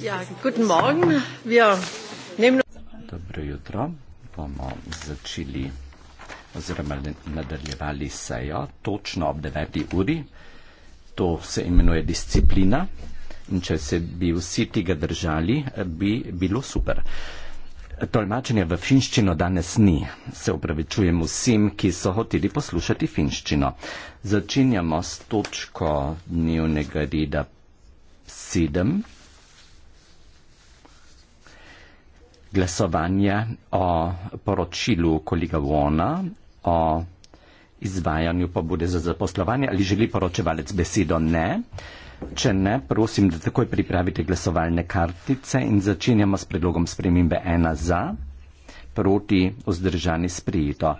Ja, guten Morgen. Wir nehmen... Dobro jutro. Bomo začeli oziroma nadaljevali sejo točno ob 9. uri. To se imenuje disciplina. In če se bi vsi tega držali, bi bilo super. Tolmačenja v finščino danes ni. Se upravičujem vsem, ki so hoteli poslušati finščino. Začenjamo s točko dnevnega reda sedem glasovanja o poročilu kolega Vona o izvajanju pobude za zaposlovanje. Ali želi poročevalec besedo? Ne. Če ne, prosim, da takoj pripravite glasovalne kartice in začenjamo s predlogom spremembe ena za, proti vzdržani sprijeto.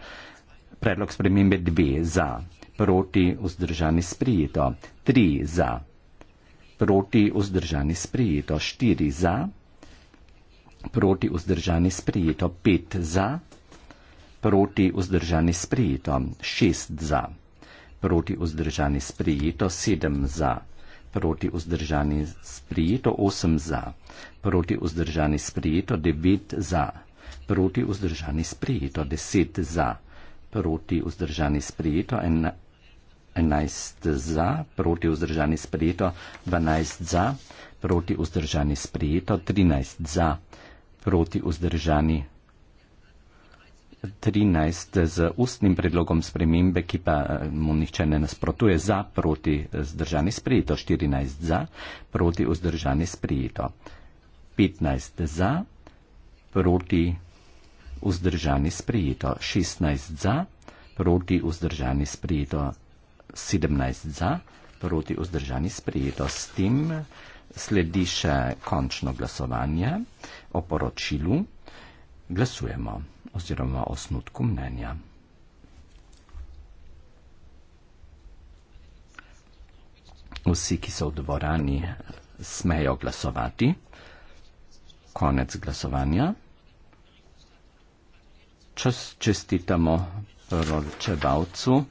Predlog spremembe dve za, proti vzdržani sprijeto. Tri za proti vzdržani sprejeto 4 za, proti vzdržani sprejeto 5 za, proti vzdržani sprejeto 6 za, proti vzdržani sprejeto 7 za, proti vzdržani sprejeto 8 za, proti vzdržani sprejeto 9 za, proti vzdržani sprejeto 10 za, proti vzdržani sprejeto 11 za, proti vzdržani sprejeto, 12 za, proti vzdržani sprejeto, 13 za, proti vzdržani 13 z ustnim predlogom spremembe, ki pa eh, mu nihče ne nasprotuje, za, proti vzdržani sprejeto, 14 za, proti vzdržani sprejeto, 15 za, proti vzdržani sprejeto, 16 za, proti vzdržani sprejeto. 17 za, proti vzdržani sprejeto. S tem sledi še končno glasovanje o poročilu. Glasujemo oziroma o snutku mnenja. Vsi, ki so v dvorani, smejo glasovati. Konec glasovanja. Čestitamo proročevalcu.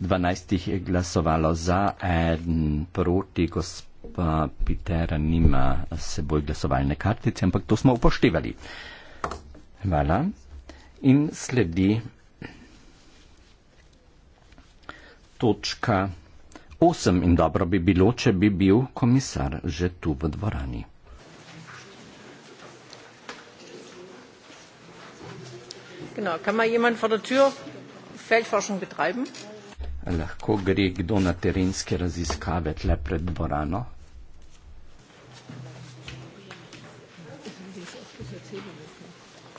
12 jih je glasovalo za, en proti, gospa Pitera nima seboj glasovalne kartice, ampak to smo upoštevali. Hvala. In sledi točka 8 in dobro bi bilo, če bi bil komisar že tu v dvorani. Genau, kann mal jemand vor der Tür Feldforschung betreiben? lahko gre kdo na terenske raziskave tle pred dvorano?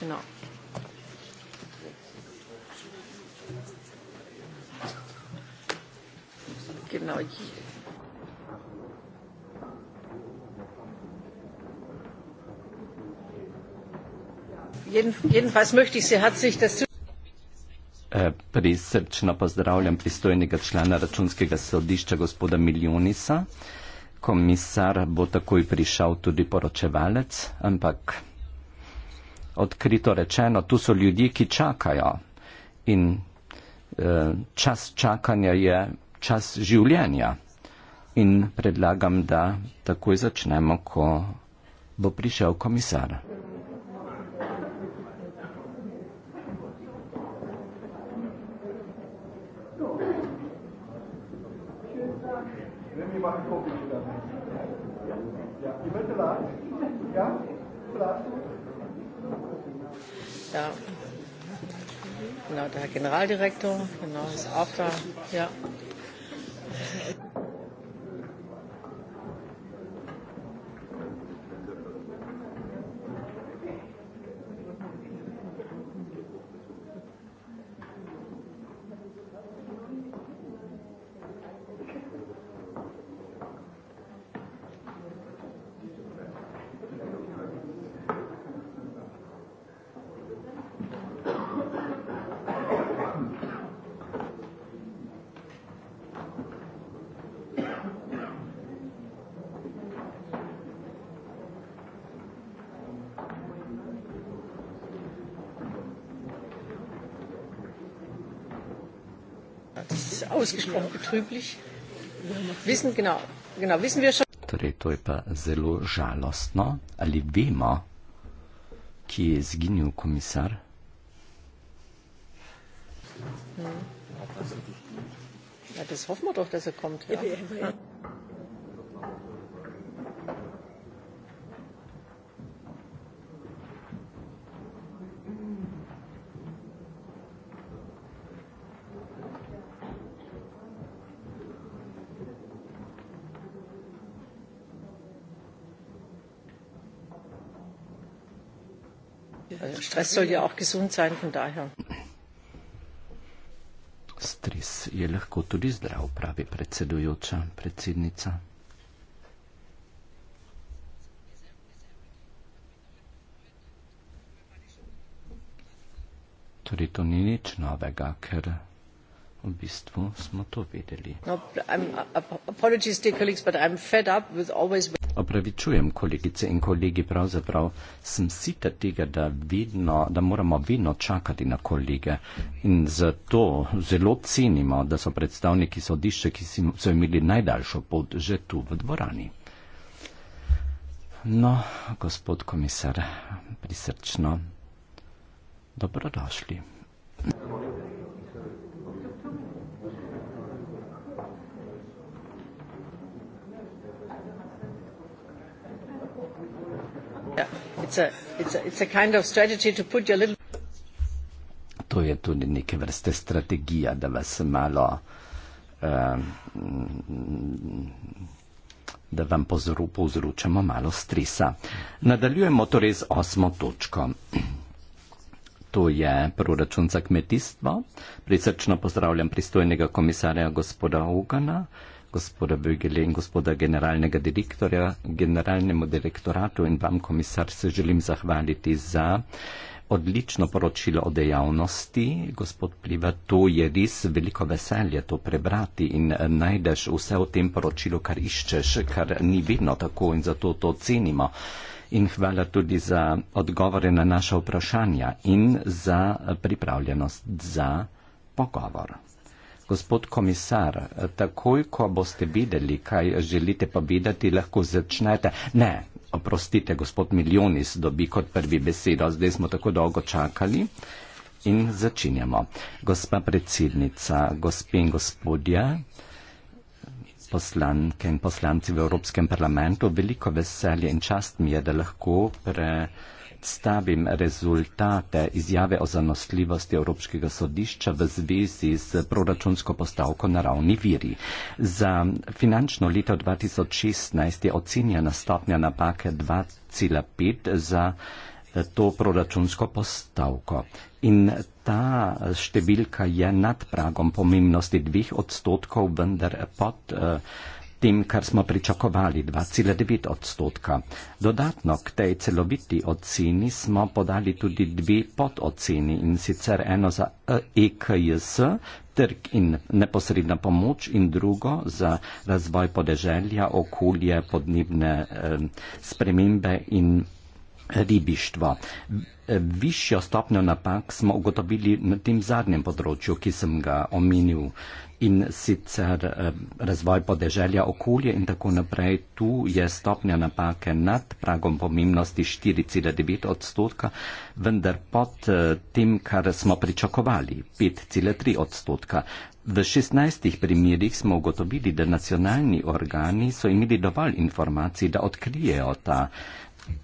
No. Jedenfalls möchte ich Sie herzlich das Eh, prisrčno pozdravljam pristojnega člana računskega sodišča gospoda Miljonisa. Komisar bo takoj prišel tudi poročevalec, ampak odkrito rečeno, tu so ljudje, ki čakajo in eh, čas čakanja je čas življenja. In predlagam, da takoj začnemo, ko bo prišel komisar. genau, der Herr Generaldirektor, genau, ist auch da, ja. ausgesprochen betrüblich. Wissen, genau, genau, wissen wir schon. Torej, to je pa zelo žalostno. Ali vemo, kje je zginil komisar? Hmm. Ja, das hoffen wir doch, dass er kommt. Ja. Ja, er ja, ja. Es soll ja auch gesund sein, von daher. Stres je lahko tudi zdrav, pravi predsedujoča, predsednica. Torej, to ni nič novega, ker v bistvu smo to vedeli. No, I'm, uh, I'm, opravičujem, kolegice in kolegi, pravzaprav sem sita tega, da, vidno, da moramo vedno čakati na kolege. In zato zelo cenimo, da so predstavniki sodišča, ki so imeli najdaljšo pot, že tu v dvorani. No, gospod komisar, prisrčno, dobrodošli. Dobro. To je tudi neke vrste strategija, da vas malo, uh, da vam pozoru povzročamo malo stresa. Nadaljujemo torej z osmo točko. To je proračun za kmetijstvo. Prisrčno pozdravljam pristojnega komisarja gospoda Ugana. Uh, gospoda Bögele in gospoda generalnega direktorja, generalnemu direktoratu in vam, komisar, se želim zahvaliti za odlično poročilo o dejavnosti. Gospod Pliva, to je res veliko veselje to prebrati in eh, najdeš vse v tem poročilu, kar iščeš, kar ni vedno tako in zato to cenimo. In hvala tudi za odgovore na naša vprašanja in za eh, pripravljenost za pogovor. Gospod komisar, takoj, ko boste videli, kaj želite pa videti, lahko začnete. Ne, oprostite, gospod Milionis dobi kot prvi besedo, zdaj smo tako dolgo čakali. In začinjamo. Gospa predsednica, gospe in gospodje, poslanke in poslanci v Evropskem parlamentu, veliko veselje in čast mi je, da lahko pre predstavim rezultate izjave o zanosljivosti Evropskega sodišča v zvezi s proračunsko postavko na ravni viri. Za finančno leto 2016 je ocenjena stopnja napake 2,5 za eh, to proračunsko postavko. In ta številka je nad pragom pomembnosti dveh odstotkov, vendar pod. Uh, tem, kar smo pričakovali, 2,9 odstotka. Dodatno k tej celoviti oceni smo podali tudi dve podoceni in sicer eno za EKJS, trg in neposredna pomoč in drugo za razvoj podeželja, okolje, podnebne eh, spremembe in ribištvo. Višjo stopnjo napak smo ugotovili na tem zadnjem področju, ki sem ga omenil in sicer eh, razvoj podeželja okolje in tako naprej. Tu je stopnja napake nad pragom pomembnosti 4,9 odstotka, vendar pod eh, tem, kar smo pričakovali, 5,3 odstotka. V 16 primerjih smo ugotovili, da nacionalni organi so imeli dovolj informacij, da odkrijejo ta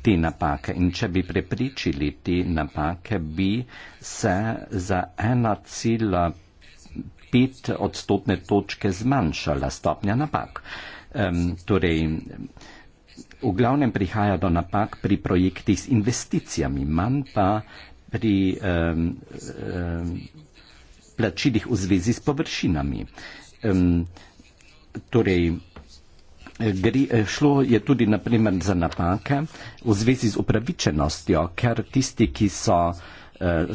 te napake in če bi preprečili te napake, bi se za pet odstotne točke zmanjšala stopnja napak. Um, torej, v glavnem prihaja do napak pri projektih s investicijami, manj pa pri um, um, plačilih v zvezi s površinami. Um, torej, Gre, eh, šlo je tudi naprimer za napake v zvezi z upravičenostjo, ker tisti, ki so eh,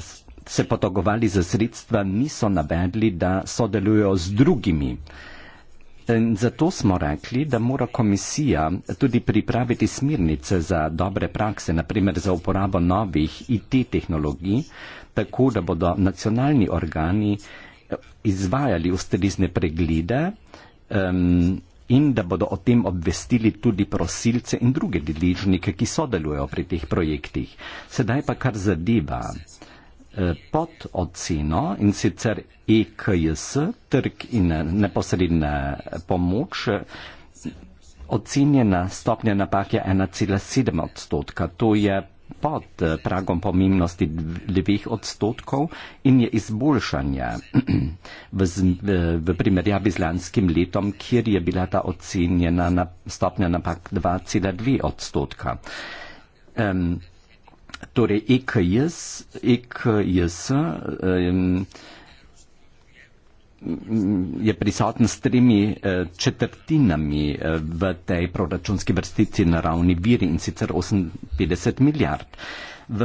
se potogovali za sredstva, niso navedli, da sodelujo z drugimi. In zato smo rekli, da mora komisija tudi pripraviti smirnice za dobre prakse, naprimer za uporabo novih IT tehnologij, tako da bodo nacionalni organi eh, izvajali ustrezne preglede um, in da bodo o tem obvestili tudi prosilce in druge deležnike, ki sodelujo pri teh projektih. Sedaj pa kar zadeva pod oceno in sicer EKJS, trg in eh, neposredna pomoč, ocenjena stopnja napak je 1,7 odstotka. To je pod eh, pragom pomembnosti 2 odstotkov in je izboljšanje v, v primerjavi z lanskim letom, kjer je bila ta ocenjena na, stopnja napak 2,2 odstotka. Um, torej EKS, EKS je prisoten s tremi eh, četrtinami eh, v tej proračunski vrstici na ravni viri in sicer 58 milijard. V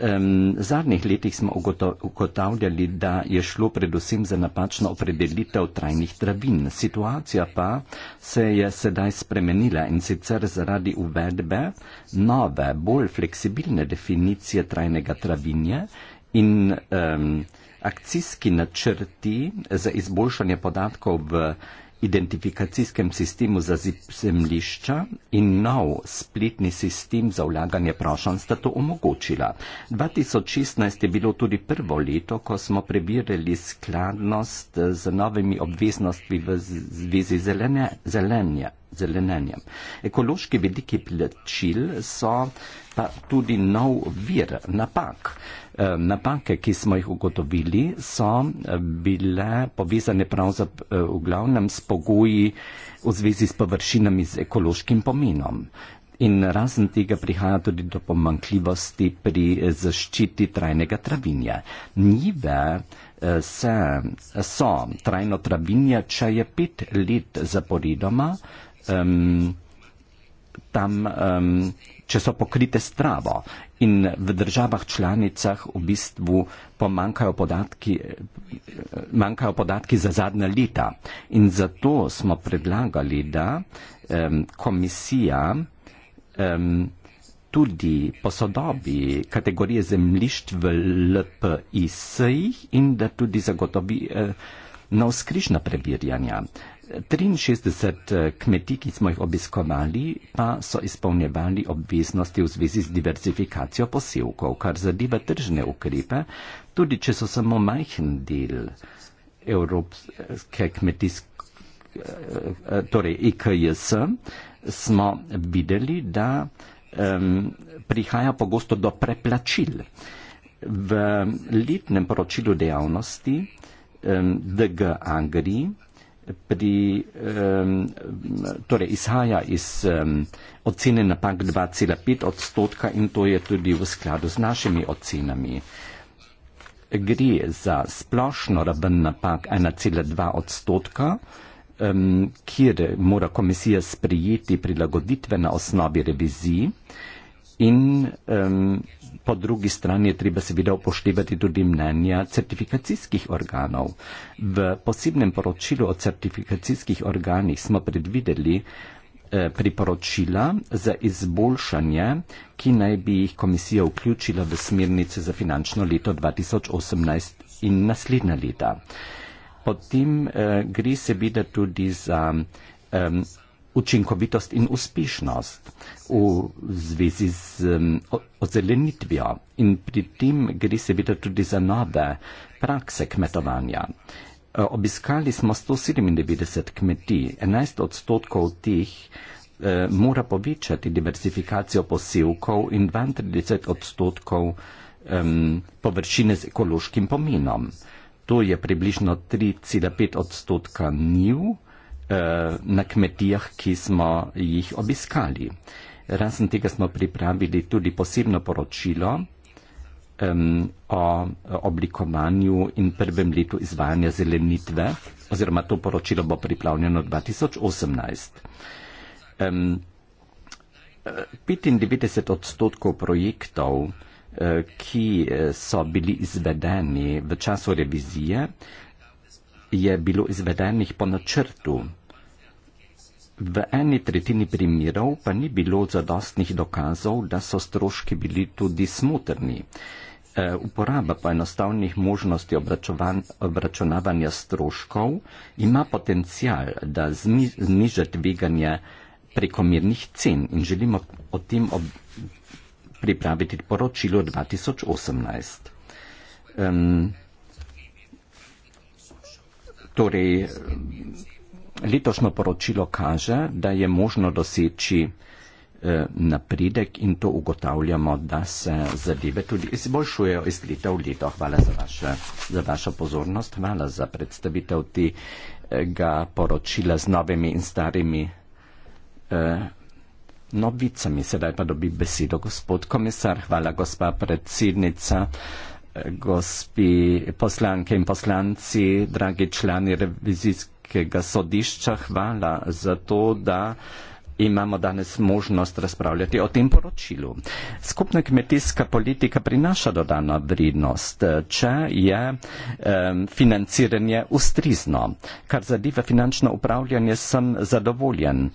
um, zadnjih letih smo ugotavljali, da je šlo predvsem za napačno opredelitev trajnih travin. Situacija pa se je sedaj spremenila in sicer zaradi uvedbe nove, bolj fleksibilne definicije trajnega travinje in um, akcijski načrti za izboljšanje podatkov v identifikacijskem sistemu za zemlišča in nov spletni sistem za vlaganje prošanj sta to omogočila. 2016 je bilo tudi prvo leto, ko smo prebirali skladnost z novimi obveznostmi v zvezi zelene, zelenje. Zelenenjem. Ekološki vidiki plačil so pa tudi nov vir napak. Eh, napake, ki smo jih ugotovili, so eh, bile povezane pravzaprav eh, v glavnem s pogoji v zvezi s površinami z ekološkim pomenom. In razen tega prihaja tudi do pomankljivosti pri zaščiti trajnega travinja. Njive se, so trajno travinja, če je pet let zaporedoma um, tam um, če so pokrite stravo in v državah članicah v bistvu pomankajo podatki, manjkajo podatki za zadnja leta. In zato smo predlagali, da um, komisija um, tudi posodobi kategorije zemljišč v LPIS-jih in da tudi zagotovi uh, eh, na vzkrižna preverjanja. Uh, 63 eh, kmetij, ki smo jih obiskovali, pa so izpolnjevali obveznosti v zvezi z diversifikacijo posevkov, kar zadeva tržne ukrepe, tudi če so samo majhen del evropske kmetijske, eh, eh, torej IKJS, smo videli, da um, prihaja pogosto do preplačil. V letnem poročilu dejavnosti um, DG Agri pri, um, torej izhaja iz um, ocene napak 2,5 odstotka in to je tudi v skladu z našimi ocenami. Gre za splošno raben napak 1,2 odstotka, um, kjer mora komisija sprijeti prilagoditve na osnovi revizij in um, po drugi strani je treba seveda upoštevati tudi mnenja certifikacijskih organov. V posebnem poročilu o certifikacijskih organih smo predvideli eh, priporočila za izboljšanje, ki naj bi jih komisija vključila v smernice za finančno leto 2018 in naslednja leta. Potem eh, gre seveda tudi za. Eh, učinkovitost in uspešnost v zvezi z um, ozelenitvijo in pri tem gre seveda tudi za nove prakse kmetovanja. E, obiskali smo 197 kmetij, 11 odstotkov teh eh, mora povečati diversifikacijo posevkov in 32 odstotkov eh, površine z ekološkim pomenom. To je približno 3,5 odstotka njiv. Eh, na kmetijah, ki smo jih obiskali. Razen tega smo pripravili tudi posebno poročilo um, o oblikovanju in prvem letu izvajanja zelenitve, oziroma to poročilo bo pripravljeno 2018. Um, 95 odstotkov projektov, eh, ki eh, so bili izvedeni v času revizije, je bilo izvedenih po načrtu V eni tretjini primerov pa ni bilo zadostnih dokazov, da so stroški bili tudi smotrni. E, uporaba poenostavnih možnosti obračunavanja stroškov ima potencial, da zmi, zniža tveganje prekomernih cen in želimo o tem ob, pripraviti poročilo 2018. Um, torej, Letošnje poročilo kaže, da je možno doseči eh, napredek in to ugotavljamo, da se zadeve tudi izboljšujejo iz leta v leto. Hvala za, vaše, za vašo pozornost, hvala za predstavitev tega poročila z novimi in starimi eh, novicami. Sedaj pa dobi besedo gospod komisar. Hvala gospa predsednica, gospi poslanke in poslanci, dragi člani revizijske. Evropskega sodišča. Hvala za to, da imamo danes možnost razpravljati o tem poročilu. Skupna kmetijska politika prinaša dodano vrednost, če je um, financiranje ustrizno. Kar zadeva finančno upravljanje, sem zadovoljen.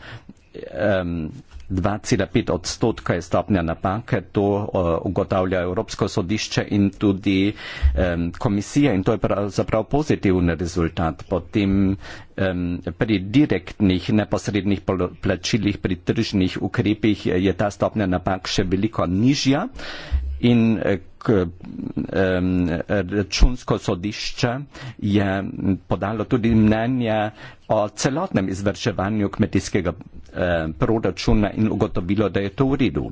Um, 2,5 odstotka je stopnja napake, to eh, ugotavlja Evropsko sodišče in tudi um, komisija in to je pravzaprav pozitivni rezultat. Potem um, pri direktnih neposrednih plačilih, pri tržnih ukrepih je ta stopnja napak še veliko nižja. In eh, računsko sodišče je podalo tudi mnenje o celotnem izvrševanju kmetijskega proračuna in ugotovilo, da je to v redu.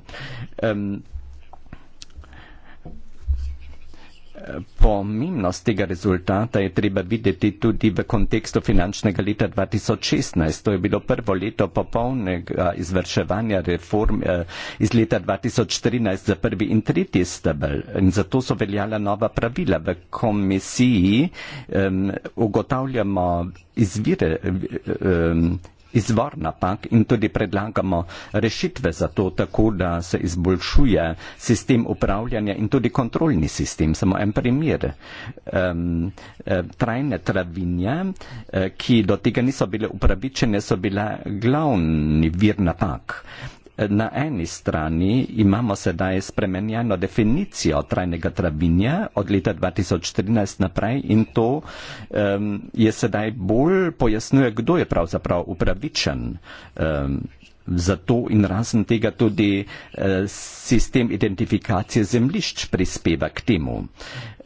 Pomembnost tega rezultata je treba videti tudi v kontekstu finančnega leta 2016. To je bilo prvo leto popolnega izvrševanja reform eh, iz leta 2014 za prvi in tretji stebel. In zato so veljala nova pravila. V komisiji um, ugotavljamo izvire um, izvor napak in tudi predlagamo rešitve za to, tako da se izboljšuje sistem upravljanja in tudi kontrolni sistem. Samo en primer. Um, trajne travinje, eh, ki do tega niso bile upravičene, so bile glavni vir napak na eni strani imamo sedaj spremenjeno definicijo trajnega travinja od leta 2014 naprej in to um, je sedaj bolj pojasnjuje, kdo je pravzaprav upravičen. Um, Zato in razen tega tudi eh, sistem identifikacije zemlišč prispeva k temu.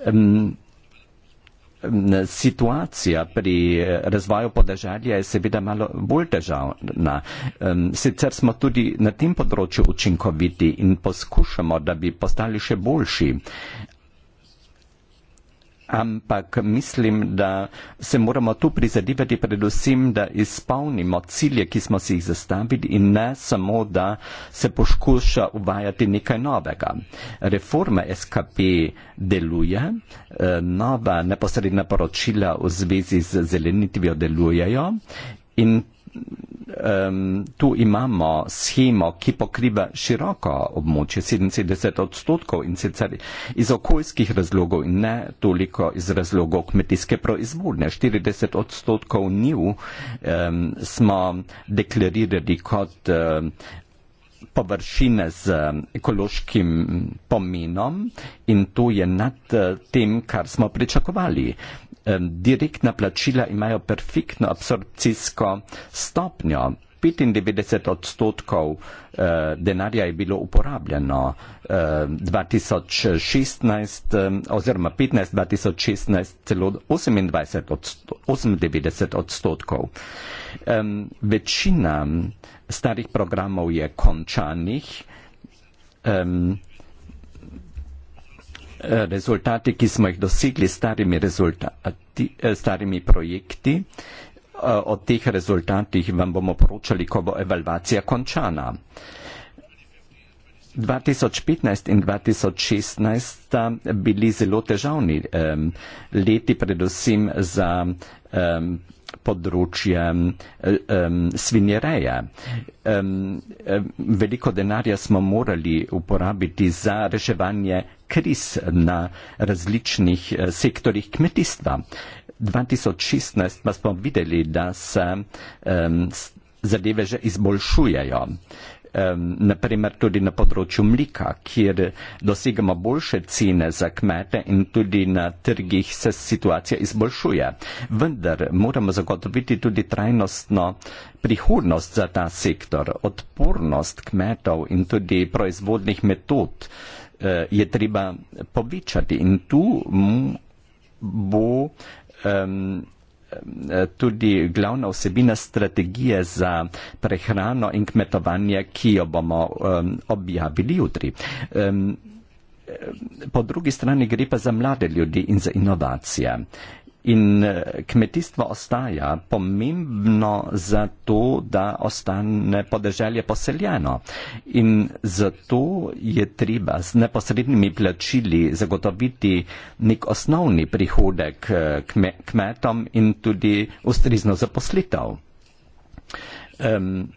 Um, situacija pri eh, razvoju podeželja je seveda malo bolj težavna. Sicer smo tudi na tem področju učinkoviti in poskušamo, da bi postali še boljši ampak mislim, da se moramo tu prizadevati predvsem, da izpolnimo cilje, ki smo si jih zastavili in ne samo, da se poskuša uvajati nekaj novega. Reforma SKP deluje, eh, nova neposredna poročila v zvezi z zelenitvijo delujejo. In um, tu imamo schemo, ki pokriva široko območje, 77 odstotkov in sicer iz okoljskih razlogov in ne toliko iz razlogov kmetijske proizvodnje. 40 odstotkov njiv um, ehm, smo deklarirali kot um, površine z ekološkim pomenom in to je nad tem, kar smo pričakovali direktna plačila imajo perfektno absorpcijsko stopnjo. 95 odstotkov eh, denarja je bilo uporabljeno eh, 2016 eh, oziroma 15, 2016 celo 28 odsto, 98 odstotkov. Eh, večina starih programov je končanih. Eh, rezultate, ki smo jih dosegli s starimi, eh, starimi projekti. Eh, o teh rezultatih vam bomo poročali, ko bo evalvacija končana. 2015 in 2016 sta bili zelo težavni um, leti, predvsem za um, področje um, svinjereje. Um, veliko denarja smo morali uporabiti za reševanje kriz na različnih eh, sektorjih kmetijstva. 2016 pa smo videli, da se um, zadeve že izboljšujejo na primer tudi na področju mlika, kjer dosegamo boljše cene za kmete in tudi na trgih se situacija izboljšuje. Vendar moramo zagotoviti tudi trajnostno prihodnost za ta sektor. Odpornost kmetov in tudi proizvodnih metod eh, je treba povečati in tu bo um, tudi glavna vsebina strategije za prehrano in kmetovanje, ki jo bomo um, objavili jutri. Um, po drugi strani gre pa za mlade ljudi in za inovacije. In eh, kmetijstvo ostaja pomembno zato, da ostane podeželje poseljeno. In zato je treba s neposrednimi plačili zagotoviti nek osnovni prihodek eh, kmetom in tudi ustrizno zaposlitev. Um,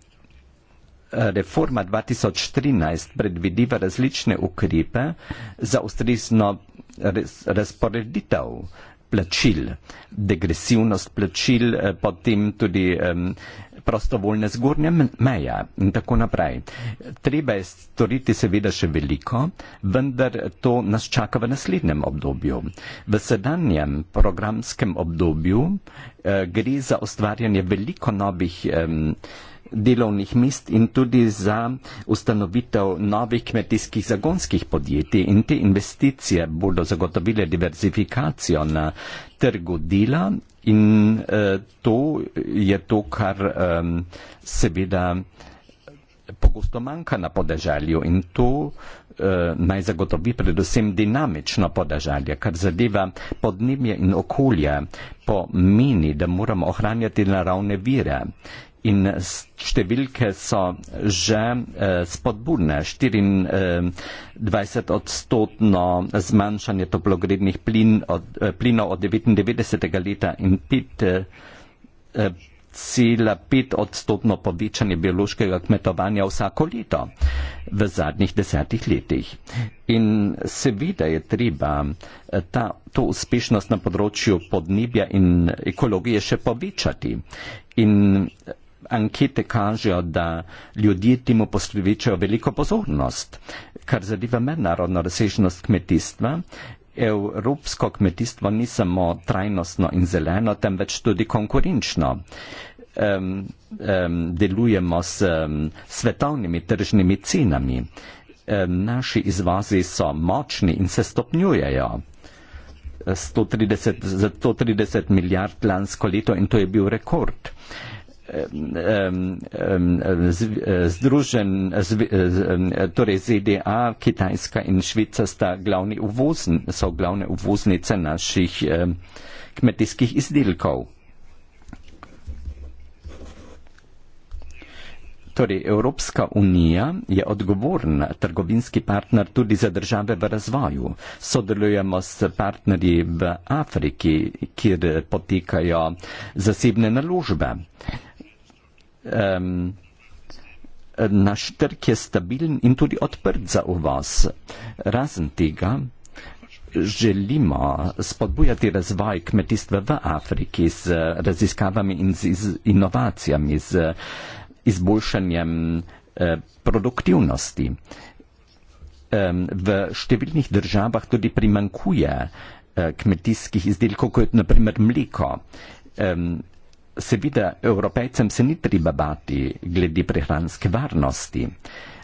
reforma 2013 predvidiva različne ukrepe za ustrizno res, razporeditev uh, plačil, degresivnost plačil, eh, potem tudi prostovoljne zgornje meje in tako naprej. Treba je storiti seveda še veliko, vendar to nas čaka v naslednjem obdobju. V sedanjem programskem obdobju eh, gre za ustvarjanje veliko novih delovnih mest in tudi za ustanovitev novih kmetijskih zagonskih podjetij. In te investicije bodo zagotovile diverzifikacijo na trgu dela in eh, to je to, kar eh, seveda pogosto manjka na podeželju in to eh, naj zagotovi predvsem dinamično podeželje, kar zadeva podnebje in okolje, pomeni, da moramo ohranjati naravne vire in številke so že e, spodbudne. 24 odstotno zmanjšanje toplogrednih plin od, e, plinov od 1999. leta in 5, 5 e, odstotno povečanje biološkega kmetovanja vsako leto v zadnjih desetih letih. In seveda je treba ta, to uspešnost na področju podnebja in ekologije še povečati. In ankete kažejo, da ljudje temu posvečajo veliko pozornost, kar zadeva mednarodno razsežnost kmetijstva. Evropsko kmetijstvo ni samo trajnostno in zeleno, temveč tudi konkurenčno. Um, um, delujemo s um, svetovnimi tržnimi cenami. Um, naši izvozi so močni in se stopnjujejo. 130, za 130 milijard lansko leto in to je bil rekord združen, eh, torej ZDA, Kitajska in Švica sta glavni uvozn, so glavne uvoznice naših eh, kmetijskih izdelkov. Torej, Evropska unija je odgovoren trgovinski partner tudi za države v razvoju. Sodelujemo s partnerji v Afriki, kjer potekajo zasebne naložbe um, na štrke stabilen in tudi odprt za vas. Razen tega želimo spodbujati razvoj kmetijstva v Afriki z raziskavami in z inovacijami, z izboljšanjem e, produktivnosti. V številnih državah tudi primankuje e, kmetijskih izdelkov, kot je naprimer mleko seveda evropejcem se ni treba bati glede prehranske varnosti,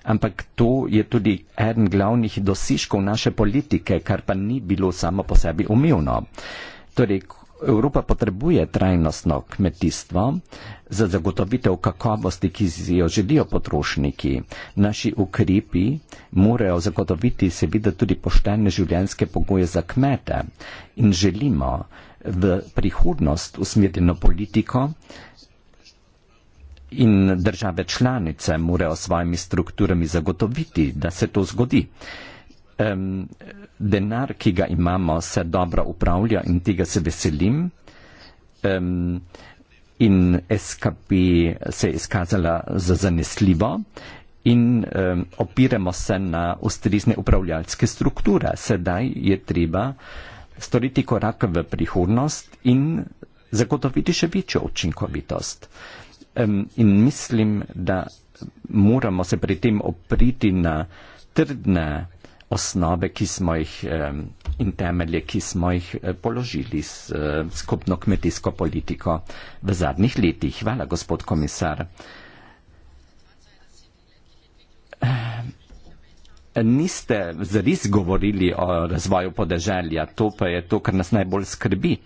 ampak to je tudi eden glavnih dosežkov naše politike, kar pa ni bilo samo po sebi umevno. Torej, Evropa potrebuje trajnostno kmetijstvo za zagotovitev kakovosti, ki si jo želijo potrošniki. Naši ukrepi morajo zagotoviti seveda tudi poštene življenjske pogoje za kmete in želimo, v prihodnost usmerjeno politiko in države članice morajo svojimi strukturami zagotoviti, da se to zgodi. Denar, ki ga imamo, se dobro upravlja in tega se veselim. In SKP se je izkazala za zanesljivo in opiramo se na ustrezne upravljalske strukture. Sedaj je treba storiti korak v prihodnost in zagotoviti še večjo učinkovitost. In mislim, da moramo se pri tem opriti na trdne osnove, ki smo jih in temelje, ki smo jih eh, položili s eh, skupno kmetijsko politiko v zadnjih letih. Hvala, gospod komisar niste zares govorili o razvoju podeželja, to pa je to, kar nas najbolj skrbi.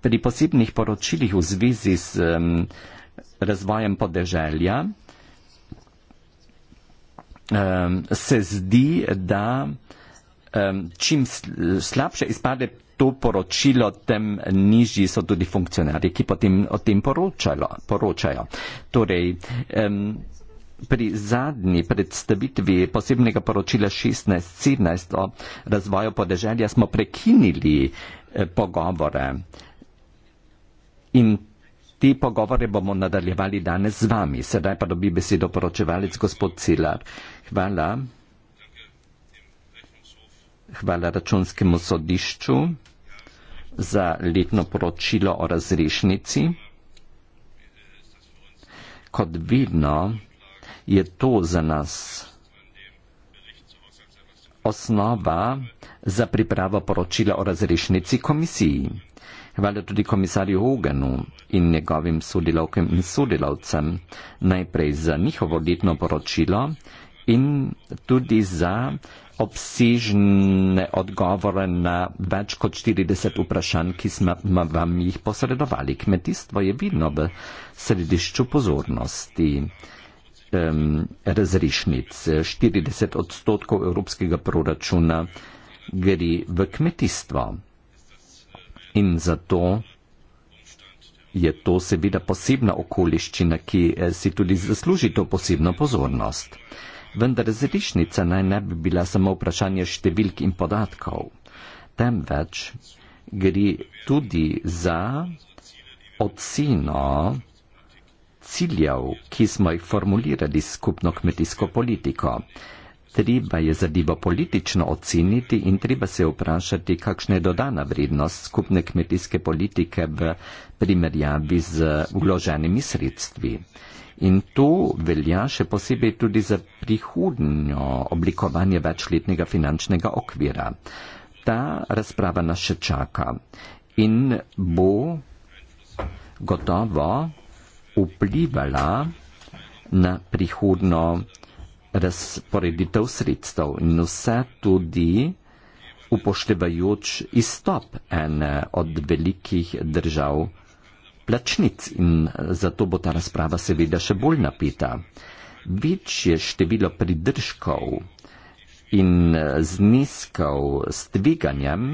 Pri posebnih poročilih v zvezi z um, razvojem podeželja um, se zdi, da um, čim slabše izpade to poročilo, tem nižji so tudi funkcionarji, ki potem o tem poročajo. Torej, um, pri zadnji predstavitvi posebnega poročila 16.17 o razvoju podeželja smo prekinili eh, pogovore. In te pogovore bomo nadaljevali danes z vami. Sedaj pa dobi besedo poročevalec gospod Cilar. Hvala. Hvala računskemu sodišču za letno poročilo o razrešnici. Kot vidno, je to za nas osnova za pripravo poročila o razrešnici komisiji. Hvala tudi komisarju Hoganu in njegovim sodelavkem in sodelavcem najprej za njihovo letno poročilo in tudi za obsežne odgovore na več kot 40 vprašanj, ki smo vam jih posredovali. Kmetijstvo je vidno v središču pozornosti um, razrešnic. 40 odstotkov evropskega proračuna gre v kmetijstvo in zato je to seveda posebna okoliščina, ki eh, si tudi zasluži to posebno pozornost. Vendar razrešnica naj ne bi bila samo vprašanje številk in podatkov, temveč gre tudi za oceno, ciljev, ki smo jih formulirali s skupno kmetijsko politiko. Treba je zadevo politično oceniti in treba se vprašati, kakšna je dodana vrednost skupne kmetijske politike v primerjavi z vloženimi sredstvi. In to velja še posebej tudi za prihodnjo oblikovanje večletnega finančnega okvira. Ta razprava nas še čaka in bo gotovo vplivala na prihodno razporeditev sredstev in vse tudi upoštevajoč izstop ene od velikih držav plačnic in zato bo ta razprava seveda še bolj napeta. Večje število pridržkov in eh, zniskov s tveganjem,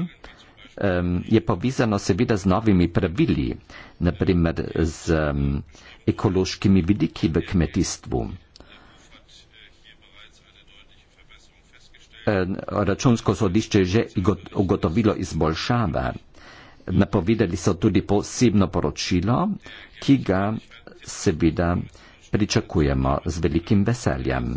um, je povezano seveda z novimi pravili, naprimer z um, ekološkimi vidiki v kmetijstvu. Računsko sodišče je že ugotovilo izboljšave. Napovedali so tudi posebno poročilo, ki ga seveda pričakujemo z velikim veseljem.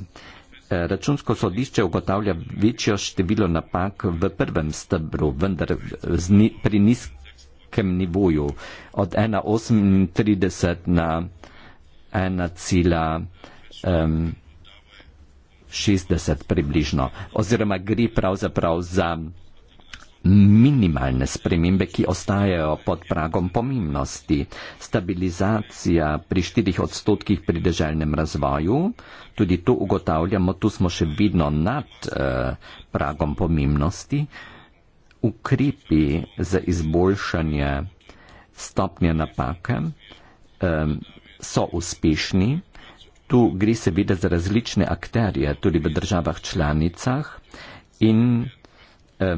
Eh, računsko sodišče ugotavlja večjo število napak v prvem stebru, vendar zni, pri nizkem nivoju od 1,38 na 1,60 približno. Oziroma gre pravzaprav za minimalne spremembe, ki ostajajo pod pragom pomembnosti. Stabilizacija pri 4 odstotkih pri deželnem razvoju, tudi to ugotavljamo, tu smo še vedno nad eh, pragom pomembnosti. Ukrepi za izboljšanje stopnje napake eh, so uspešni. Tu gre seveda za različne akterje, tudi v državah članicah in eh,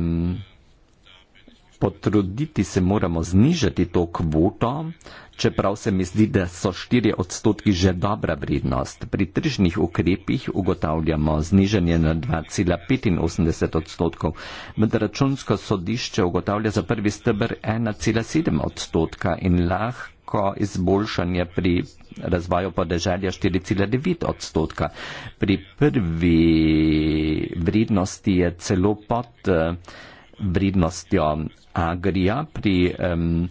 Potruditi se moramo znižati to kvoto, čeprav se mi zdi, da so 4 odstotki že dobra vrednost. Pri tržnih ukrepih ugotavljamo znižanje na 2,85 odstotkov, vendar računsko sodišče ugotavlja za prvi stebr 1,7 odstotka in lahko izboljšanje pri razvoju podeželja 4,9 odstotka. Pri prvi vrednosti je celo pod eh, vrednostjo Agrija pri um,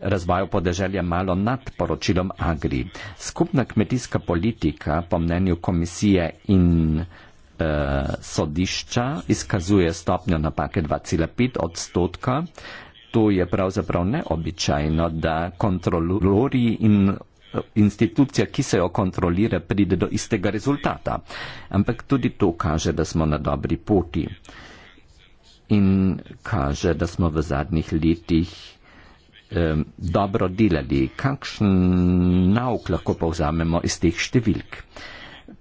razvoju podeželja malo nad poročilom Agri. Skupna kmetijska politika po mnenju komisije in uh, sodišča izkazuje stopnjo napake 2,5 odstotka. To je pravzaprav neobičajno, da kontrolori in eh, institucija, ki se jo kontrolira, pride do istega rezultata. Ampak tudi to kaže, da smo na dobri poti in kaže, da smo v zadnjih letih um, dobro delali. Kakšen nauk lahko povzamemo iz teh številk?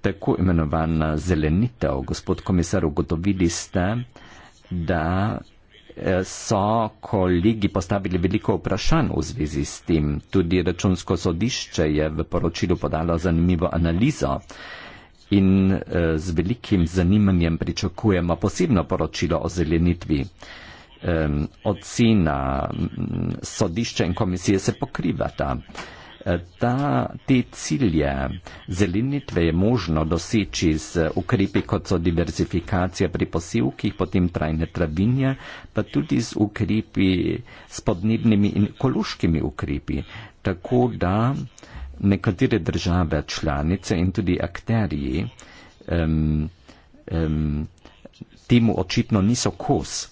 Tako imenovana zelenitev, gospod komisar, ugotovili ste, da e, so kolegi postavili veliko vprašanj v zvezi s tem. Tudi računsko sodišče je v poročilu podalo zanimivo analizo in eh, z velikim zanimanjem pričakujemo posebno poročilo o zelenitvi. Ocena mm, sodišča in komisije se pokrivata. Eh, ta, te cilje zelenitve je možno doseči z ukrepi, kot so diverzifikacija pri posevkih, potem trajne travinje, pa tudi z ukrepi, s podnebnimi in ekološkimi ukrepi. Tako da nekatere države članice in tudi akterji um, um, temu očitno niso kos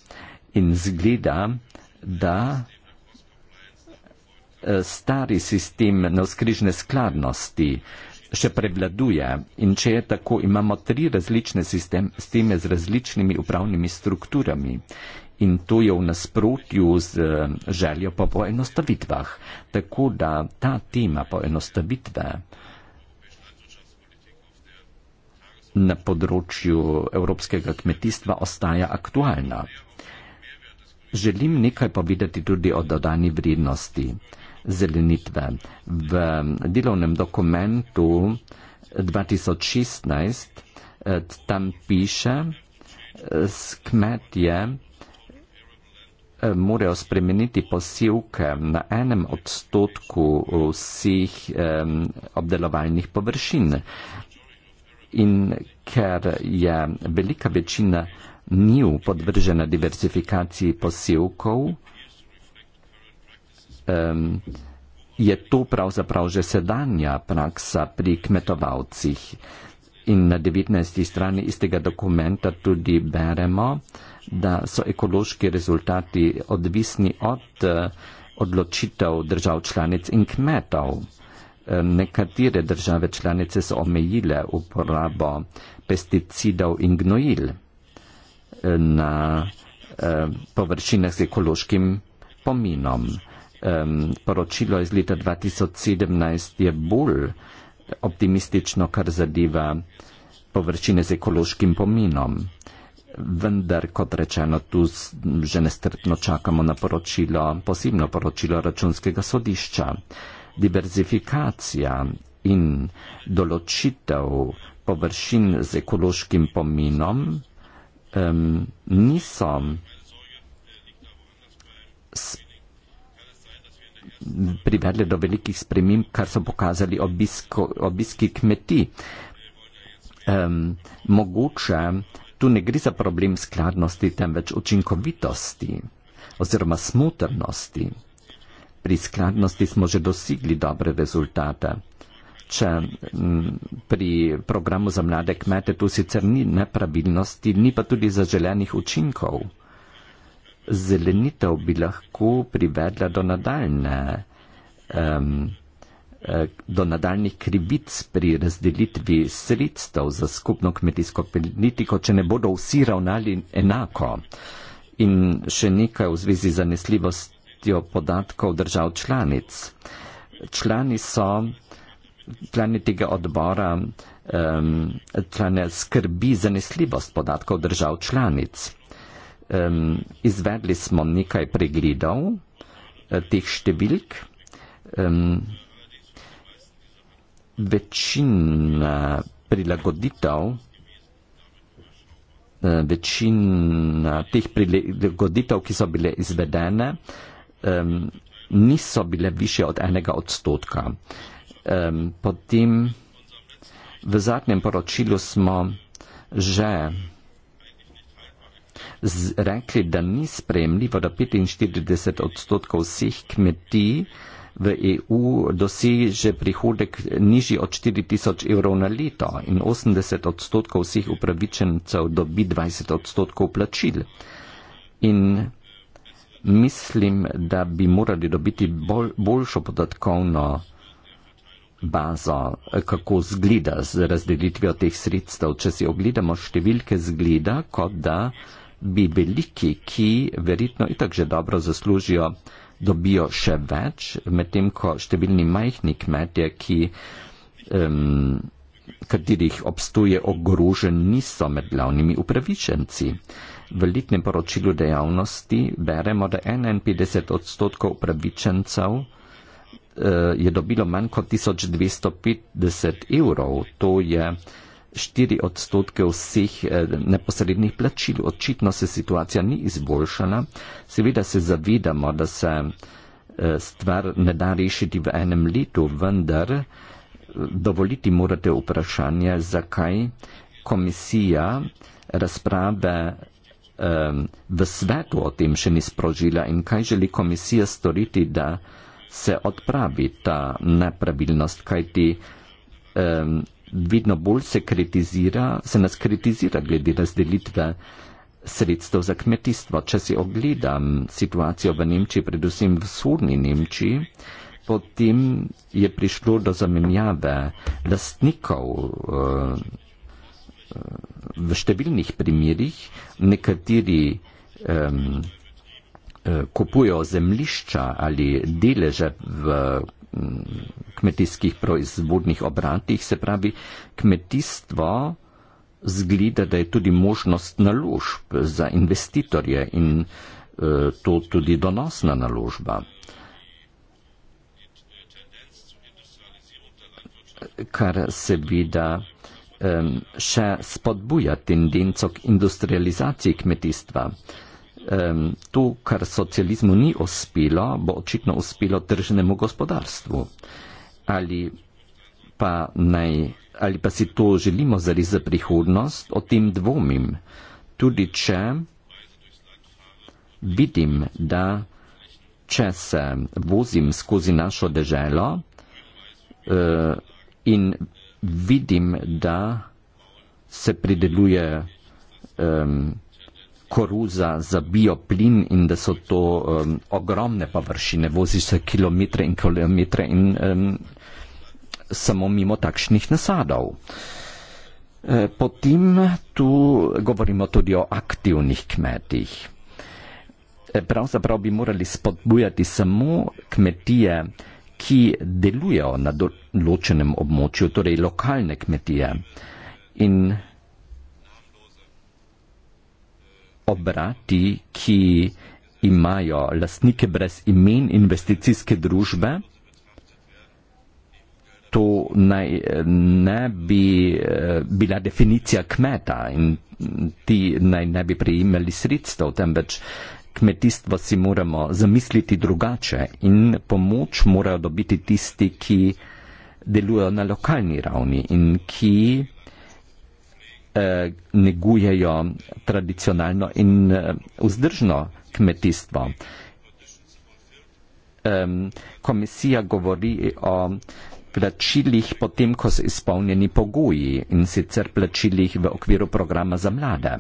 in zgleda, da eh, stari sistem navskrižne skladnosti še prevladuje in če je tako, imamo tri različne sisteme s različnimi upravnimi strukturami in to je v nasprotju z eh, željo po poenostavitvah. Tako da ta tema poenostavitve na področju evropskega kmetijstva ostaja aktualna. Želim nekaj povedati tudi o dodani vrednosti zelenitve. V delovnem dokumentu 2016 eh, tam piše, eh, s kmetjem morajo spremeniti posilke na enem odstotku vseh obdelovalnih površin. In ker je velika večina njiv podvržena diversifikaciji posilkov, je to pravzaprav že sedanja praksa pri kmetovalcih. In na 19. strani istega dokumenta tudi beremo, da so ekološki rezultati odvisni od eh, odločitev držav članic in kmetov. Eh, nekatere države članice so omejile uporabo pesticidov in gnojil eh, na površinah z ekološkim pominom. Poročilo iz leta 2017 je bolj optimistično, kar zadeva površine z ekološkim pominom vendar kot rečeno, tu že nestrpno čakamo na poročilo, posebno poročilo računskega sodišča. Diverzifikacija in določitev površin z ekološkim pominom um, niso privedle do velikih sprememb, kar so pokazali obisko, obiski kmeti. Um, mogoče Tu ne gre za problem skladnosti, temveč učinkovitosti oziroma smotrnosti. Pri skladnosti smo že dosegli dobre rezultate. Če m, pri programu za mlade kmete tu sicer ni nepravilnosti, ni pa tudi zaželenih učinkov. Zelenitev bi lahko privedla do nadaljne. Um, do nadaljnih krivic pri razdelitvi sredstev za skupno kmetijsko politiko, če ne bodo vsi ravnali enako. In še nekaj v zvezi z zanesljivostjo podatkov držav članic. Člani so, člani tega odbora, um, člane skrbi zanesljivost podatkov držav članic. Um, izvedli smo nekaj pregledov eh, teh številk. Um, večin prilagoditev, eh, večin teh prilagoditev, ki so bile izvedene, niso bile više od enega odstotka. Potem v zadnjem poročilu smo že rekli, da ni spremljivo, da 45 odstotkov vseh kmetij v EU doseže prihodek nižji od 4000 evrov na leto in 80 odstotkov vseh upravičencev dobi 20 odstotkov plačil. In mislim, da bi morali dobiti bolj, boljšo podatkovno bazo, kako zgleda z razdelitvijo teh sredstev. Če si ogledamo številke, zgleda, kot da bi veliki, ki verjetno itak že dobro zaslužijo, dobijo še več, medtem ko številni majhni kmetje, ki, um, katerih obstoje ogrožen, niso med glavnimi upravičenci. V letnem poročilu dejavnosti beremo, da 51 odstotkov upravičencev uh, je dobilo manj kot 1250 evrov. To je uh, 4 odstotke vseh eh, neposrednih plačil. Očitno se situacija ni izboljšala. Seveda se zavedamo, da se eh, stvar ne da rešiti v enem letu, vendar eh, dovoliti morate vprašanje, zakaj komisija razprave v svetu o tem še ni sprožila in kaj želi komisija storiti, da se odpravi ta nepravilnost, kajti vedno bolj se, se nas kritizira glede razdelitve sredstev za kmetijstvo. Če si ogledam situacijo v Nemčiji, predvsem v vzhodni Nemčiji, potem je prišlo do zamenjave lastnikov eh, v številnih primerjih. Nekateri um, eh, kupujo zemlišča ali deleže v Mm, kmetijskih proizvodnih obratih, se pravi, kmetijstvo zgleda, da je tudi možnost naložb za investitorje in eh, to tudi donosna naložba. Kar seveda še spodbuja tendenco k industrializaciji kmetijstva um, to, kar socializmu ni uspelo, bo očitno uspelo tržnemu gospodarstvu. Ali pa, naj, ali pa si to želimo zari za prihodnost, o tem dvomim. Tudi če vidim, da če se vozim skozi našo deželo uh, in vidim, da se prideluje um, koruza za bioplin in da so to um, ogromne površine, vozi se kilometre in kilometre in um, samo mimo takšnih nasadov. E, potem tu govorimo tudi o aktivnih kmetih. E, pravzaprav bi morali spodbujati samo kmetije, ki delujejo na določenem območju, torej lokalne kmetije. In obrati, ki imajo lastnike brez imen investicijske družbe, to naj, ne bi eh, bila definicija kmeta in ti naj ne bi prijemali sredstev, temveč kmetijstvo si moramo zamisliti drugače in pomoč morajo dobiti tisti, ki delujejo na lokalni ravni in ki Eh, negujejo tradicionalno in eh, vzdržno kmetijstvo. Komisija govori o plačilih potem, ko so izpolnjeni pogoji in sicer plačilih v okviru programa za mlade.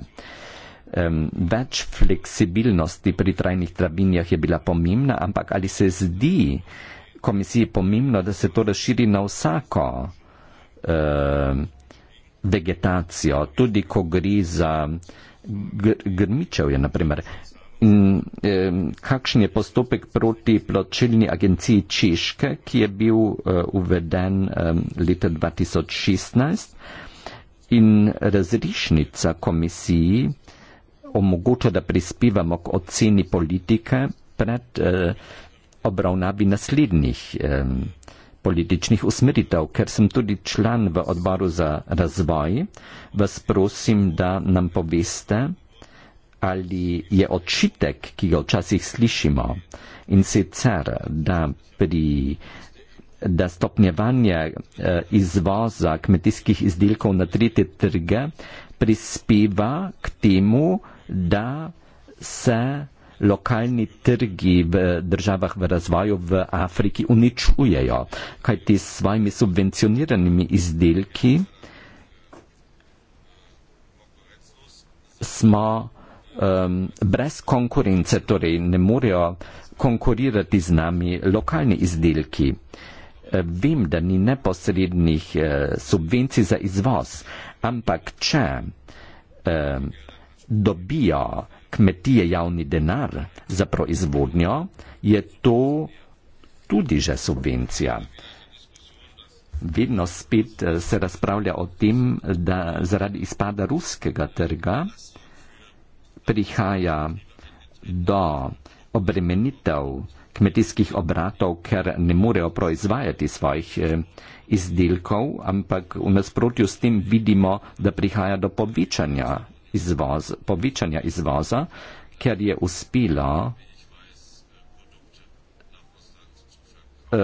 Več fleksibilnosti pri trajnih trabinjah je bila pomembna, ampak ali se zdi komisiji pomembno, da se to razširi na vsako vegetacijo, tudi ko gre za gr grmičevje, naprimer. In, eh, kakšen je postopek proti pločilni agenciji Češke, ki je bil eh, uveden eh, leta 2016 in razrišnica komisiji omogoča, da prispevamo k oceni politike pred eh, obravnavi naslednjih. Eh, političnih usmeritev, ker sem tudi član v odboru za razvoj, vas prosim, da nam poveste, ali je očitek, ki ga včasih slišimo, in sicer, da pri da stopnjevanje eh, izvoza kmetijskih izdelkov na tretje trge prispeva k temu, da se lokalni trgi v državah v razvoju v Afriki uničujejo, kajti s svojimi subvencioniranimi izdelki smo um, brez konkurence, torej ne morejo konkurirati z nami lokalni izdelki. Vem, da ni neposrednih eh, subvencij za izvoz, ampak če um, dobijo kmetije javni denar za proizvodnjo, je to tudi že subvencija. Vedno spet eh, se razpravlja o tem, da zaradi izpada ruskega trga prihaja do obremenitev kmetijskih obratov, ker ne morejo proizvajati svojih eh, izdelkov, ampak v nasprotju s tem vidimo, da prihaja do povečanja izvoz, povečanja izvoza, ker je uspelo uh,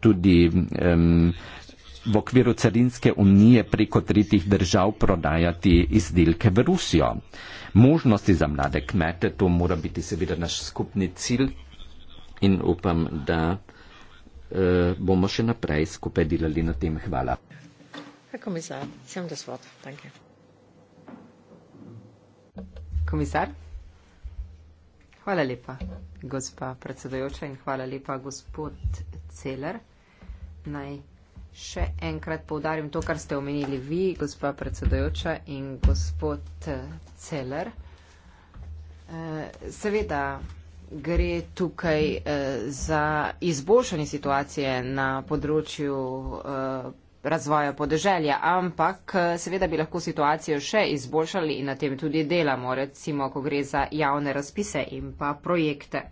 tudi um, v okviru carinske unije preko tretjih držav prodajati izdelke v Rusijo. Možnosti za mlade kmete, to mora biti seveda naš skupni cilj in upam, da uh, bomo še naprej skupaj delali na tem. Hvala. Herr Kommissar, Sie haben das Wort. Danke. Komisar? Hvala lepa, gospa predsedojoča in hvala lepa, gospod Celer. Naj še enkrat povdarim to, kar ste omenili vi, gospa predsedojoča in gospod Celer. Eh, seveda gre tukaj eh, za izboljšanje situacije na področju eh, razvoja podeželja, ampak eh, seveda bi lahko situacijo še izboljšali in na tem tudi delamo, recimo, ko gre za javne razpise in pa projekte.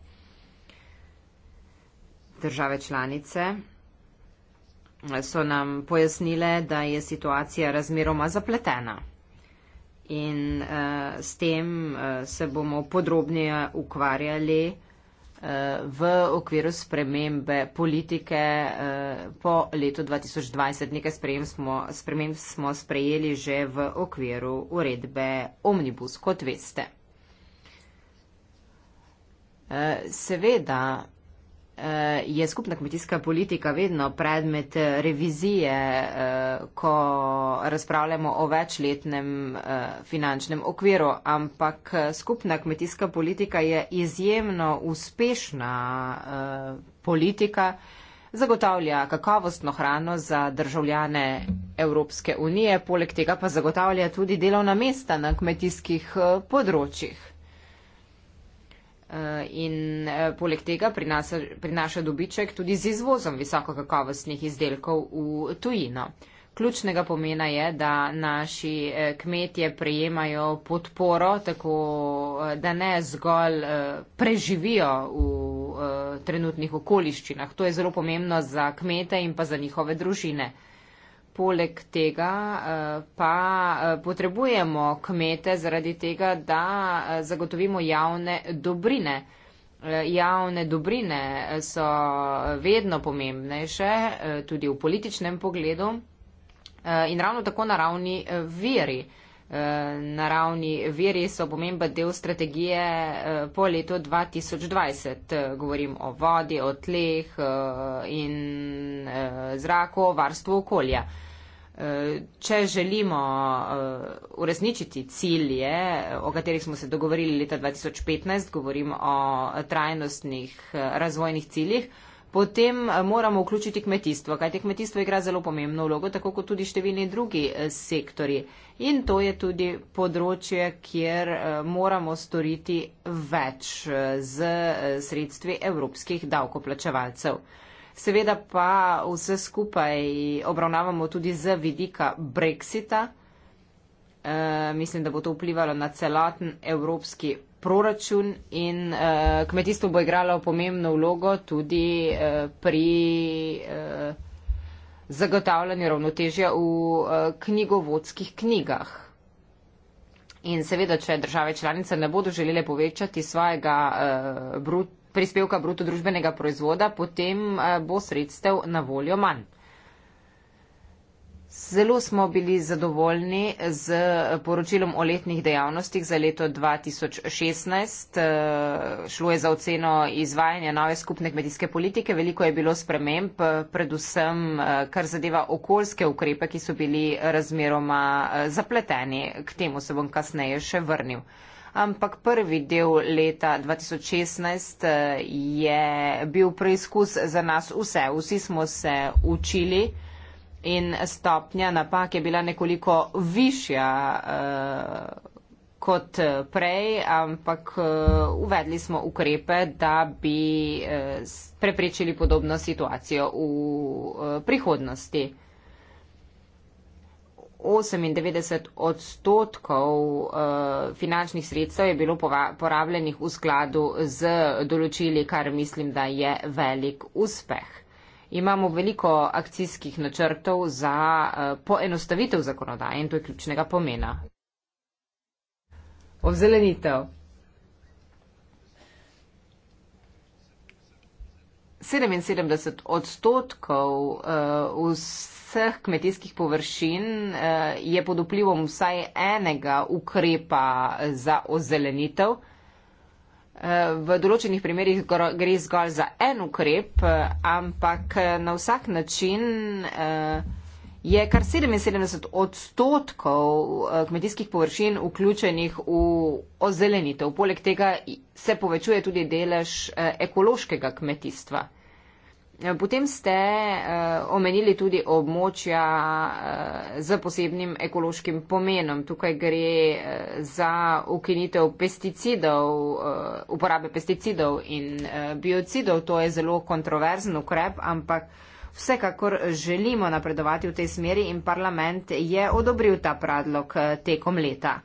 Države članice eh, so nam pojasnile, da je situacija razmeroma zapletena in uh, s tem uh, se bomo podrobnije ukvarjali. Eh, v okviru spremembe politike eh, po letu 2020. Nekaj sprejem smo, sprememb smo sprejeli že v okviru uredbe Omnibus, kot veste. Eh, seveda Eh, je skupna kmetijska politika vedno predmet eh, revizije, eh, ko razpravljamo o večletnem finančnem okviru, ampak skupna kmetijska politika je izjemno uspešna politika, zagotavlja kakovostno hrano za državljane Evropske unije, poleg tega pa zagotavlja tudi delovna mesta na kmetijskih področjih. Eh, in eh, poleg tega prinasa, prinaša dobiček tudi z izvozom visokokakovostnih izdelkov v tujino. Ključnega pomena je, da naši eh, kmetje prejemajo podporo, tako da ne zgolj preživijo v trenutnih okoliščinah. To je zelo pomembno za kmete in pa za njihove družine poleg tega eh, pa eh, potrebujemo kmete zaradi tega, da eh, zagotovimo javne dobrine. Javne dobrine so vedno pomembnejše tudi v političnem pogledu in ravno tako na ravni veri. Na ravni veri so pomemben del strategije po letu 2020. Govorim o vodi, o tleh in zraku, o varstvu okolja. Če želimo eh, uresničiti cilje, o katerih smo se dogovorili leta 2015, govorim o trajnostnih eh, razvojnih ciljih, potem eh, moramo vključiti kmetijstvo, kajti kmetijstvo igra zelo pomembno vlogo, tako kot tudi številni drugi sektori. In to je tudi področje, kjer moramo storiti več z sredstvi evropskih davkoplačevalcev. Seveda pa vse skupaj obravnavamo tudi z vidika Brexita. E, mislim, da bo to vplivalo na celoten evropski proračun in e, kmetijstvo bo igralo pomembno vlogo tudi e, pri e, zagotavljanju ravnotežja v e, knjigovodskih knjigah. In seveda, če države članice ne bodo želele povečati svojega e, brut prispevka bruto družbenega proizvoda, potem eh, bo sredstev na voljo manj. Zelo smo bili zadovoljni z poročilom o letnih dejavnostih za leto 2016. Eh, šlo je za oceno izvajanja nove skupne kmetijske politike. Veliko je bilo sprememb, eh, predvsem kar zadeva okoljske ukrepe, ki so bili razmeroma zapleteni. K temu se bom kasneje še vrnil ampak prvi del leta 2016 eh, je bil preizkus za nas vse. Vsi smo se učili in stopnja napak je bila nekoliko višja eh, kot prej, ampak eh, uvedli smo ukrepe, da bi preprečili podobno situacijo v prihodnosti. 98 odstotkov uh, finančnih sredstev je bilo porabljenih v skladu z določili, kar mislim, da je velik uspeh. Imamo veliko akcijskih načrtov za uh, poenostavitev zakonodaje in to je ključnega pomena. Obzelenitev. 77 odstotkov uh, vseh kmetijskih površin uh, je pod vplivom vsaj enega ukrepa eh, za ozelenitev. V določenih primerjih gre zgolj za en ukrep, ampak na vsak način je kar 77 odstotkov eh, kmetijskih površin vključenih v ozelenitev. Poleg tega se povečuje tudi delež eh, ekološkega kmetijstva. Eh, potem ste omenili tudi območja z posebnim ekološkim pomenom. Tukaj gre za ukinitev pesticidov, uporabe pesticidov in biocidov. To je zelo kontroverzen ukrep, ampak. Vsekakor želimo napredovati v tej smeri in parlament je odobril ta predlog eh, tekom leta.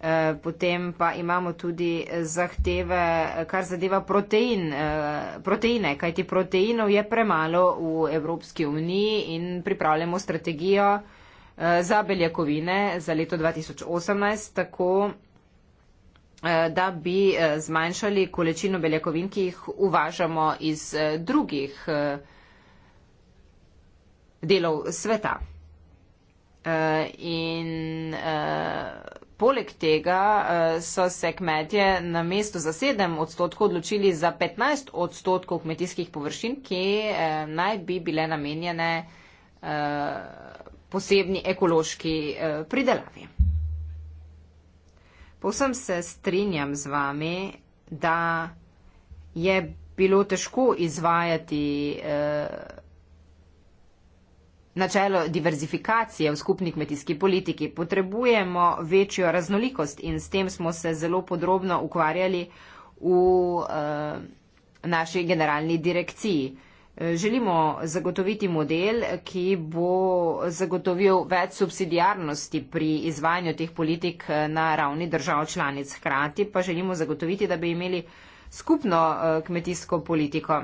Eh, potem pa imamo tudi zahteve, kar zadeva protein, eh, proteine, kajti proteinov je premalo v Evropski uniji in pripravljamo strategijo za beljakovine za leto 2018, tako da bi zmanjšali količino beljakovin, ki jih uvažamo iz drugih držav delov sveta. Eh, in eh, poleg tega eh, so se kmetje na mestu za 7 odstotkov odločili za 15 odstotkov kmetijskih površin, ki naj bi bile namenjene posebni ekološki pridelavi. Povsem se strinjam z vami, da je bilo težko izvajati. Načelo diverzifikacije v skupni kmetijski politiki potrebujemo večjo raznolikost in s tem smo se zelo podrobno ukvarjali v eh, naši generalni direkciji. Eh, želimo zagotoviti model, ki bo zagotovil več subsidijarnosti pri izvajanju teh politik eh, na ravni držav članic. Hkrati pa želimo zagotoviti, da bi imeli skupno eh, kmetijsko politiko.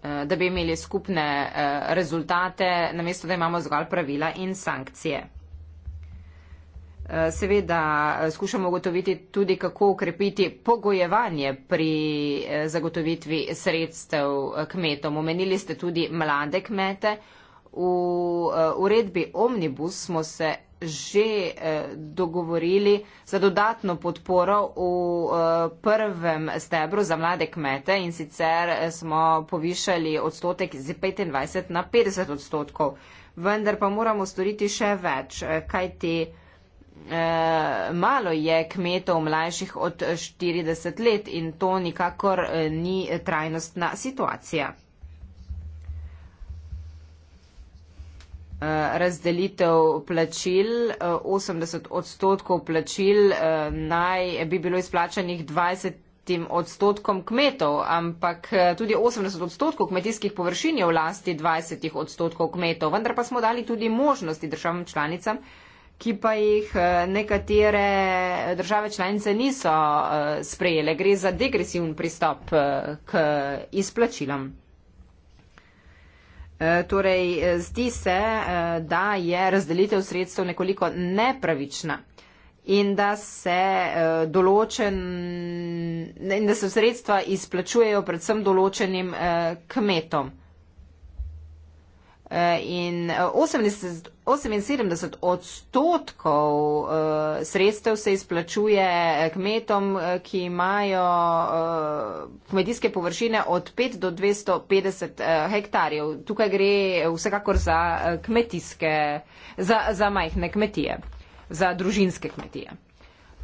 Eh, da bi imeli skupne eh, rezultate, namesto da imamo zgolj pravila in sankcije. Eh, seveda skušamo ugotoviti tudi, kako ukrepiti pogojevanje pri zagotovitvi sredstev kmetom. Omenili ste tudi mlade kmete. V uredbi Omnibus smo se že eh, dogovorili za dodatno podporo v eh, prvem stebru za mlade kmete in sicer eh, smo povišali odstotek z 25 na 50 odstotkov. Vendar pa moramo storiti še več, eh, kaj ti eh, malo je kmetov mlajših od 40 let in to nikakor eh, ni trajnostna situacija. Eh, razdelitev plačil. 80 eh, odstotkov plačil eh, naj bi bilo izplačanih 20 odstotkom kmetov, ampak tudi 80 odstotkov kmetijskih površin je v lasti 20 odstotkov kmetov, vendar pa smo dali tudi možnosti državam članicam, ki pa jih nekatere države članice niso sprejele. Gre za degresivni pristop k izplačilom. Eh, torej, eh, zdi se, eh, da je razdelitev sredstev nekoliko nepravična in da se določen, in da se sredstva izplačujejo predvsem določenim kmetom. Eh, in 80, eh, 78 odstotkov eh, sredstev se izplačuje kmetom, ki imajo kmetijske površine od 5 do 250 hektarjev. Tukaj gre vsekakor za kmetijske, za, za majhne kmetije, za družinske kmetije.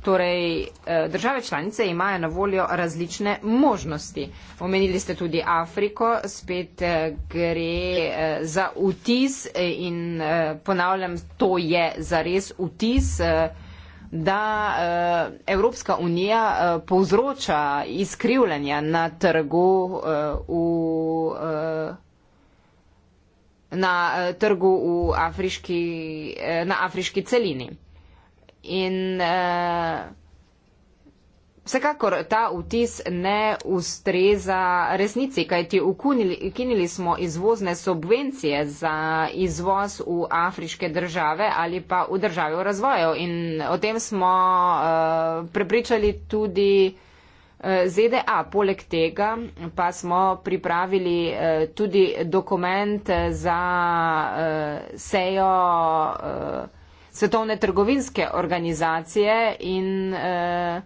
Torej, eh, države članice imajo na voljo različne možnosti. Omenili ste tudi Afriko, spet eh, gre eh, za vtis in ponavljam, to je za res vtis, da Evropska unija povzroča izkrivljanja na trgu v na trgu v afriški, na afriški celini. In uh, vsekakor ta vtis ne ustreza resnici, kajti ukinili smo izvozne subvencije za izvoz v afriške države ali pa v države v razvoju. In o tem smo uh, prepričali tudi. Eh, ZDA, poleg tega pa smo pripravili tudi dokument za sejo svetovne trgovinske organizacije in eh,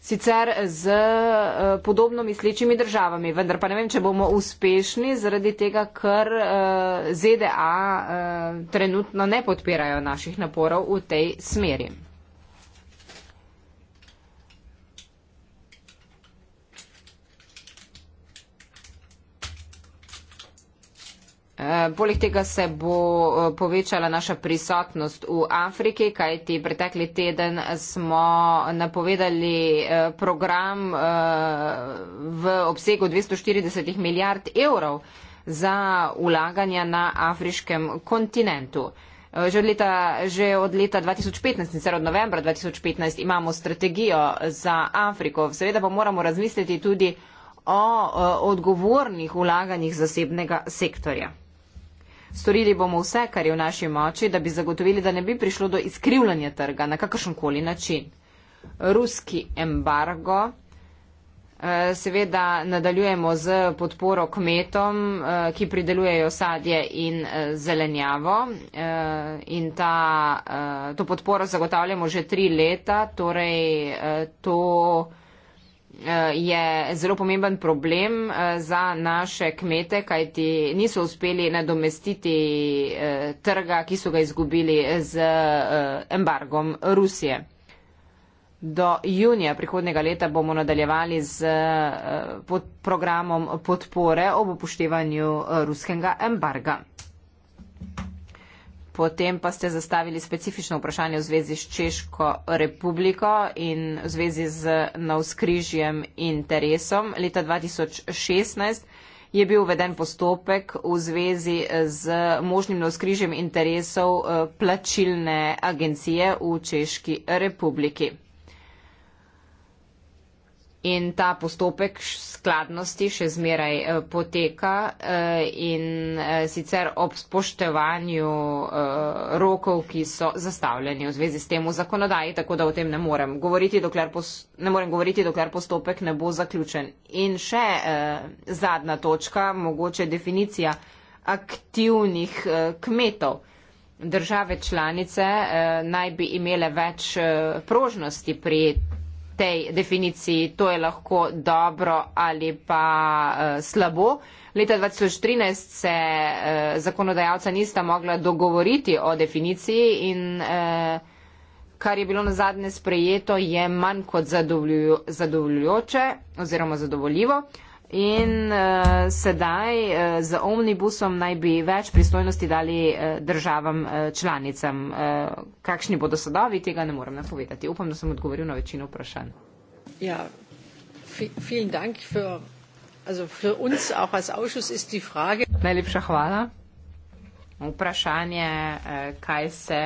sicer z eh, podobno mislečimi državami. Vendar pa ne vem, če bomo uspešni zaradi tega, ker eh, ZDA eh, trenutno ne podpirajo naših naporov v tej smeri. Eh, poleg tega se bo eh, povečala naša prisotnost v Afriki, kajti pretekli teden smo napovedali eh, program v obsegu 240 milijard evrov za ulaganja na afriškem kontinentu. Že od, leta, že od leta 2015, sicer od novembra 2015, imamo strategijo za Afriko. Seveda pa moramo razmisliti tudi o, o odgovornih ulaganjih zasebnega sektorja. Storili bomo vse, kar je v naši moči, da bi zagotovili, da ne bi prišlo do izkrivljanja trga na kakršenkoli način. Ruski embargo. Eh, seveda nadaljujemo z podporo kmetom, eh, ki pridelujejo sadje in eh, zelenjavo. In ta, to podporo zagotavljamo že tri leta, torej to Eh, je zelo pomemben problem eh, za naše kmete, kajti niso uspeli nadomestiti eh, trga, ki so ga izgubili z embargom Rusije. Do junija prihodnega leta bomo nadaljevali z pod programom podpore ob upoštevanju ruskega embarga. Potem pa ste zastavili specifično vprašanje v zvezi s Češko republiko in v zvezi z navskrižjem interesom. Leta 2016 je bil uveden postopek v zvezi z možnim navskrižjem interesov eh, plačilne agencije v Češki republiki in ta postopek skladnosti še zmeraj eh, poteka eh, in eh, sicer ob spoštevanju rokov, ki so zastavljeni v zvezi s tem v zakonodaji, tako da o tem ne morem govoriti, dokler, pos ne morem govoriti, dokler postopek ne bo zaključen. In še zadnja točka, mogoče definicija aktivnih kmetov. Države članice naj bi imele več prožnosti pri tej definiciji, to je lahko dobro ali pa uh, slabo. Leta 2013 se uh, zakonodajalca nista mogla dogovoriti o definiciji in uh, kar je bilo na zadnje sprejeto, je manj kot zadovoljujoče oziroma zadovoljivo. Uh, In uh, sedaj uh, z omnibusom naj bi več pristojnosti dali uh, državam uh, članicam. Uh, kakšni bodo sadovi, tega ne morem napovedati. Upam, da sem odgovoril na večino vprašanj. Ja, vielen dank für, also für uns, auch als Ausschuss ist die Frage. Najlepša hvala. Vprašanje, kaj se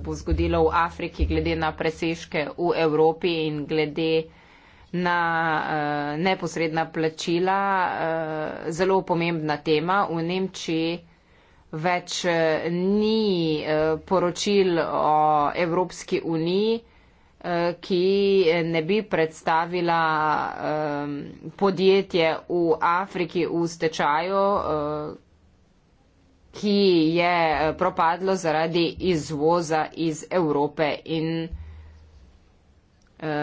bo zgodilo v Afriki glede na presežke v Evropi in glede na uh, neposredna plačila uh, zelo pomembna tema. V Nemčiji več eh, ni uh, poročil o Evropski uniji, uh, ki ne bi predstavila um, podjetje v Afriki v stečaju, uh, ki je propadlo zaradi izvoza iz Evrope in uh,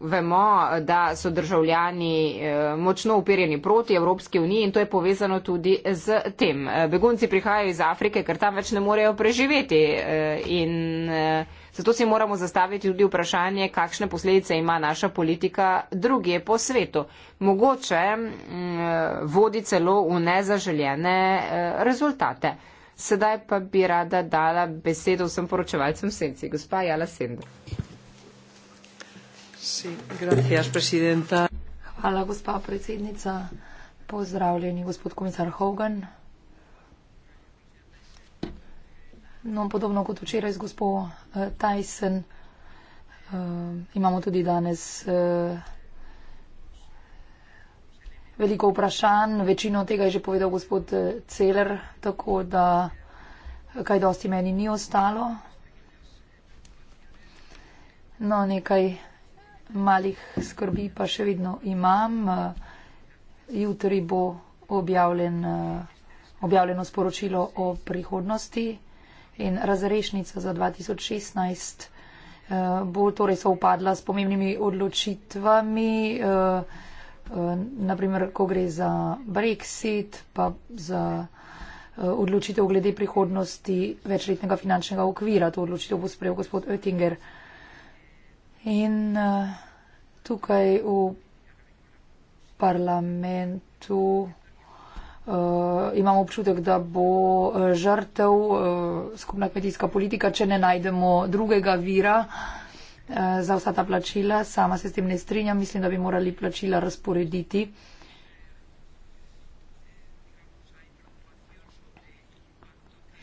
vemo, da so državljani eh, močno upirjeni proti Evropski uniji in to je povezano tudi z tem. Eh, begunci prihajajo iz Afrike, ker tam več ne morejo preživeti eh, in zato si moramo zastaviti tudi vprašanje, kakšne posledice ima naša politika druge po svetu. Mogoče mm, vodi celo v nezaželjene rezultate. Sedaj pa bi rada dala besedo vsem poročevalcem senci, gospa Jala Sendr. Hvala, gospa predsednica. Pozdravljeni, gospod komisar Hogan. No, podobno kot včeraj z gospo uh, Tyson, uh, imamo tudi danes uh, veliko vprašanj. Večino tega je že povedal gospod Celer, tako da kaj dosti meni ni ostalo. No, nekaj malih skrbi pa še vedno imam. Jutri bo objavljen, objavljeno sporočilo o prihodnosti in razrešnica za 2016 eh, bo torej soupadla s pomembnimi odločitvami, eh, eh, naprimer, ko gre za Brexit, pa za odločitev glede prihodnosti večletnega finančnega okvira. To odločitev bo sprejel gospod Oettinger. In uh, tukaj v parlamentu uh, eh, imamo občutek, da bo eh, žrtev uh, skupna kmetijska politika, če ne najdemo drugega vira uh, za vsa ta plačila. Sama se s tem ne strinjam, mislim, da bi morali plačila razporediti.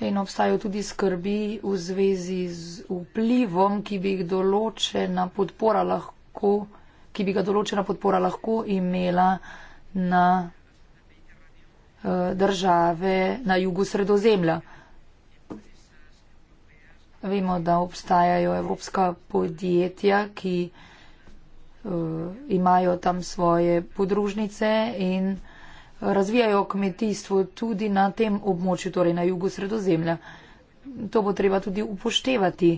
in obstajajo tudi skrbi v zvezi z vplivom, ki bi, lahko, ki bi ga določena podpora lahko imela na eh, države na jugu sredozemlja. Vemo, da obstajajo evropska podjetja, ki uh, imajo tam svoje podružnice in razvijajo kmetijstvo tudi na tem območju, torej na jugu sredozemlja. To bo treba tudi upoštevati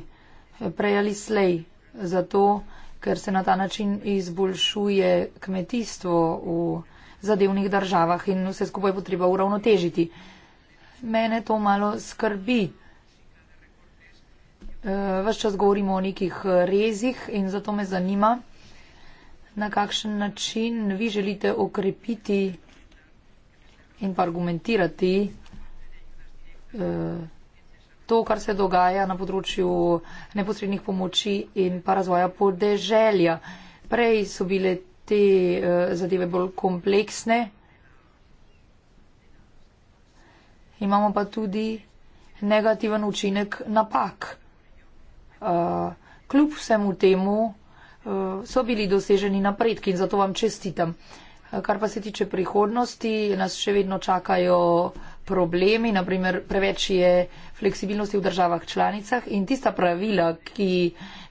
prej ali slej, zato ker se na ta način izboljšuje kmetijstvo v zadevnih državah in vse skupaj bo treba uravnotežiti. Mene to malo skrbi. E, ves čas govorimo o nekih rezih in zato me zanima, na kakšen način vi želite okrepiti in pa argumentirati eh, to, kar se dogaja na področju neposrednih pomoči in pa razvoja podeželja. Prej so bile te eh, zadeve bolj kompleksne. Imamo pa tudi negativen učinek napak. Eh, kljub vsemu temu so bili doseženi napredki in zato vam čestitam. Kar pa se tiče prihodnosti, nas še vedno čakajo problemi, naprimer preveč je fleksibilnosti v državah članicah in tista pravila, ki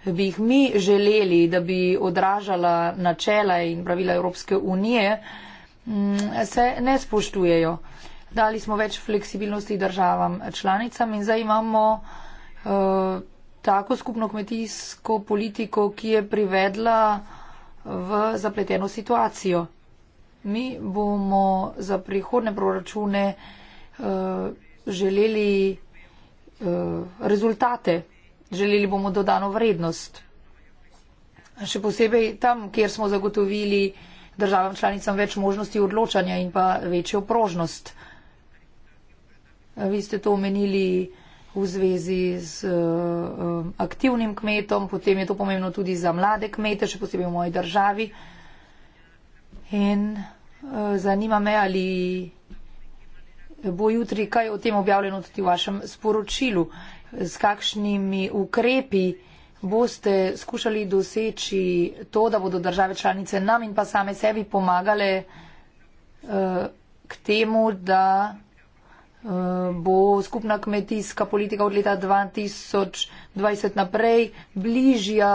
bi jih mi želeli, da bi odražala načela in pravila Evropske unije, mm, se ne spoštujejo. Dali smo več fleksibilnosti državam članicam in zdaj imamo uh, tako skupno kmetijsko politiko, ki je privedla v zapleteno situacijo. Mi bomo za prihodne proračune uh, želeli uh, rezultate, želeli bomo dodano vrednost. Še posebej tam, kjer smo zagotovili državam članicam več možnosti odločanja in pa večjo prožnost. Vi ste to omenili v zvezi z uh, aktivnim kmetom, potem je to pomembno tudi za mlade kmete, še posebej v moji državi. In Zanima me, ali bo jutri kaj o tem objavljeno tudi v vašem sporočilu. S kakšnimi ukrepi boste skušali doseči to, da bodo države članice nam in pa same sebi pomagale eh, k temu, da eh, bo skupna kmetijska politika od leta 2020 naprej bližja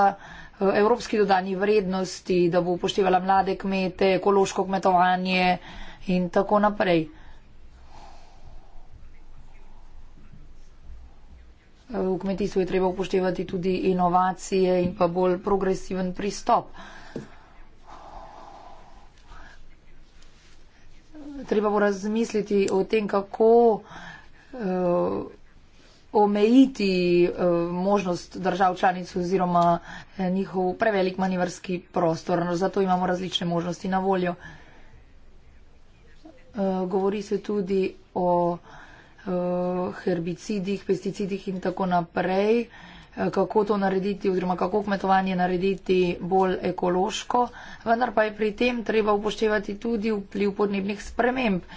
evropski dodani vrednosti, da bo upoštevala mlade kmete, ekološko kmetovanje in tako naprej. V kmetijstvu je treba upoštevati tudi inovacije in pa bolj progresiven pristop. Treba bo razmisliti o tem, kako. Uh, omejiti uh, možnost držav članic oziroma eh, njihov prevelik manjvrski prostor. No, zato imamo različne možnosti na voljo. Uh, govori se tudi o uh, herbicidih, pesticidih in tako naprej, uh, kako to narediti oziroma kako kmetovanje narediti bolj ekološko, vendar pa je pri tem treba upoštevati tudi vpliv podnebnih sprememb. Uh,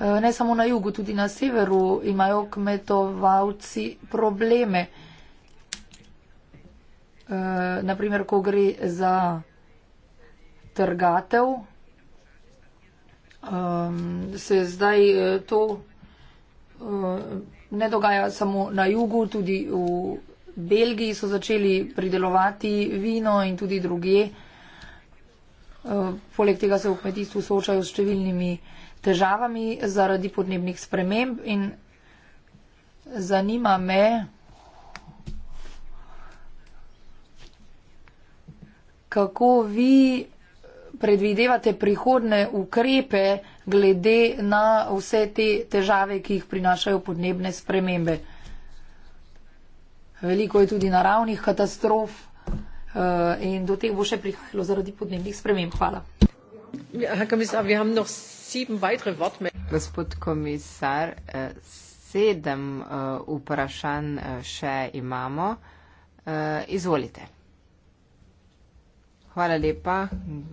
Eh, ne samo na jugu, tudi na severu imajo kmetovalci probleme. Eh, Naprimer, ko gre za trgatev, ehm, se zdaj eh, to ne dogaja samo na jugu, tudi v Belgiji so začeli pridelovati vino in tudi druge. Poleg tega se v kmetijstvu soočajo s številnimi težavami zaradi podnebnih sprememb in zanima me, kako vi predvidevate prihodne ukrepe glede na vse te težave, ki jih prinašajo podnebne spremembe. Veliko je tudi naravnih katastrof eh, in do teh bo še prihajalo zaradi podnebnih sprememb. Hvala. Ja, Herr Kommissar, wir haben noch sieben weitere Wortmeldungen. Gospod Kommissar, eh, sedem eh, vprašanj eh, še imamo. Izvolite. Hvala lepa,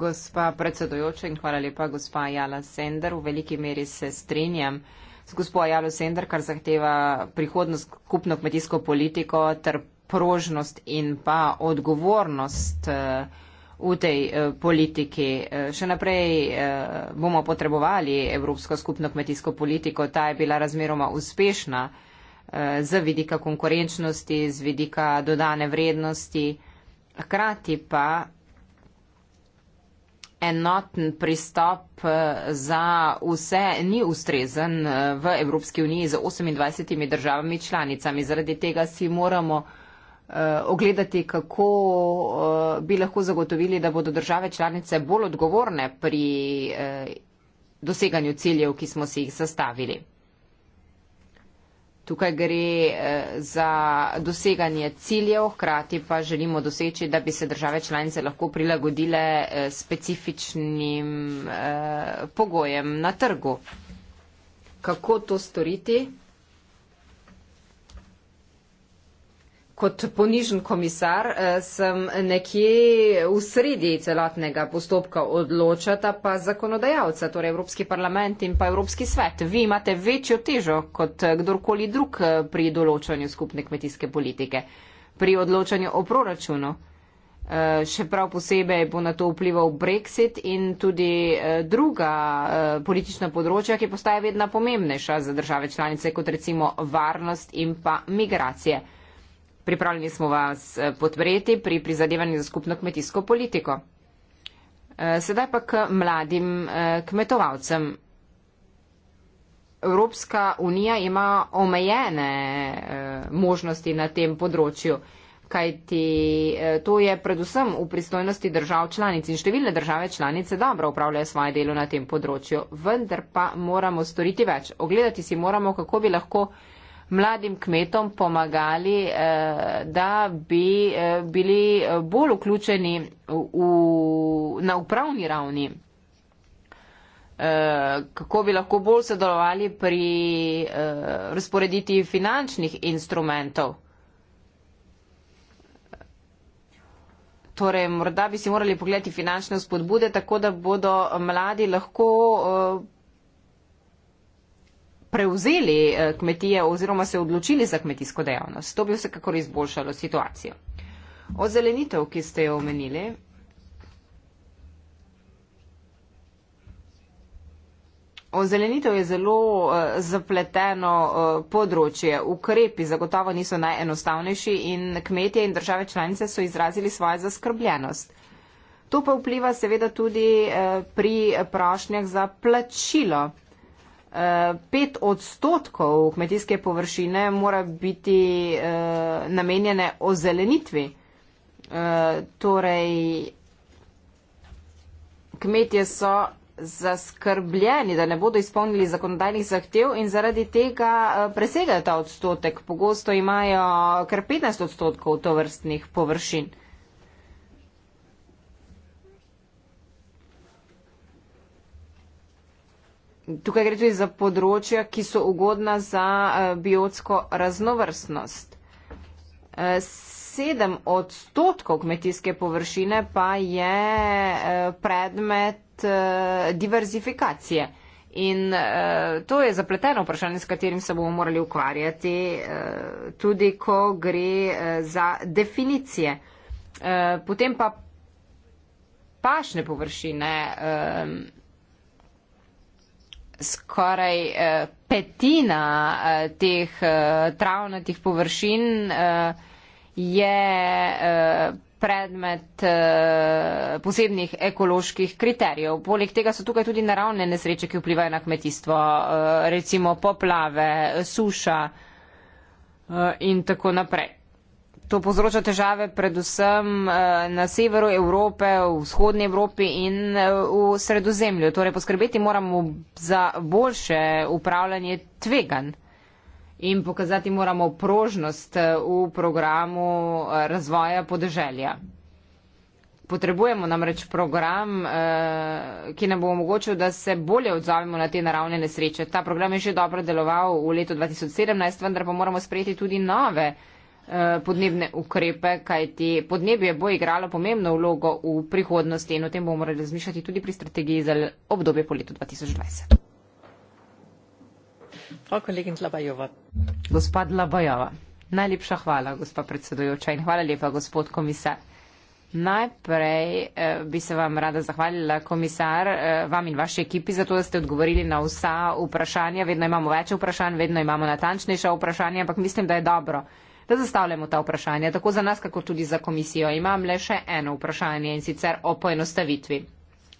gospa predsedojoča in hvala lepa, gospa Jala Sender. V veliki meri se strinjam z gospo Jalo Sender, kar zahteva prihodnost skupno kmetijsko politiko ter prožnost in pa odgovornost. Uh, v tej eh, politiki. Eh, še naprej eh, bomo potrebovali Evropsko skupno kmetijsko politiko. Ta je bila razmeroma uspešna z vidika konkurenčnosti, z vidika dodane vrednosti. Hkrati pa enoten pristop za vse ni ustrezen v Evropski uniji z 28 državami članicami. Zaradi tega si moramo Eh, ogledati, kako eh, bi lahko zagotovili, da bodo države članice bolj odgovorne pri eh, doseganju ciljev, ki smo si jih zastavili. Tukaj gre za doseganje ciljev, hkrati pa želimo doseči, da bi se države članice lahko prilagodile specifičnim pogojem na trgu. Kako to storiti? kot ponižen komisar eh, sem nekje v sredi celotnega postopka odločata pa zakonodajalca, torej Evropski parlament in pa Evropski svet. Vi imate večjo težo kot eh, kdorkoli drug eh, pri določanju skupne kmetijske politike, pri odločanju o proračunu. Še prav posebej bo na to vplival Brexit in tudi druga politična področja, ki postaje vedno pomembnejša za države članice, kot recimo varnost in pa migracije. Pripravljeni smo vas eh, podpreti pri prizadevanju za skupno kmetijsko politiko. Eh, sedaj pa k mladim eh, kmetovalcem. Evropska unija ima omejene možnosti na tem področju, kajti to je predvsem v pristojnosti držav članic in številne države članice dobro upravljajo svoje delo na tem področju. Vendar pa moramo storiti več. Ogledati si moramo, kako bi lahko mladim kmetom pomagali, eh, da bi eh, bili bolj vključeni v, na upravni ravni, eh, kako bi lahko bolj sodelovali pri razporeditvi finančnih instrumentov. Torej, morda bi si morali pogledati finančne vzpodbude, tako da bodo mladi lahko prevzeli eh, kmetije oziroma se odločili za kmetijsko dejavnost. To bi vsekakor izboljšalo situacijo. O zelenitev, ki ste jo omenili. Ozelenitev je zelo uh, zapleteno uh, področje. Ukrepi zagotovo niso najenostavnejši in kmetje in države članice so izrazili svojo zaskrbljenost. To pa vpliva seveda tudi uh, pri prošnjah za plačilo. 5 odstotkov kmetijske površine mora biti uh, namenjene ozelenitvi. Uh, torej, kmetje so zaskrbljeni, da ne bodo izpolnili zakonodajnih zahtev in zaradi tega eh, presegajo ta odstotek. Pogosto imajo kar 15 odstotkov tovrstnih površin. tukaj gre tudi za področja, ki so ugodna za eh, biotsko raznovrstnost. 7 eh, odstotkov kmetijske površine pa je eh, predmet diverzifikacije. In eh, to je zapleteno vprašanje, s katerim se bomo morali ukvarjati, eh, tudi ko gre eh, za definicije. Eh, potem pa pašne površine. Eh, skoraj eh, petina eh, teh eh, travnatih površin je predmet posebnih ekoloških kriterijev. Poleg tega so tukaj tudi naravne nesreče, ki vplivajo na kmetijstvo, recimo poplave, suša in tako naprej. To povzroča težave predvsem eh, na severu Evrope, v vzhodnji Evropi in eh, v sredozemlju. Torej poskrbeti moramo za boljše upravljanje tvegan in pokazati moramo prožnost eh, v programu razvoja podeželja. Potrebujemo namreč program, ki nam bo omogočil, da se bolje odzovemo na te naravne nesreče. Ta program je že dobro deloval v letu 2017, vendar pa moramo sprejeti tudi nove Eh, podnebne ukrepe, kajti podnebje bo igralo pomembno vlogo v prihodnosti in o tem bomo morali razmišljati tudi pri strategiji za obdobje po letu 2020. Kolegin Labajova. Gospod Labajova, najlepša hvala, gospod predsedujoča in hvala lepa, gospod komisar. Najprej eh, bi se vam rada zahvalila, komisar, eh, vam in vaši ekipi za to, da ste odgovorili na vsa vprašanja. Vedno imamo več vprašanj, vedno imamo natančnejša vprašanja, ampak mislim, da je dobro da zastavljamo ta vprašanja, tako za nas, kako tudi za komisijo. Imam le še eno vprašanje in sicer o poenostavitvi.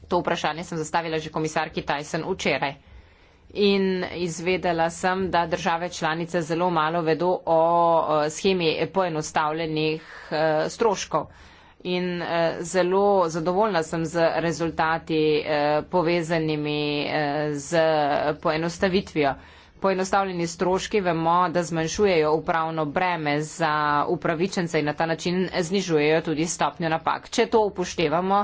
To vprašanje sem zastavila že komisarki Tyson včeraj. In izvedela sem, da države članice zelo malo vedo o schemi poenostavljenih e, stroškov. In e, zelo zadovoljna sem z rezultati e, povezanimi z poenostavitvijo poenostavljeni stroški vemo, da zmanjšujejo upravno breme za upravičence in na ta način znižujejo tudi stopnjo napak. Če to upoštevamo,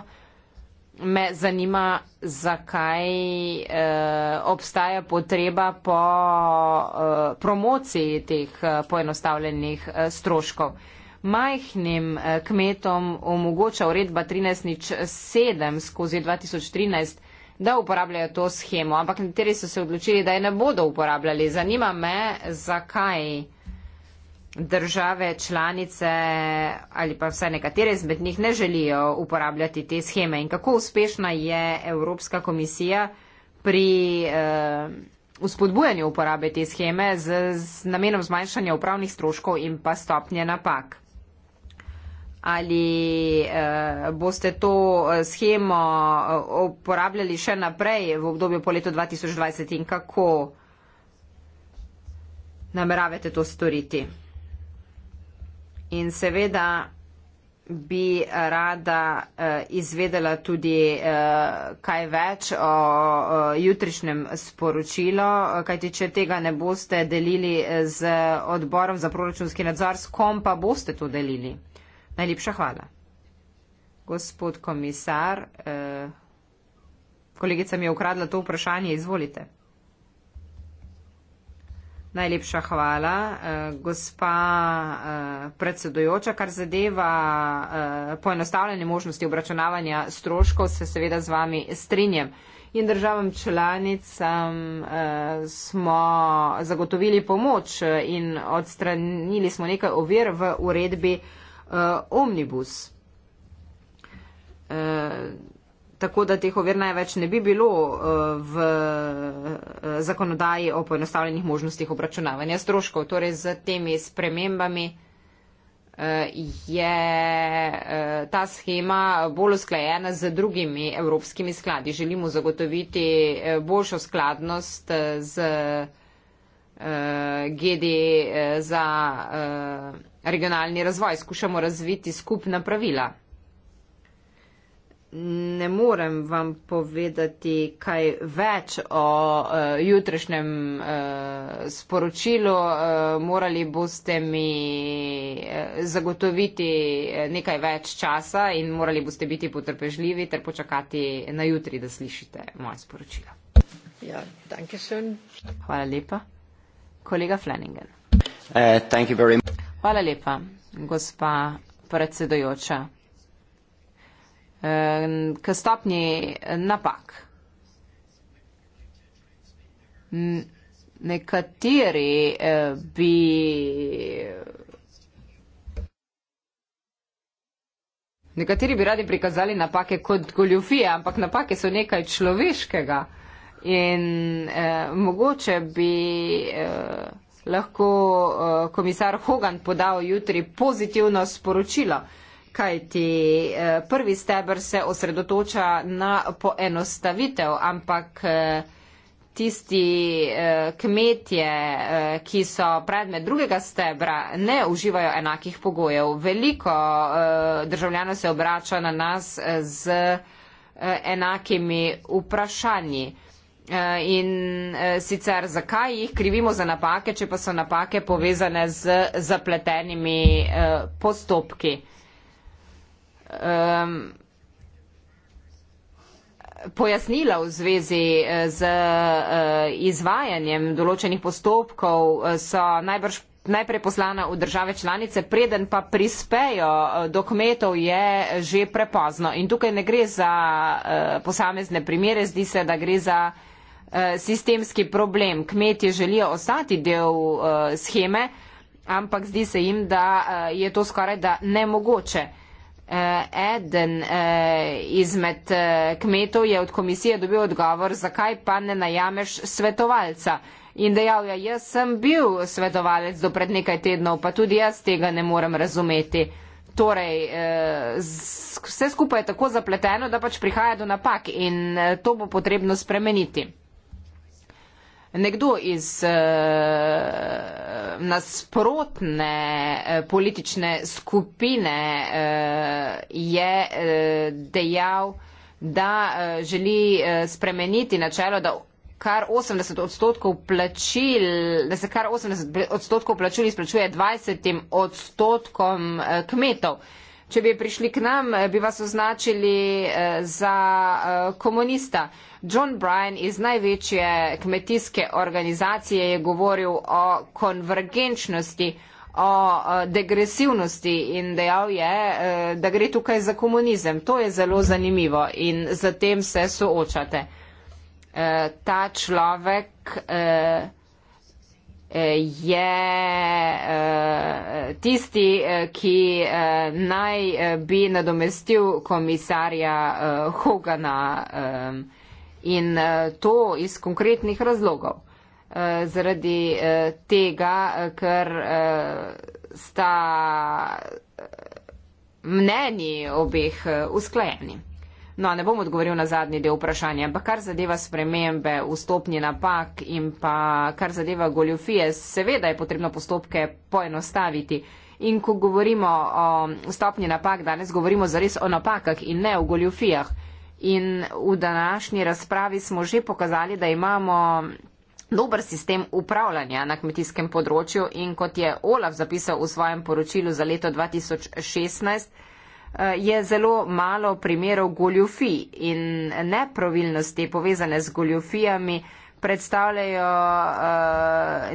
me zanima, zakaj eh, obstaja potreba po eh, promociji teh eh, poenostavljenih eh, stroškov. Majhnim eh, kmetom omogoča uredba 13.7 skozi 2013 da uporabljajo to schemo, ampak nekateri so se odločili, da je ne bodo uporabljali. Zanima me, zakaj države članice ali pa vse nekatere izmed njih ne želijo uporabljati te scheme in kako uspešna je Evropska komisija pri eh, uspodbujanju uporabe te scheme z, z namenom zmanjšanja upravnih stroškov in pa stopnje napak ali eh, boste to eh, schemo eh, uporabljali še naprej v obdobju po letu 2020 in kako nameravate to storiti. In seveda bi rada izvedela tudi kaj več o jutrišnjem sporočilu, kajti če tega ne boste delili z odborom za proračunski nadzor, s kom pa boste to delili? Najlepša hvala. Gospod komisar, eh, kolegica mi je ukradla to vprašanje, izvolite. Najlepša hvala, eh, gospa eh, predsedujoča. Kar zadeva eh, poenostavljanje možnosti obračunavanja stroškov, se seveda z vami strinjem. In državam članicam eh, smo zagotovili pomoč eh, in odstranili smo nekaj ovir v uredbi. Eh, uh, omnibus. Uh, tako da teh ovir največ ne bi bilo uh, v uh, zakonodaji o poenostavljenih možnostih obračunavanja stroškov. Torej, z temi spremembami uh, je uh, ta schema bolj usklajena z drugimi evropskimi skladi. Želimo zagotoviti uh, boljšo skladnost uh, z uh, GD uh, za. Uh, regionalni razvoj, skušamo razviti skupna pravila. Ne morem vam povedati kaj več o e, jutrišnjem e, sporočilu. E, morali boste mi e, zagotoviti e, nekaj več časa in morali boste biti potrpežljivi ter počakati na jutri, da slišite moje sporočilo. Ja, Hvala lepa. Kolega Flanagan. Uh, Hvala lepa, gospa predsedojoča. Ehm, k stopnji napak. Nekateri eh, bi Nekateri bi radi prikazali napake kot goljufije, ampak napake so nekaj človeškega. In eh, mogoče bi eh, lahko uh, komisar Hogan podal jutri pozitivno sporočilo, kajti uh, prvi stebr se osredotoča na poenostavitev, ampak uh, tisti uh, kmetje, uh, ki so predmet drugega stebra, ne uživajo enakih pogojev. Veliko uh, državljanov se obrača na nas z uh, enakimi vprašanji. Uh, Eh, in eh, sicer zakaj jih krivimo za napake, če pa so napake povezane z zapletenimi eh, postopki? Ehm, pojasnila v zvezi z izvajanjem določenih postopkov so najbrž najprej poslana v države članice, preden pa prispejo do kmetov je že prepozno. In tukaj ne gre za posamezne primere, zdi se, da gre za Eh, sistemski problem. Kmetje želijo ostati del eh, scheme, ampak zdi se jim, da eh, je to skoraj da nemogoče. Eden izmed kmetov je od komisije dobil odgovor, zakaj pa ne najameš svetovalca. In dejal je, jaz sem bil svetovalec do pred nekaj tednov, pa tudi jaz tega ne morem razumeti. Torej, vse skupaj je tako zapleteno, da pač prihaja do napak in to bo potrebno spremeniti nekdo iz uh, nasprotne eh, politične skupine uh, je uh, dejal, da uh, želi uh, spremeniti načelo, da kar 80 odstotkov plačil, da se kar 80 odstotkov plačil izplačuje 20 odstotkom kmetov. Uh, Če bi prišli k nam, eh, bi vas označili eh, za eh, komunista. John Bryan iz največje kmetijske organizacije je govoril o konvergenčnosti, o degresivnosti in dejal je, da gre tukaj za komunizem. To je zelo zanimivo in za tem se soočate. Ta človek je eh, tisti, eh, ki eh, naj bi nadomestil komisarja Hogana in to iz konkretnih razlogov. Zaradi tega, ker sta mnenji obeh usklajeni. No, ne bom odgovoril na zadnji del vprašanja, ampak kar zadeva spremembe, vstopni napak in pa kar zadeva goljofije, seveda je potrebno postopke poenostaviti. In ko govorimo o stopni napak, danes govorimo zares o napakah in ne o goljofijah. In v današnji razpravi smo že pokazali, da imamo dober sistem upravljanja na kmetijskem področju in kot je Olaf zapisal v svojem poročilu za leto 2016, je zelo malo primerov goljufij in nepravilnosti povezane z goljufijami predstavljajo uh,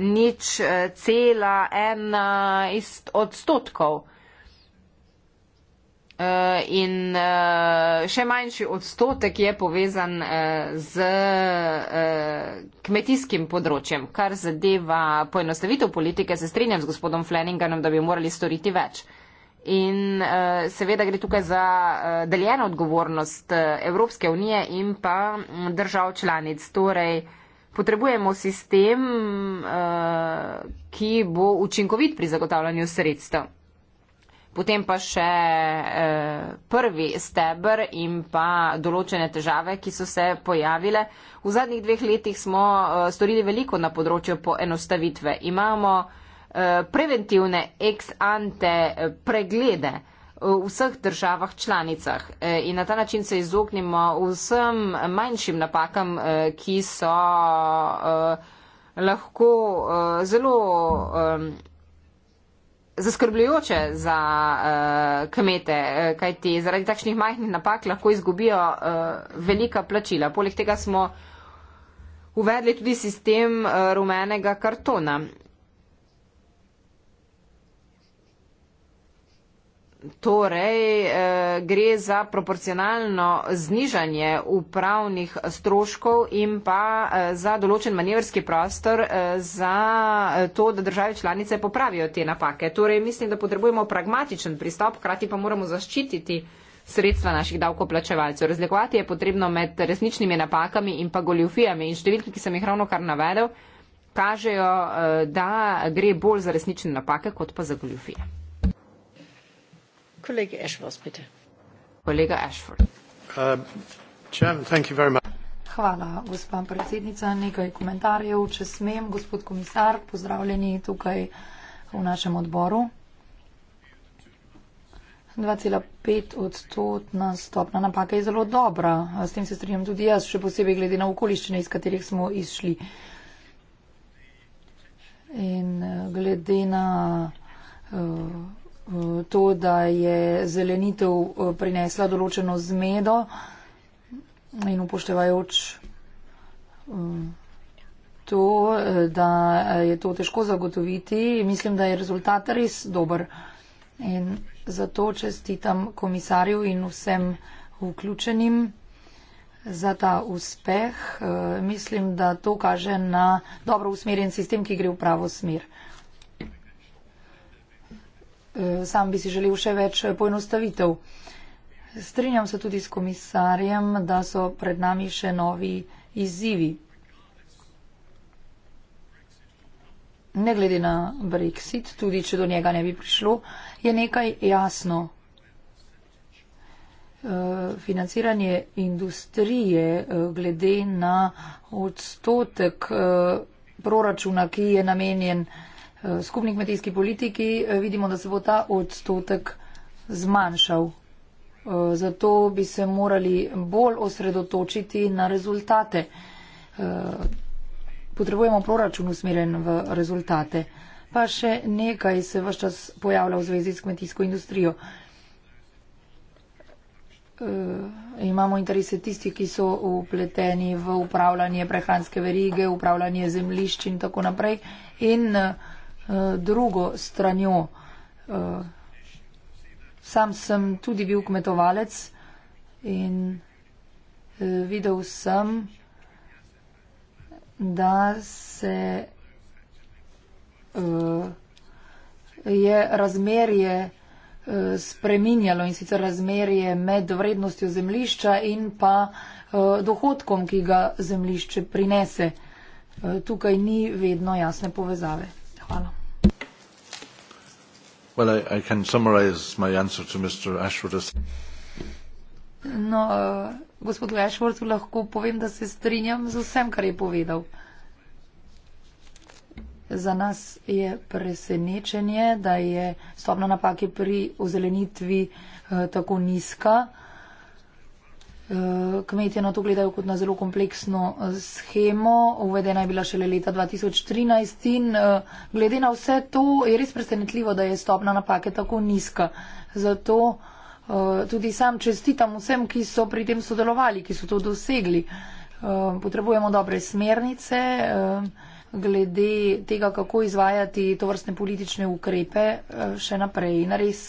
nič eh, cela ena eh, odstotkov uh, in uh, še manjši odstotek je povezan uh, z uh, kmetijskim področjem, kar zadeva poenostavitev politike. Se strinjam z gospodom Fleningenom, da bi morali storiti več. Uh, In uh, seveda gre tukaj za uh, deljeno odgovornost eh, Evropske unije in pa mm, držav članic. Torej, potrebujemo sistem, uh, ki bo učinkovit pri zagotavljanju sredstev. Potem pa še eh, prvi stebr in pa določene težave, ki so se pojavile. V zadnjih dveh letih smo eh, storili veliko na področju poenostavitve. Imamo eh, Eh, preventivne ex ante eh, preglede v vseh državah članicah eh, in na ta način se izognimo vsem manjšim napakam, ki so lahko zelo zaskrbljujoče za kmete, kajti zaradi takšnih majhnih napak lahko izgubijo velika plačila. Poleg tega smo uvedli tudi sistem rumenega kartona. Torej, eh, gre za proporcionalno znižanje upravnih stroškov in pa eh, za določen manevrski prostor eh, za eh, to, da države članice popravijo te napake. Torej, mislim, da potrebujemo pragmatičen pristop, krati pa moramo zaščititi sredstva naših davkoplačevalcev. Razlikovati je potrebno med resničnimi napakami in pa goljufijami. In številke, ki sem jih ravno kar navedel, kažejo, eh, da gre bolj za resnične napake, kot pa za goljufije. Kollege Ashworth, bitte. Kollege Ashworth. Uh, Hvala, gospa predsednica. Nekaj komentarjev, če smem. Gospod komisar, pozdravljeni tukaj v našem odboru. 2,5 odstotna stopna napaka je zelo dobra. S tem se strinjam tudi jaz, še posebej glede na okoliščine, iz katerih smo izšli. In eh, glede na. Uh, to, da je zelenitev eh, prinesla določeno zmedo in upoštevajoč eh, to, eh, da je to težko zagotoviti, mislim, da je rezultat res dober. In zato čestitam komisarju in vsem vključenim za ta uspeh. Mislim, da to kaže na dobro usmerjen sistem, ki gre v pravo smer sam bi si želel še več poenostavitev. Strinjam se tudi s komisarjem, da so pred nami še novi izzivi. Ne glede na Brexit, tudi če do njega ne bi prišlo, je nekaj jasno. E, financiranje industrije e, glede na odstotek e, proračuna, ki je namenjen Eh, skupni kmetijski politiki, eh, vidimo, da se bo ta odstotek zmanjšal. Eh, zato bi se morali bolj osredotočiti na rezultate. Potrebujemo proračun usmeren v rezultate. Pa še nekaj se vse čas pojavlja v zvezi s kmetijsko industrijo. E, imamo interese tistih, ki so upleteni v upravljanje prehranske verige, upravljanje zemlišč in tako naprej. In, e, Eh, drugo stranjo. Eh, sam sem tudi bil kmetovalec in eh, videl sem, da se je razmerje spreminjalo in sicer razmerje med vrednostjo zemlišča in pa dohodkom, ki ga zemlišče prinese. Tukaj ni vedno jasne povezave. Hvala. Well, I, I can summarize my answer to Mr. Ashworth. No, uh, eh, gospodu Ashworthu lahko povem, da se strinjam z vsem, kar je povedal. Za nas je presenečenje, da je stopna napake pri ozelenitvi uh, tako nizka. Eh, kmetje na to gledajo kot na zelo kompleksno eh, schemo. Uvedena je bila šele leta 2013 in eh, glede na vse to je res presenetljivo, da je stopna napake tako nizka. Zato tudi sam čestitam vsem, ki so pri tem sodelovali, ki so to dosegli. Potrebujemo dobre smernice glede tega, kako izvajati to vrstne politične ukrepe še naprej. Na res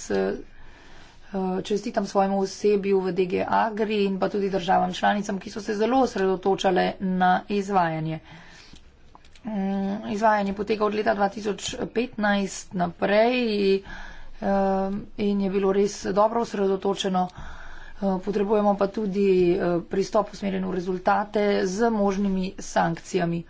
Eh, čestitam svojemu osebju v DG Agri in pa tudi državam članicam, ki so se zelo sredotočale na izvajanje. Mm, izvajanje poteka od leta 2015 naprej eh, in je bilo res dobro sredotočeno. Eh, potrebujemo pa tudi pristop usmerjen v rezultate z možnimi sankcijami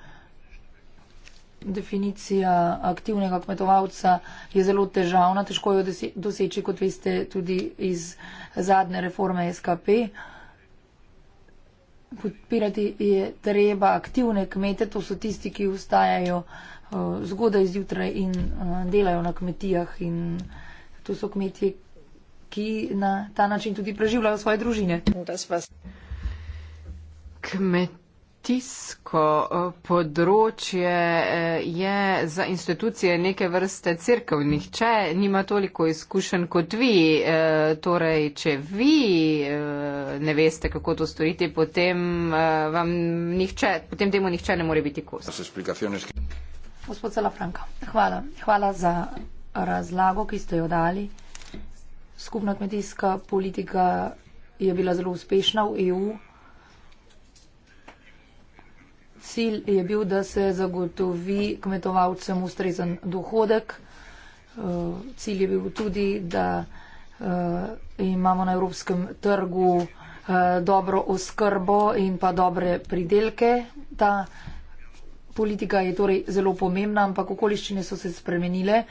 definicija aktivnega kmetovalca je zelo težavna, težko jo doseči, kot veste, tudi iz zadnje reforme SKP. Podpirati je treba aktivne kmete, to so tisti, ki ustajajo eh, zgodaj zjutraj in eh, delajo na kmetijah in to so kmetje, ki na ta način tudi preživljajo svoje družine. Kmet kmetijsko eh, področje eh, je za institucije neke vrste crkvenih, če nima toliko izkušenj kot vi. Eh, torej, če vi ne veste, kako to storiti, potem, vam nihče, potem temu nihče ne more biti kos. Gospod Salafranka, hvala. Hvala za razlago, ki ste jo dali. Skupna kmetijska politika je bila zelo uspešna v EU cilj je bil, da se zagotovi kmetovalcem ustrezen dohodek. Eh, cilj je bil tudi, da eh, imamo na evropskem trgu eh, dobro oskrbo in pa dobre pridelke. Ta politika je torej zelo pomembna, ampak okoliščine so se spremenile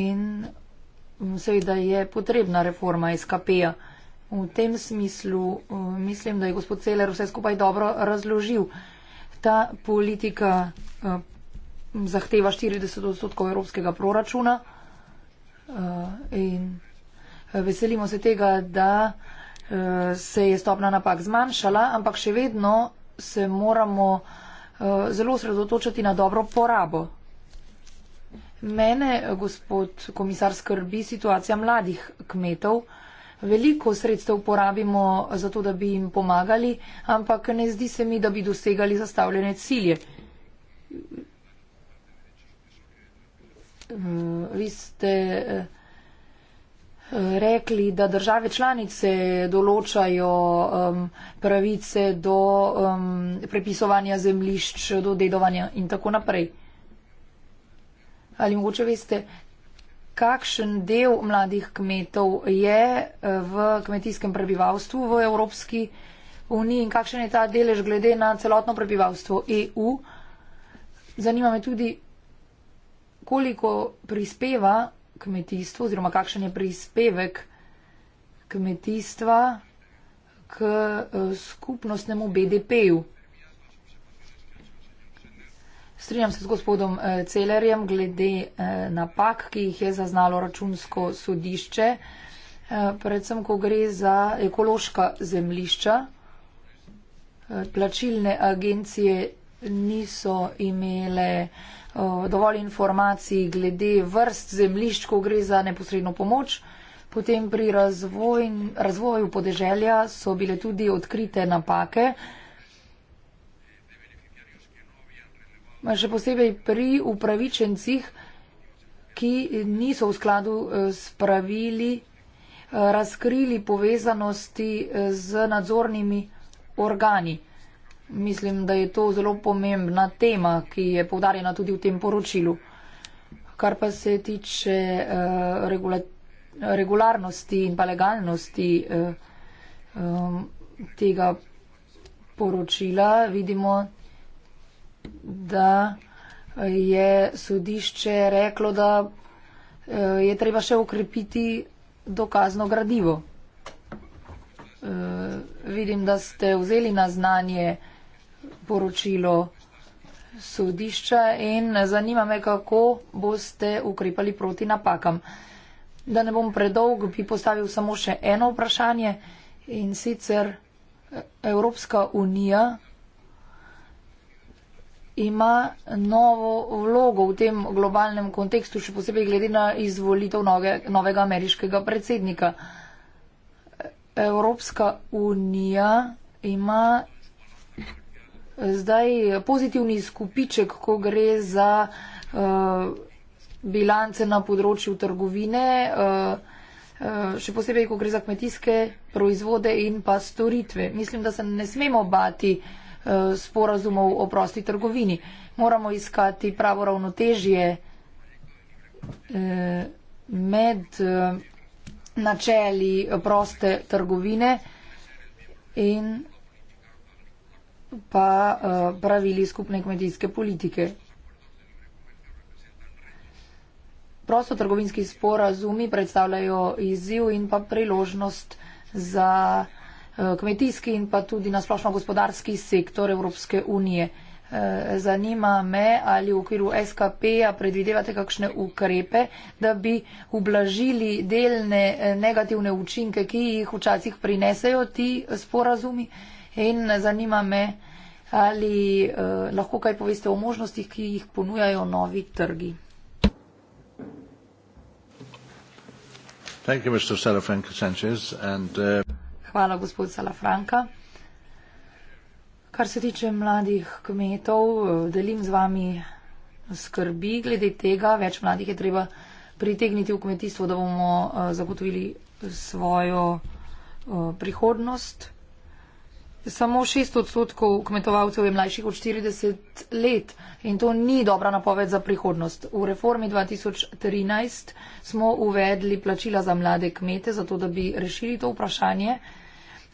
in mm, seveda je potrebna reforma SKP-ja. V tem smislu mislim, da je gospod Celer vse skupaj dobro razložil ta politika uh, zahteva 40 odstotkov evropskega proračuna uh, in eh, veselimo se tega, da uh, se je stopna napak zmanjšala, ampak še vedno se moramo uh, zelo sredotočiti na dobro porabo. Mene, gospod komisar, skrbi situacija mladih kmetov. Uh, veliko sredstev porabimo za to, da bi jim pomagali, ampak ne zdi se mi, da bi dosegali zastavljene cilje. Mm, vi ste eh, rekli, da države članice določajo pravice do prepisovanja zemlišč, do dedovanja in tako naprej. Ali mogoče veste, kakšen del mladih kmetov je eh, v kmetijskem prebivalstvu v Evropski uniji in kakšen je ta delež glede na celotno prebivalstvo EU. Zanima me tudi, koliko prispeva kmetijstvo oziroma kakšen je prispevek kmetijstva k eh, skupnostnemu BDP-ju. Strinjam se z gospodom eh, Celerjem glede eh, napak, ki jih je zaznalo računsko sodišče, eh, predvsem, ko gre za ekološka zemlišča. Plačilne agencije niso imele dovolj informacij glede vrst zemlišč, ko gre za neposredno pomoč. Potem pri razvoj, razvoju podeželja so bile tudi odkrite napake, še posebej pri upravičencih, ki niso v skladu eh, s pravili eh, razkrili povezanosti eh, z nadzornimi organi. Mislim, da je to zelo pomembna tema, ki je povdarjena tudi v tem poročilu. Kar pa se tiče regularnosti in pa legalnosti tega poročila, vidimo, da je sodišče reklo, da eh, je treba še ukrepiti dokazno gradivo. Eh, vidim, da ste vzeli na znanje poročilo sodišča in zanima me, kako boste ukrepali proti napakam. Da ne bom predolg, bi postavil samo še eno vprašanje in sicer eh, Evropska unija ima novo vlogo v tem globalnem kontekstu, še posebej glede na izvolitev nove, novega ameriškega predsednika. Evropska unija ima zdaj pozitivni skupiček, ko gre za uh, bilance na področju trgovine, uh, uh, še posebej, ko gre za kmetijske proizvode in pa storitve. Mislim, da se ne smemo bati uh, Eh, sporazumov o prosti trgovini. Moramo iskati pravo ravnotežje eh, med eh, načeli proste trgovine in pa pravili skupne kmetijske politike. Prostotrgovinski sporazumi predstavljajo izziv in pa priložnost za Eh, kmetijski in pa tudi na splošno gospodarski sektor Evropske unije. Eh, zanima me, ali v okviru SKP-ja predvidevate kakšne ukrepe, da bi ublažili delne eh, negativne učinke, ki jih včasih prinesejo ti sporazumi. In zanima me, ali lahko kaj poveste o možnostih, ki jih ponujajo novi trgi. Thank you, Mr. Sanchez, and, uh... Hvala, gospod Salafranka. Kar se tiče mladih kmetov, delim z vami skrbi glede tega. Več mladih je treba pritegniti v kmetijstvo, da bomo eh, zagotovili svojo eh, prihodnost. Samo šest odstotkov kmetovalcev je mlajših od 40 let in to ni dobra napoved za prihodnost. V reformi 2013 smo uvedli plačila za mlade kmete, zato da bi rešili to vprašanje.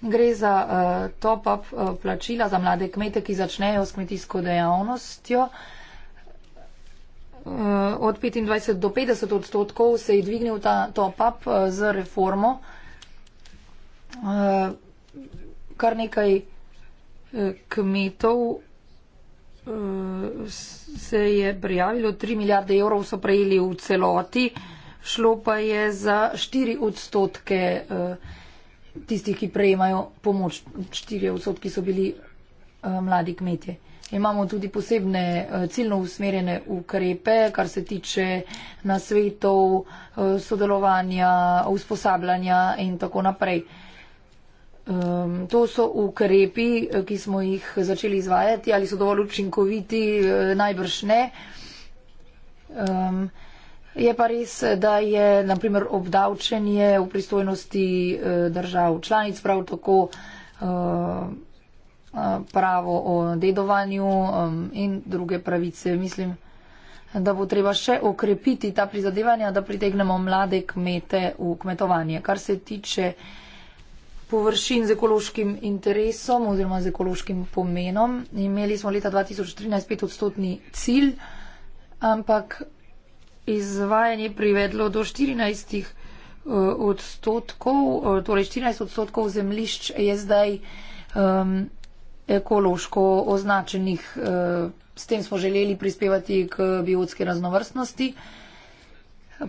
Gre za uh, top-up uh, plačila za mlade kmete, ki začnejo s kmetijsko dejavnostjo. Uh, od 25 do 50 odstotkov se je dvignil ta top-up uh, z reformo. Uh, kar nekaj uh, kmetov uh, se je prijavilo, 3 milijarde evrov so prejeli v celoti, šlo pa je za 4 odstotke. Uh, tistih, ki prejemajo pomoč, 4 odstotki so bili uh, mladi kmetje. Imamo tudi posebne uh, ciljno usmerjene ukrepe, kar se tiče nasvetov, uh, sodelovanja, usposabljanja in tako naprej. Um, to so ukrepi, ki smo jih začeli izvajati, ali so dovolj učinkoviti, uh, najbrž ne. Um, Je pa res, da je naprimer obdavčenje v pristojnosti eh, držav članic prav tako eh, eh, pravo o dedovanju in druge pravice. Mislim, da bo treba še okrepiti ta prizadevanja, da pritegnemo mlade kmete v kmetovanje. Kar se tiče površin z ekološkim interesom oziroma z ekološkim pomenom, imeli smo leta 2013 5-odstotni cilj, ampak izvajanje privedlo do 14 eh, odstotkov, eh, torej 14 odstotkov zemlišč je zdaj um, ekološko označenih. Eh, s tem smo želeli prispevati k biotski raznovrstnosti.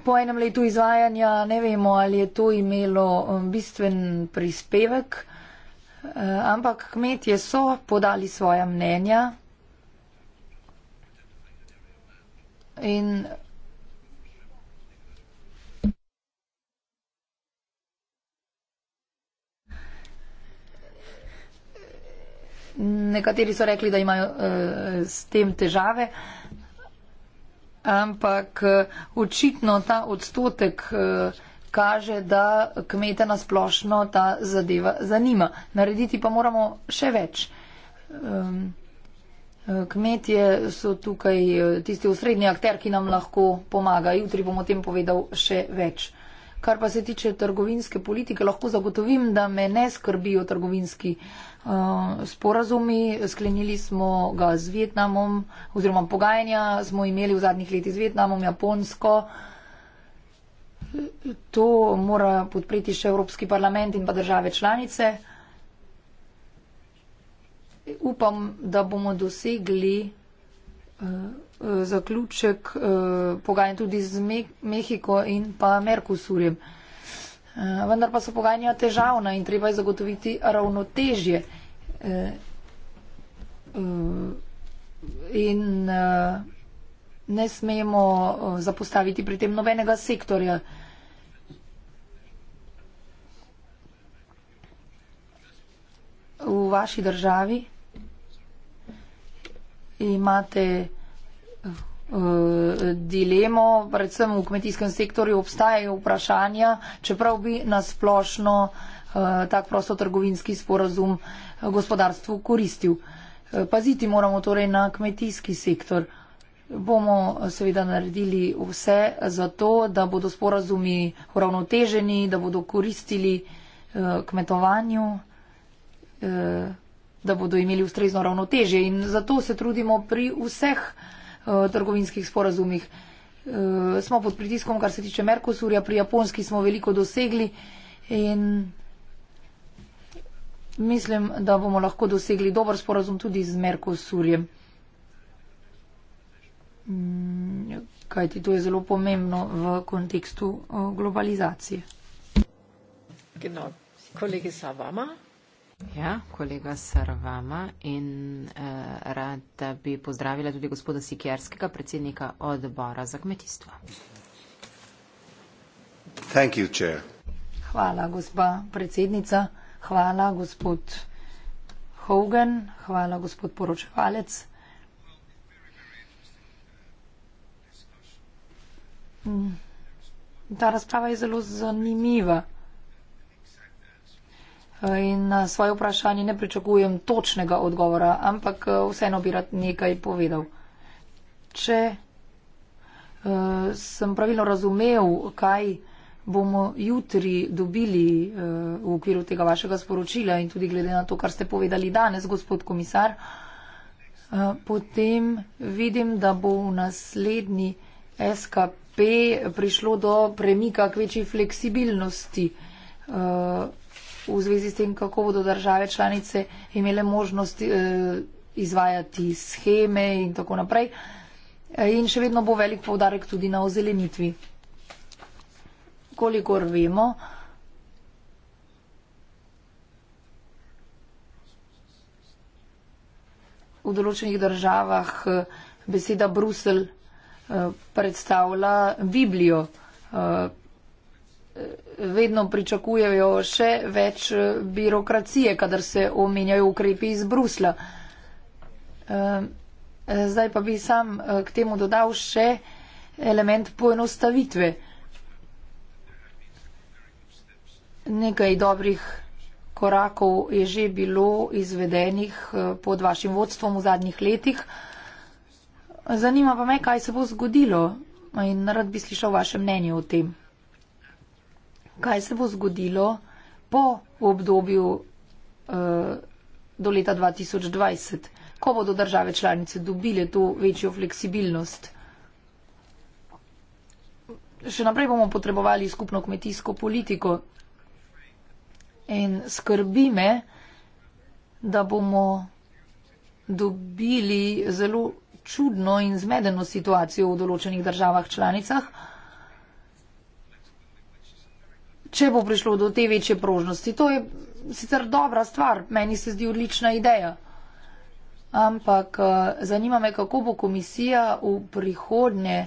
Po enem letu izvajanja ne vemo, ali je to imelo bistven prispevek, ampak kmetje so podali svoja mnenja. In Nekateri so rekli, da imajo uh, s tem težave, ampak uh, očitno ta odstotek uh, kaže, da kmete nasplošno ta zadeva zanima. Narediti pa moramo še več. Um, kmetje so tukaj tisti osrednji akter, ki nam lahko pomaga. Jutri bomo o tem povedal še več. Kar pa se tiče trgovinske politike, lahko zagotovim, da me ne skrbijo trgovinski eh, sporazumi. Sklenili smo ga z Vietnamom oziroma pogajanja smo imeli v zadnjih letih z Vietnamom, Japonsko. To mora podpreti še Evropski parlament in pa države članice. Upam, da bomo dosegli. Uh, zaključek eh, pogajanj tudi z Mehiko in pa Merkusurjem. Eh, vendar pa so pogajanja težavna in treba je zagotoviti ravnotežje. Eh, in ne smemo zapostaviti pri tem nobenega sektorja. V vaši državi imate Eh, dilemo, predvsem v kmetijskem sektorju obstajajo vprašanja, čeprav bi nasplošno eh, tak prostotrgovinski sporazum eh, gospodarstvu koristil. Paziti moramo torej na kmetijski sektor. Bomo seveda naredili vse za to, da bodo sporazumi uravnoteženi, da bodo koristili kmetovanju, da bodo imeli ustrezno ravnotežje in zato se trudimo pri vseh Eh, trgovinskih sporazumih. Eh, smo pod pritiskom, kar se tiče Merkosurja, pri Japonski smo veliko dosegli in mislim, da bomo lahko dosegli dober sporazum tudi z Merkosurjem. Mm, Kaj ti to je zelo pomembno v kontekstu eh, globalizacije? Genau. Kollege Savama. Ja, kolega Sarvama in eh, rada bi pozdravila tudi gospoda Sikjerskega, predsednika odbora za kmetijstvo. You, hvala, gospa predsednica, hvala, gospod Hogan, hvala, gospod poročevalec. Mm, ta razprava je zelo zanimiva. In na svoje vprašanje ne pričakujem točnega odgovora, ampak eh, vseeno bi rad nekaj povedal. Če uh, sem pravilno razumev, kaj bomo jutri dobili uh, v okviru tega vašega sporočila in tudi glede na to, kar ste povedali danes, gospod komisar, uh, potem vidim, da bo v naslednji SKP prišlo do premika k večji fleksibilnosti. Uh, v zvezi s tem, kako bodo države članice imele možnost eh, izvajati scheme in tako naprej. Eh, in še vedno bo velik povdarek tudi na ozelenitvi. Kolikor vemo, v določenih državah eh, beseda Brusel predstavlja Biblijo vedno pričakujejo še več eh, birokracije, kadar se omenjajo ukrepi iz Brusla. Ehm, zdaj pa bi sam eh, k temu dodal še element poenostavitve. Nekaj dobrih korakov je že bilo izvedenih eh, pod vašim vodstvom v zadnjih letih. Zanima pa me, kaj se bo zgodilo in rad bi slišal vaše mnenje o tem kaj se bo zgodilo po obdobju eh, do leta 2020, ko bodo države članice dobile to večjo fleksibilnost. Še naprej bomo potrebovali skupno kmetijsko politiko in skrbi me, da bomo dobili zelo čudno in zmedeno situacijo v določenih državah članicah če bo prišlo do te večje prožnosti. To je sicer dobra stvar, meni se zdi odlična ideja. Ampak eh, zanima me, kako bo komisija v prihodnje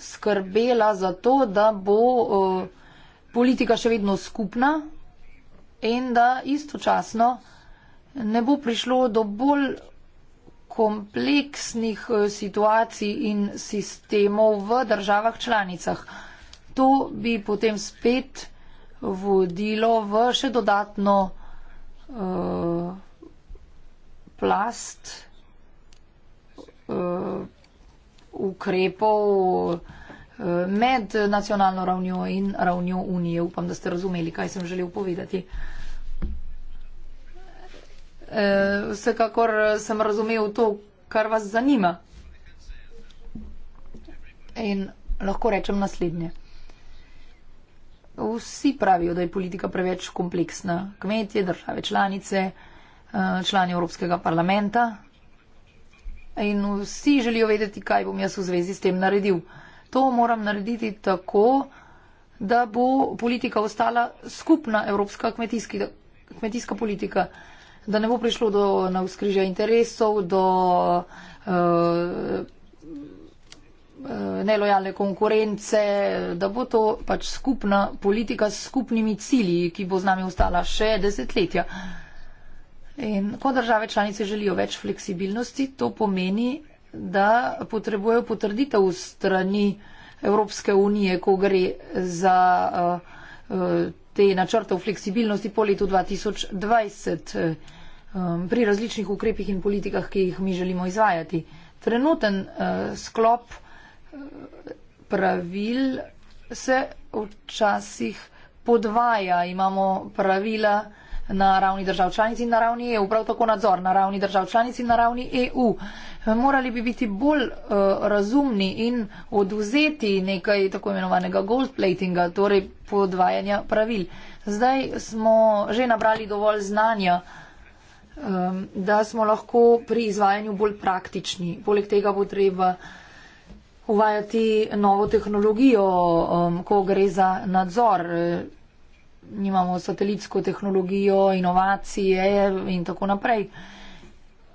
skrbela za to, da bo eh, politika še vedno skupna in da istočasno ne bo prišlo do bolj kompleksnih eh, situacij in sistemov v državah članicah to bi potem spet vodilo v še dodatno uh, plast uh, ukrepov uh, med nacionalno ravnjo in ravnjo Unije. Upam, da ste razumeli, kaj sem želel povedati. Uh, vsekakor sem razumel to, kar vas zanima. In lahko rečem naslednje. Vsi pravijo, da je politika preveč kompleksna. Kmetje, države članice, eh, člani Evropskega parlamenta. In vsi želijo vedeti, kaj bom jaz v zvezi s tem naredil. To moram narediti tako, da bo politika ostala skupna evropska kmetijska politika, da ne bo prišlo do navskrižja interesov, do. Uh, Eh, nelojalne konkurence, da bo to pač skupna politika s skupnimi cilji, ki bo z nami ostala še desetletja. In ko države članice želijo več fleksibilnosti, to pomeni, da potrebujejo potrditev strani Evropske unije, ko gre za eh, eh, te načrte o fleksibilnosti po letu 2020 pri različnih ukrepih in politikah, ki jih mi želimo izvajati. Trenuten sklop pravil se včasih podvaja. Imamo pravila na ravni držav članic in na ravni EU, prav tako nadzor na ravni držav članic in na ravni EU. Morali bi biti bolj uh, razumni in oduzeti nekaj tako imenovanega gold platinga, torej podvajanja pravil. Zdaj smo že nabrali dovolj znanja, um, da smo lahko pri izvajanju bolj praktični. Poleg tega bo treba uh, uvajati novo tehnologijo, um, ko gre za nadzor. Nimamo satelitsko tehnologijo, inovacije in tako naprej.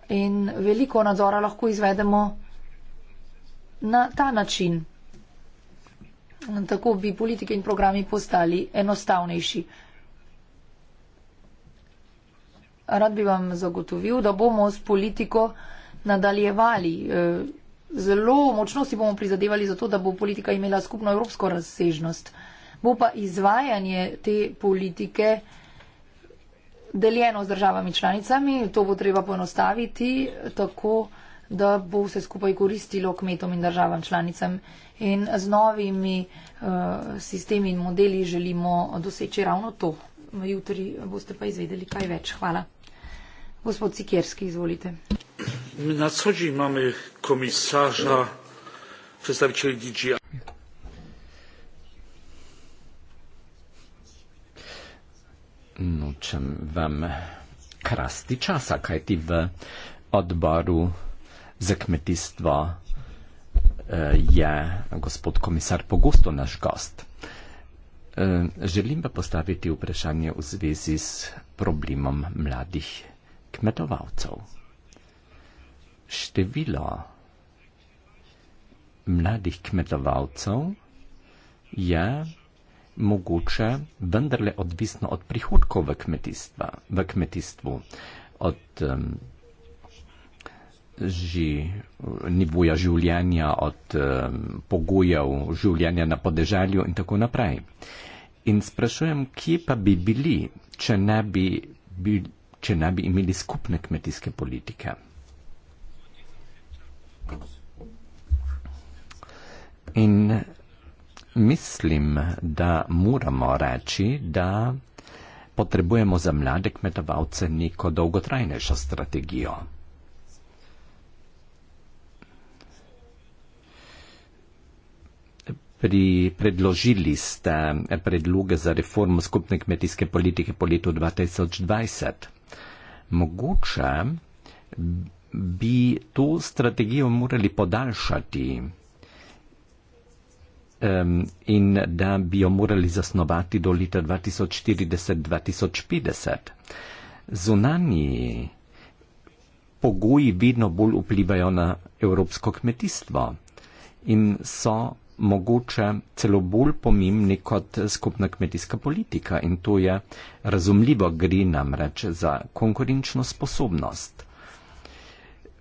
In veliko nadzora lahko izvedemo na ta način. Tako bi politike in programi postali enostavnejši. Rad bi vam zagotovil, da bomo s politiko nadaljevali. Eh, zelo močno si bomo prizadevali za to, da bo politika imela skupno evropsko razsežnost. Bo pa izvajanje te politike deljeno z državami članicami, to bo treba poenostaviti tako, da bo vse skupaj koristilo kmetom in državam članicam. In z novimi uh, sistemi in modeli želimo doseči ravno to. Jutri boste pa izvedeli kaj več. Hvala. Gospod Sikerski, izvolite. My na co dzień mamy komisarza, przedstawicieli DGI. No, czym wam krasty czasa, kiedy w odboru zakmetystwa e, je gospod komisar pogosto nasz gost. E, Želim pa postaviti vprašanje v zvezi s problemom mladih kmetovalcev število mladih kmetovalcev je mogoče vendarle odvisno od prihodkov v, v kmetijstvu, od um, ži, nivoja življenja, od um, pogojev življenja na podeželju in tako naprej. In sprašujem, kje pa bi bili, če ne bi, bi, če ne bi imeli skupne kmetijske politike? In mislim, da moramo reči, da potrebujemo za mlade kmetovalce neko dolgotrajnejšo strategijo. Pri predložili ste predloge za reformo skupne kmetijske politike po letu 2020. Mogoče bi to strategijo morali podaljšati um, in da bi jo morali zasnovati do leta 2040-2050. Zunanji pogoji vedno bolj vplivajo na evropsko kmetijstvo in so mogoče celo bolj pomembni kot skupna kmetijska politika in to je razumljivo, gre namreč za konkurenčno sposobnost.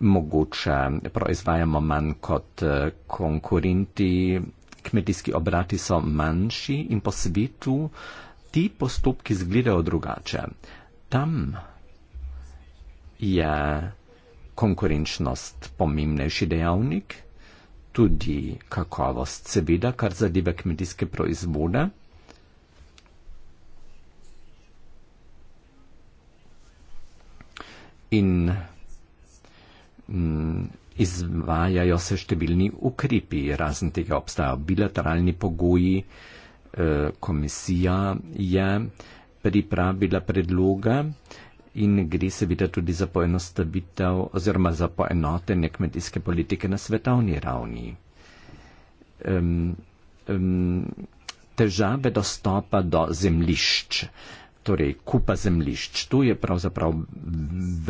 Mogoče proizvajamo manj kot eh, konkurenti kmetijski obrati so manjši in po svetu ti postopki izgledajo drugače. Tam je konkurenčnost pomembnejši dejavnik, tudi kakovost, seveda, kar zadeva kmetijske proizvode. In mm, izvajajo se številni ukrepi, razen tega obstajajo bilateralni pogoji. Eh, komisija je pripravila predloge in gre seveda tudi za poenostavitev oziroma za poenotenje kmetijske politike na svetovni ravni. Um, um, težave dostopa do zemlišč, torej kupa zemlišč, tu je pravzaprav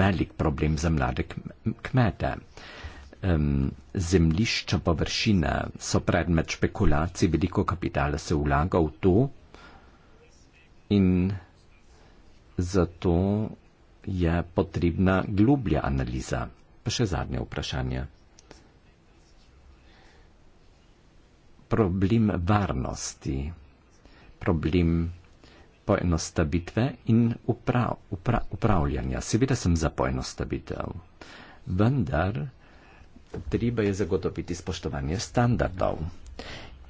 velik problem za mlade kmete um, zemljišča, površine so predmet špekulacij, veliko kapitala se vlaga v to in zato je potrebna globlja analiza. Pa še zadnje vprašanje. Problem varnosti, problem poenostavitve in upra, upra, upravljanja. Seveda sem za poenostavitev, vendar treba je zagotoviti spoštovanje standardov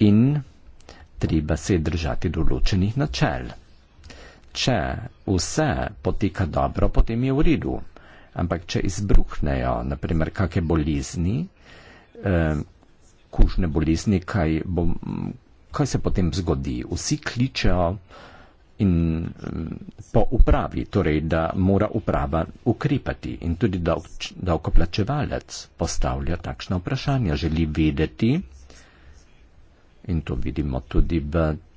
in treba se držati določenih načel. Če vse poteka dobro, potem je v redu. Ampak če izbruhnejo, naprimer, kakšne bolezni, eh, kužne bolezni, kaj, bom, kaj se potem zgodi? Vsi kličejo, in po upravi, torej da mora uprava ukrepati in tudi davkoplačevalec postavlja takšna vprašanja, želi vedeti in to vidimo tudi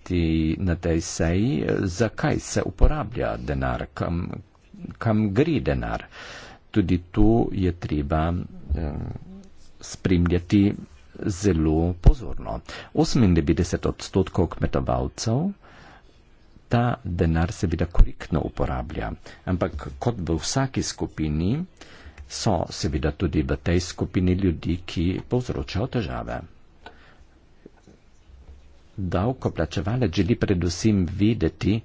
te, na tej seji, zakaj se uporablja denar, kam, kam gre denar. Tudi to je treba eh, spremljati zelo pozorno. 98 odstotkov kmetovalcev ta denar seveda korektno uporablja. Ampak kot v vsaki skupini, so seveda tudi v tej skupini ljudi, ki povzročajo težave. Davkoplačevalec želi predvsem videti,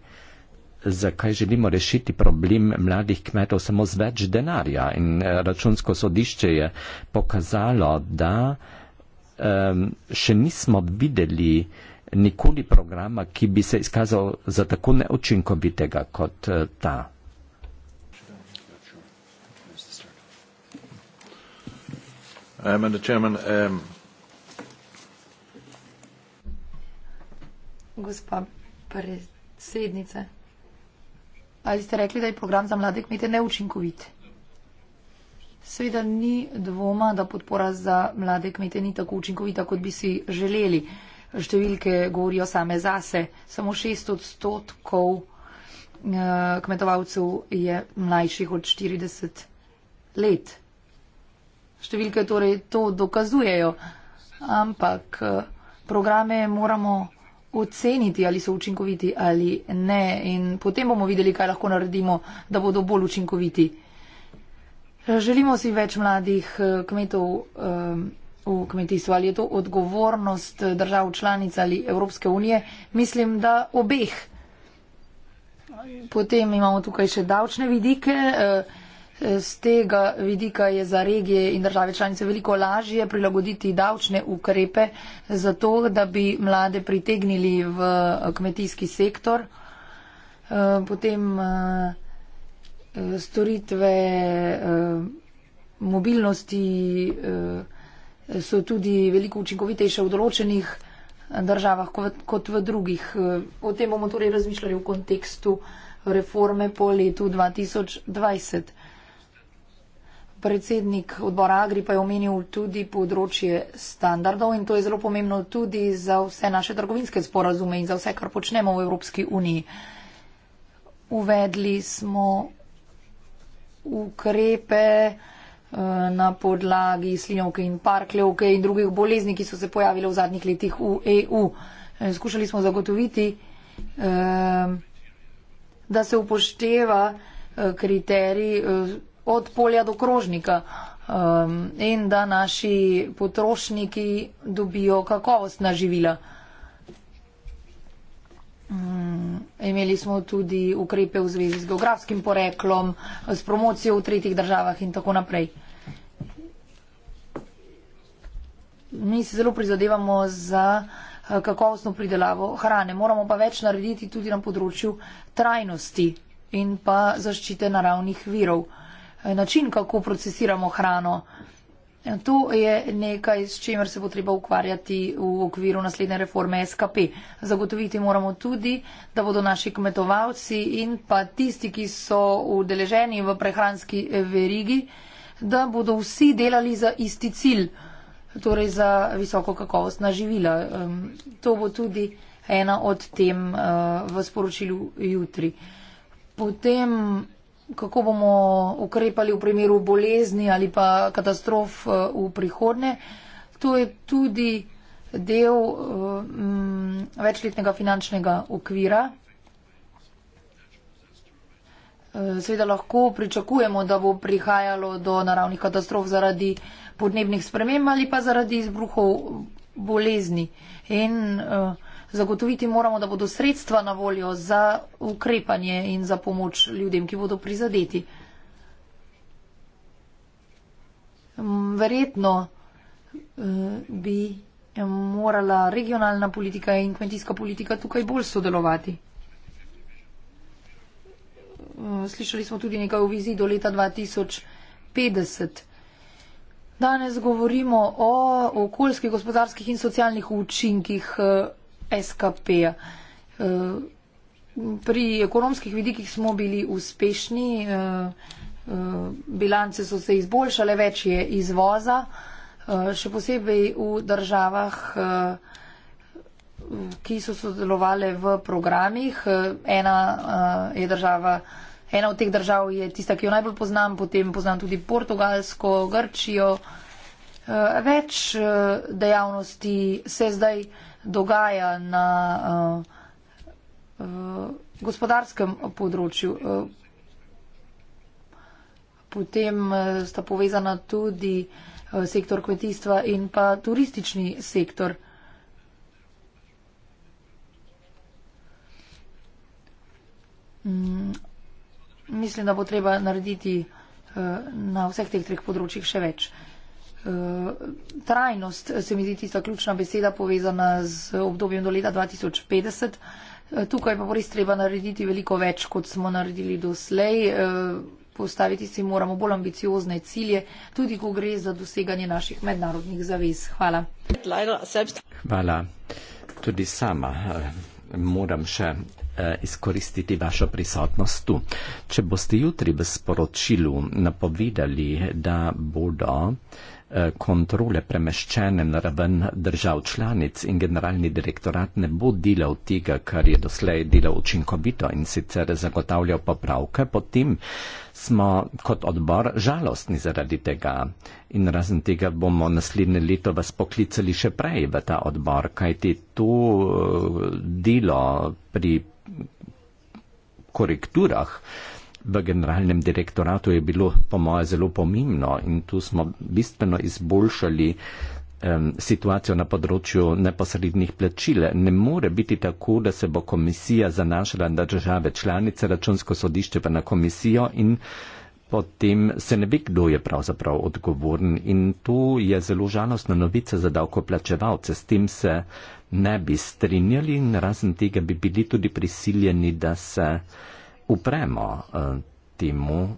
zakaj želimo rešiti problem mladih kmetov samo z več denarja. In eh, računsko sodišče je pokazalo, da um, še nismo videli, nikoli programa, ki bi se izkazal za tako neočinkovitega kot eh, ta. Uh, um, Gospa predsednica, ali ste rekli, da je program za mlade kmete neučinkovit? Seveda ni dvoma, da podpora za mlade kmete ni tako učinkovita, kot bi si želeli. Uh, številke govorijo same zase. Samo šest odstotkov eh, kmetovalcev je mlajših od 40 let. Številke torej to dokazujejo, ampak eh, programe moramo oceniti, ali so učinkoviti ali ne in potem bomo videli, kaj lahko naredimo, da bodo bolj učinkoviti. Želimo si več mladih eh, kmetov. Um, v kmetijstvu, ali je to odgovornost držav članic ali Evropske unije, mislim, da obeh. Potem imamo tukaj še davčne vidike. Z eh, eh, tega vidika je za regije in države članice veliko lažje prilagoditi davčne ukrepe za to, da bi mlade pritegnili v kmetijski sektor. Eh, potem storitve mobilnosti so tudi veliko učinkovitejše v določenih državah kot v drugih. O tem bomo torej razmišljali v kontekstu reforme po letu 2020. Predsednik odbora Agri pa je omenil tudi področje standardov in to je zelo pomembno tudi za vse naše trgovinske sporazume in za vse, kar počnemo v Evropski uniji. Uvedli smo ukrepe, na podlagi slinovke in parkljovke in drugih bolezni, ki so se pojavile v zadnjih letih v EU. E, skušali smo zagotoviti, e, da se upošteva e, kriterij od polja do krožnika in da naši potrošniki dobijo kakovostna živila. Mm, imeli smo tudi ukrepe v zvezi z geografskim poreklom, s promocijo v tretjih državah in tako naprej. mi se zelo prizadevamo za eh, kakovostno pridelavo hrane. Moramo pa več narediti tudi na področju trajnosti in pa zaščite naravnih virov. Eh, način, kako procesiramo hrano, eh, to je nekaj, s čimer se bo treba ukvarjati v okviru naslednje reforme SKP. Zagotoviti moramo tudi, da bodo naši kmetovalci in pa tisti, ki so udeleženi v prehranski verigi, da bodo vsi delali za isti cilj torej za visoko kakovostna živila. Um, to bo tudi ena od tem uh, v sporočilu jutri. Potem, kako bomo ukrepali v primeru bolezni ali pa katastrof uh, v prihodne, to je tudi del um, večletnega finančnega okvira. Seveda lahko pričakujemo, da bo prihajalo do naravnih katastrof zaradi uh, podnebnih sprememb ali pa zaradi izbruhov bolezni. In uh, zagotoviti moramo, da bodo sredstva na voljo za ukrepanje in za pomoč ljudem, ki bodo prizadeti. Mm, verjetno eh, bi morala regionalna politika in kmetijska politika tukaj bolj sodelovati. Eh, slišali smo tudi nekaj o viziji do leta 2050. Danes govorimo o okoljskih, gospodarskih in socialnih učinkih eh, SKP-ja. Eh, pri ekonomskih vidikih smo bili uspešni, eh, bilance so se izboljšale, več je izvoza, še posebej v državah, ki so sodelovali v programih. Ena je država ena od teh držav je tista, ki jo najbolj poznam, potem poznam tudi Portugalsko, Grčijo. Eh, več eh, dejavnosti se zdaj dogaja na eh, gospodarskem področju. Potem sta povezana tudi sektor kmetijstva in pa turistični sektor. Mm mislim, da bo treba narediti uh, na vseh teh treh področjih še več. Uh, trajnost se mi zdi tista ključna beseda povezana z obdobjem do leta 2050. Uh, eh, tukaj pa bo res treba narediti veliko več, kot smo naredili doslej. Uh, postaviti si moramo bolj ambiciozne cilje, tudi ko gre za doseganje naših mednarodnih zavez. Hvala. Hvala. Tudi sama moram še eh, izkoristiti vašo prisotnost tu. Če boste jutri v sporočilu napovedali, da bodo uh, Eh, kontrole premeščene na raven držav članic in generalni direktorat ne bo delal tega, kar je doslej delal učinkovito in sicer zagotavljal popravke, potem smo kot odbor žalostni zaradi tega. In razen tega bomo naslednje leto vas poklicali še prej v ta odbor, kajti to eh, delo pri korekturah uh, v generalnem direktoratu je bilo po moje zelo pomembno in tu smo bistveno izboljšali um, situacijo na področju neposrednih plačil. Ne more biti tako, da se bo komisija zanašala na države članice, računsko sodišče pa na komisijo in potem se ne ve, kdo je pravzaprav odgovoren. In to je zelo žalostna novica za davkoplačevalce. S tem se ne bi strinjali in razen tega bi bili tudi prisiljeni, da se upremo uh, temu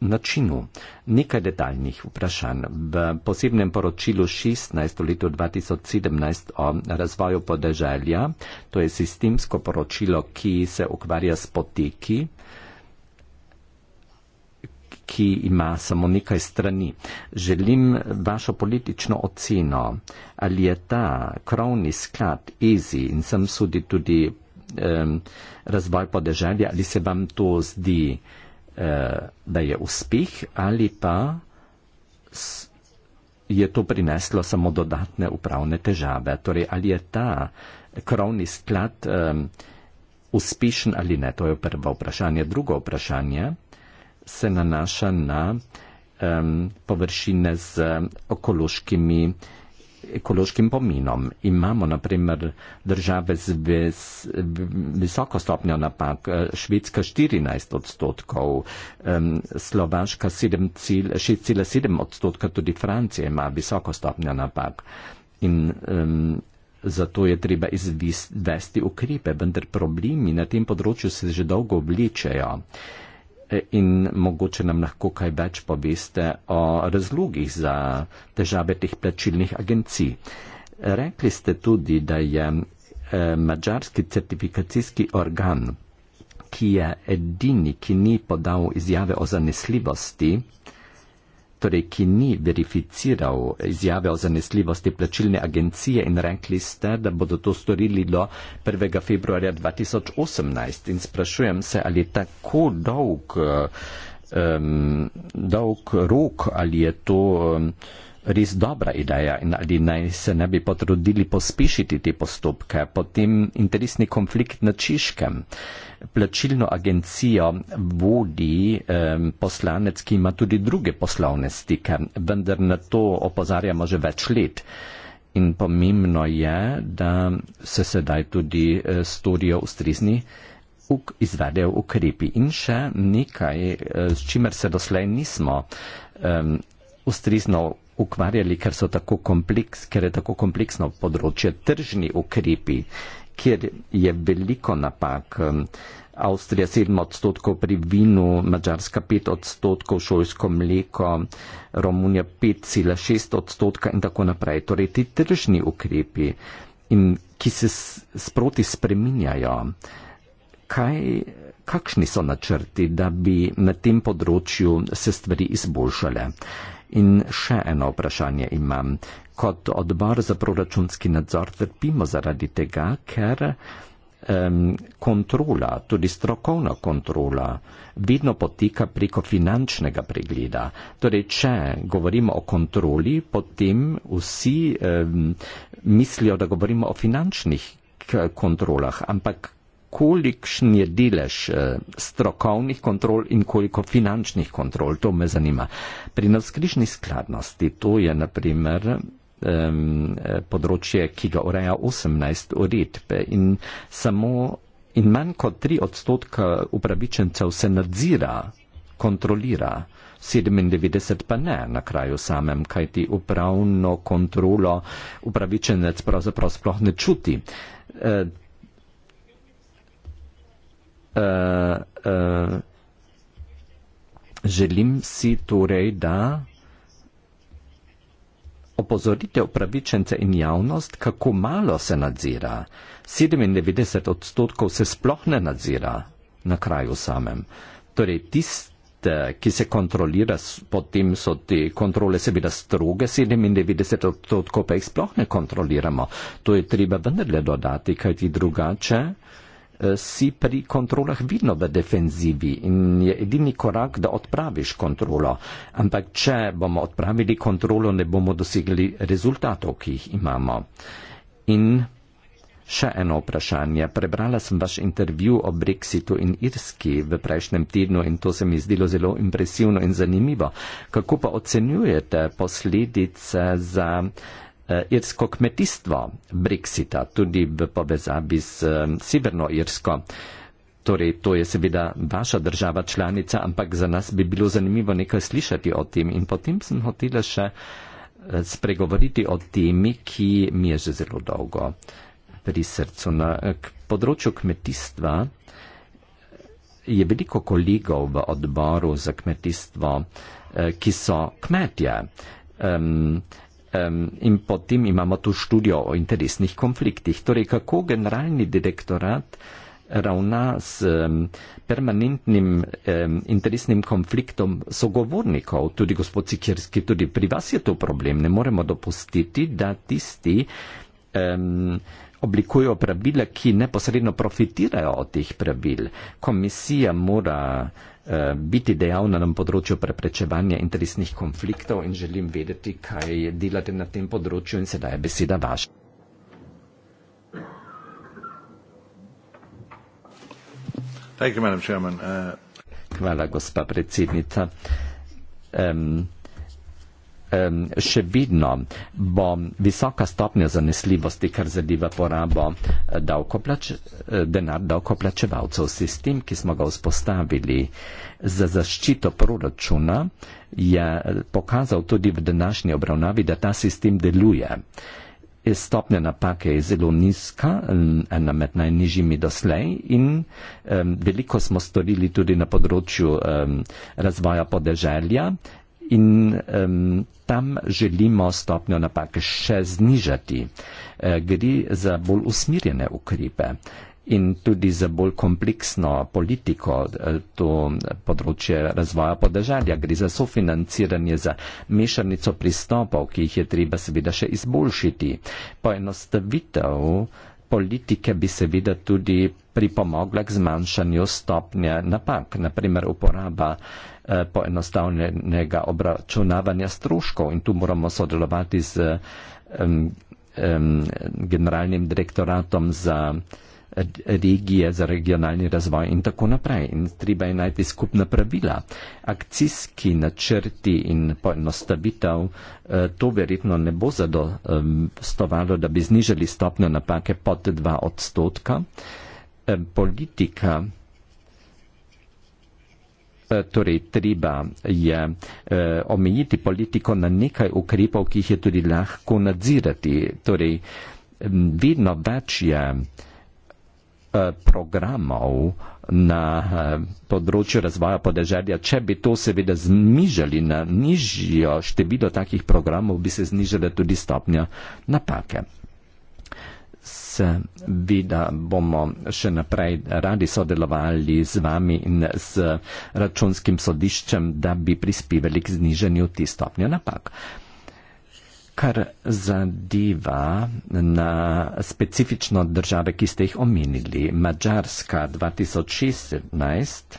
načinu. Nekaj detaljnih vprašanj. V posebnem poročilu 16. leto 2017 o razvoju podeželja, to je sistemsko poročilo, ki se ukvarja s poteki, ki ima samo nekaj strani. Želim vašo politično oceno, ali je ta krovni sklad EZI in sem sudi tudi razvoj podeželja, ali se vam to zdi, eh, da je uspeh ali pa je to prineslo samo dodatne upravne težave. Torej, ali je ta krovni sklad uspešen ali ne, to je prvo vprašanje. Drugo vprašanje se nanaša na površine z ekološkimi um, ekološkim pominom. Imamo naprimer države z ves, visoko stopnjo napak, eh, Švedska 14 odstotkov, Slovaška 6,7 odstotka, tudi Francija ima visoko stopnjo napak. In um, zato je treba izvesti ukrepe, vendar problemi na tem področju se že dolgo obličejo. Um, in mogoče nam lahko kaj več poveste o razlogih za težave teh plačilnih agencij. Rekli ste tudi, da je eh, mađarski certifikacijski organ, ki je edini, ki ni podal izjave o zanesljivosti, torej ki ni verificiral izjave o zanesljivosti plačilne agencije in rekli ste, da bodo to storili do 1. februarja 2018 in sprašujem se, ali je tako dolg, um, dolg rok, ali je to. Um, res dobra ideja in ali naj se ne bi potrudili pospišiti te postopke, potem interesni konflikt na Češkem. Plačilno agencijo vodi um, poslanec, ki ima tudi druge poslovne stike, vendar na to opozarjamo že več let. In pomembno je, da se sedaj tudi uh, storijo ustrizni uk izvedejo ukrepi. In še nekaj, uh, s čimer se doslej nismo um, ustrizno ukvarjali, ker, kompleks, ker je tako kompleksno področje. Tržni ukrepi, kjer je veliko napak. Um, Avstrija 7 odstotkov pri vinu, Mačarska 5 odstotkov, šolsko mleko, Romunija 5,6 odstotka in tako naprej. Torej ti tržni ukrepi, in, ki se sproti spreminjajo, kaj, kakšni so načrti, da bi na tem področju se stvari izboljšale? In še eno vprašanje imam. Kot odbor za proračunski nadzor trpimo zaradi tega, ker um, kontrola, tudi strokovna kontrola, vidno potika preko finančnega pregleda. Torej, če govorimo o kontroli, potem vsi um, mislijo, da govorimo o finančnih kontrolah, ampak kolikšen je delež eh, strokovnih kontrol in koliko finančnih kontrol. To me zanima. Pri navskrižni skladnosti, to je naprimer um, eh, področje, ki ga ureja 18 uredbe in samo in manj kot 3 odstotka upravičencev se nadzira, kontrolira. 97 pa ne na kraju samem, kaj ti upravno kontrolo upravičenec pravzaprav sploh ne čuti. Eh, uh, želim si torej, da opozorite upravičence in javnost, kako malo se nadzira. 97 odstotkov se sploh ne nadzira na kraju samem. Torej, tiste, ki se kontrolira, potem so te kontrole seveda stroge, 97 odstotkov pa jih sploh ne kontroliramo. To je treba vendarle dodati, kajti drugače. Uh, Eh, si pri kontrolah vidno v defenzivi in je edini korak, da odpraviš kontrolo. Ampak če bomo odpravili kontrolo, ne bomo dosegli rezultatov, ki jih imamo. In še eno vprašanje. Prebrala sem vaš intervju o Brexitu in Irski v prejšnjem tednu in to se mi zdelo zelo impresivno in zanimivo. Kako pa ocenjujete posledice za Eh, irsko kmetijstvo Brexita, tudi v povezavi s eh, Severno Irsko. Torej, to je seveda vaša država članica, ampak za nas bi bilo zanimivo nekaj slišati o tem. In potem sem hotela še eh, spregovoriti o temi, ki mi je že zelo dolgo pri srcu. Na k področju kmetijstva je veliko kolegov v odboru za kmetijstvo, ki so kmetje. Um, um, in potem imamo tu študijo o interesnih konfliktih. Torej, kako generalni direktorat ravna s um, permanentnim um, interesnim konfliktom sogovornikov, tudi gospod Cikerski, tudi pri vas je to problem. Ne moremo dopustiti, da tisti um, oblikujejo pravila, ki neposredno profitirajo od teh pravil. Komisija mora eh, biti dejavna na področju preprečevanja interesnih konfliktov in želim vedeti, kaj delate na tem področju in sedaj je beseda vaša. Uh, Hvala, gospa predsednica. Um, še vidno bo visoka stopnja zanesljivosti, kar zadeva porabo eh, davkoplač, eh, denar davkoplačevalcev. Sistem, ki smo ga vzpostavili za zaščito proračuna, je eh, pokazal tudi v današnji obravnavi, da ta sistem deluje. Stopnja napake je zelo nizka, ena med najnižjimi doslej in um, veliko smo storili tudi na področju um, razvoja podeželja, in um, tam želimo stopnjo napake še znižati. Uh, gre za bolj usmirjene ukrepe in tudi za bolj kompleksno politiko, eh, to področje razvoja podržanja. Gre za sofinanciranje, za mešanico pristopov, ki jih je treba seveda še izboljšiti. Poenostavitev politike bi seveda tudi pripomogla k zmanjšanju stopnje napak, naprimer uporaba Eh, poenostavljenega obračunavanja stroškov in tu moramo sodelovati z um, um, generalnim direktoratom za eh, regije, za regionalni razvoj in tako naprej. In treba je najti skupna pravila. Akcijski načrti in poenostavitev, eh, to verjetno ne bo zadostovalo, da bi znižali stopnjo napake pod 2 odstotka. Politika torej treba je eh, omejiti politiko na nekaj ukrepov, ki jih je tudi lahko nadzirati. Torej, vedno več je eh, programov na eh, področju razvoja podeželja. Če bi to seveda znižali na nižjo število takih programov, bi se znižala tudi stopnja napake se bi, da bomo še naprej radi sodelovali z vami in z računskim sodiščem, da bi prispevali k zniženju ti stopnje napak. Kar zadeva na specifično države, ki ste jih omenili, Mačarska 2016,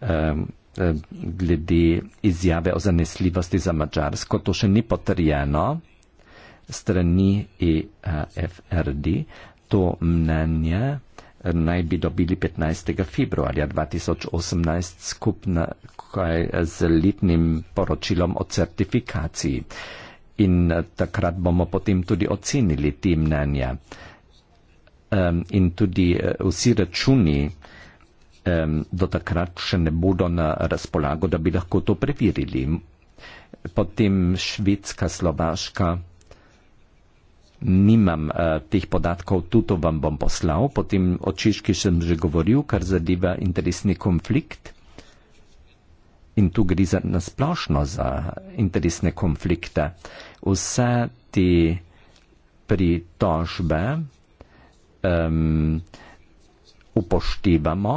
eh, eh, glede izjave o zanesljivosti za Mačarsko, to še ni potrjeno strani EFRD. To mnenje eh, naj bi dobili 15. februarja 2018 skupaj eh, z letnim poročilom o certifikaciji. In eh, takrat bomo potem tudi ocenili te mnenja. In tudi vsi računi do takrat še ne bodo na razpolago, da bi lahko to preverili. Potem Švedska, Slovaška nimam uh, teh podatkov, tudi vam bom poslal, potem o Češki sem že govoril, kar zadeva interesni konflikt. In tu gre za nasplošno za interesne konflikte. Vse te pritožbe um, upoštevamo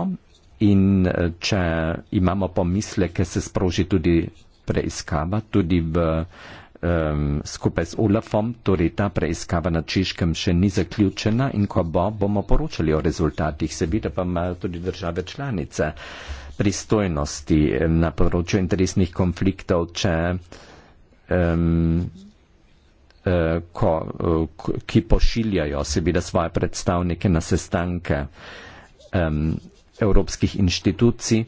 in eh, če imamo pomisle, ki se sproži tudi preiskava, tudi v. Uh, um, skupaj z ULAFom, torej ta preiskava na Češkem še ni zaključena in ko bo, bomo poročali o rezultatih, seveda pa imajo tudi države članice pristojnosti um, na področju interesnih konfliktov, če, um, uh, ko, uh, ki pošiljajo seveda svoje predstavnike na sestanke um, evropskih inštitucij,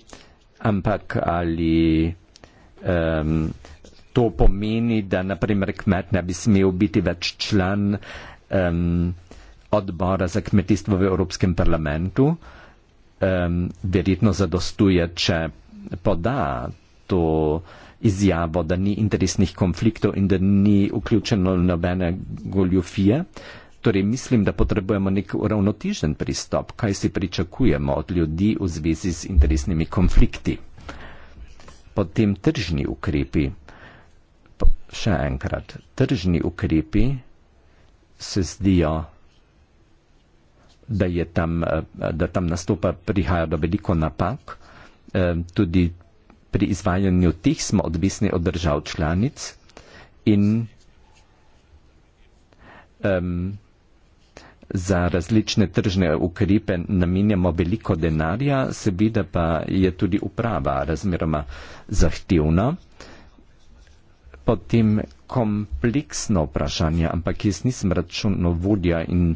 ampak ali um, to pomeni, da naprimer kmet ne bi smel biti več član um, odbora za kmetijstvo v Evropskem parlamentu. Um, verjetno zadostuje, če poda to izjavo, da ni interesnih konfliktov in da ni vključeno nobene goljofije. Torej mislim, da potrebujemo nek uravnotežen pristop, kaj si pričakujemo od ljudi v zvezi z interesnimi konflikti. Potem tržni ukrepi še enkrat, tržni ukrepi se zdijo, da, tam, eh, da tam nastopa, prihaja do veliko napak, eh, tudi pri izvajanju teh smo odvisni od držav članic in um, za različne tržne ukrepe namenjamo veliko denarja, seveda pa je tudi uprava razmeroma zahtevna potem kompleksno vprašanje, ampak jaz nisem računno vodja in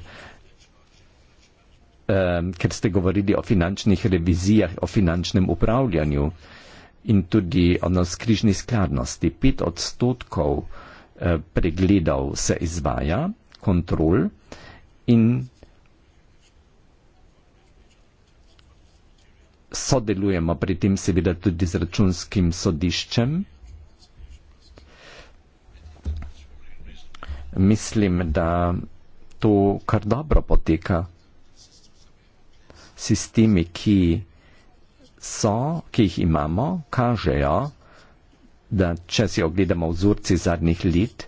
eh, ker ste govorili o finančnih revizijah, o finančnem upravljanju in tudi o naskrižni skladnosti. Pet odstotkov eh, pregledov se izvaja, kontrol in sodelujemo pri tem seveda tudi z računskim sodiščem. mislim, da to kar dobro poteka. Sistemi, ki so, ki jih imamo, kažejo, da če si ogledamo vzorci zadnjih let,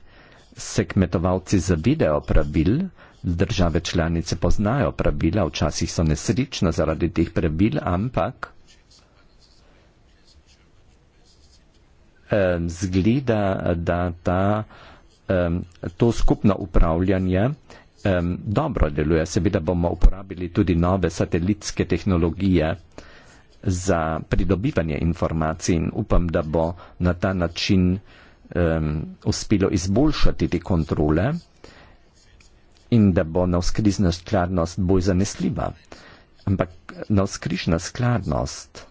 se kmetovalci zavidejo pravil, države članice poznajo pravila, včasih so nesrečna zaradi teh pravil, ampak eh, zgleda, da ta eh, um, to skupno upravljanje um, dobro deluje. Seveda bomo uporabili tudi nove satelitske tehnologije za pridobivanje informacij in upam, da bo na ta način um, uspelo izboljšati te kontrole in da bo navskrižna skladnost bolj zanesljiva. Ampak navskrižna skladnost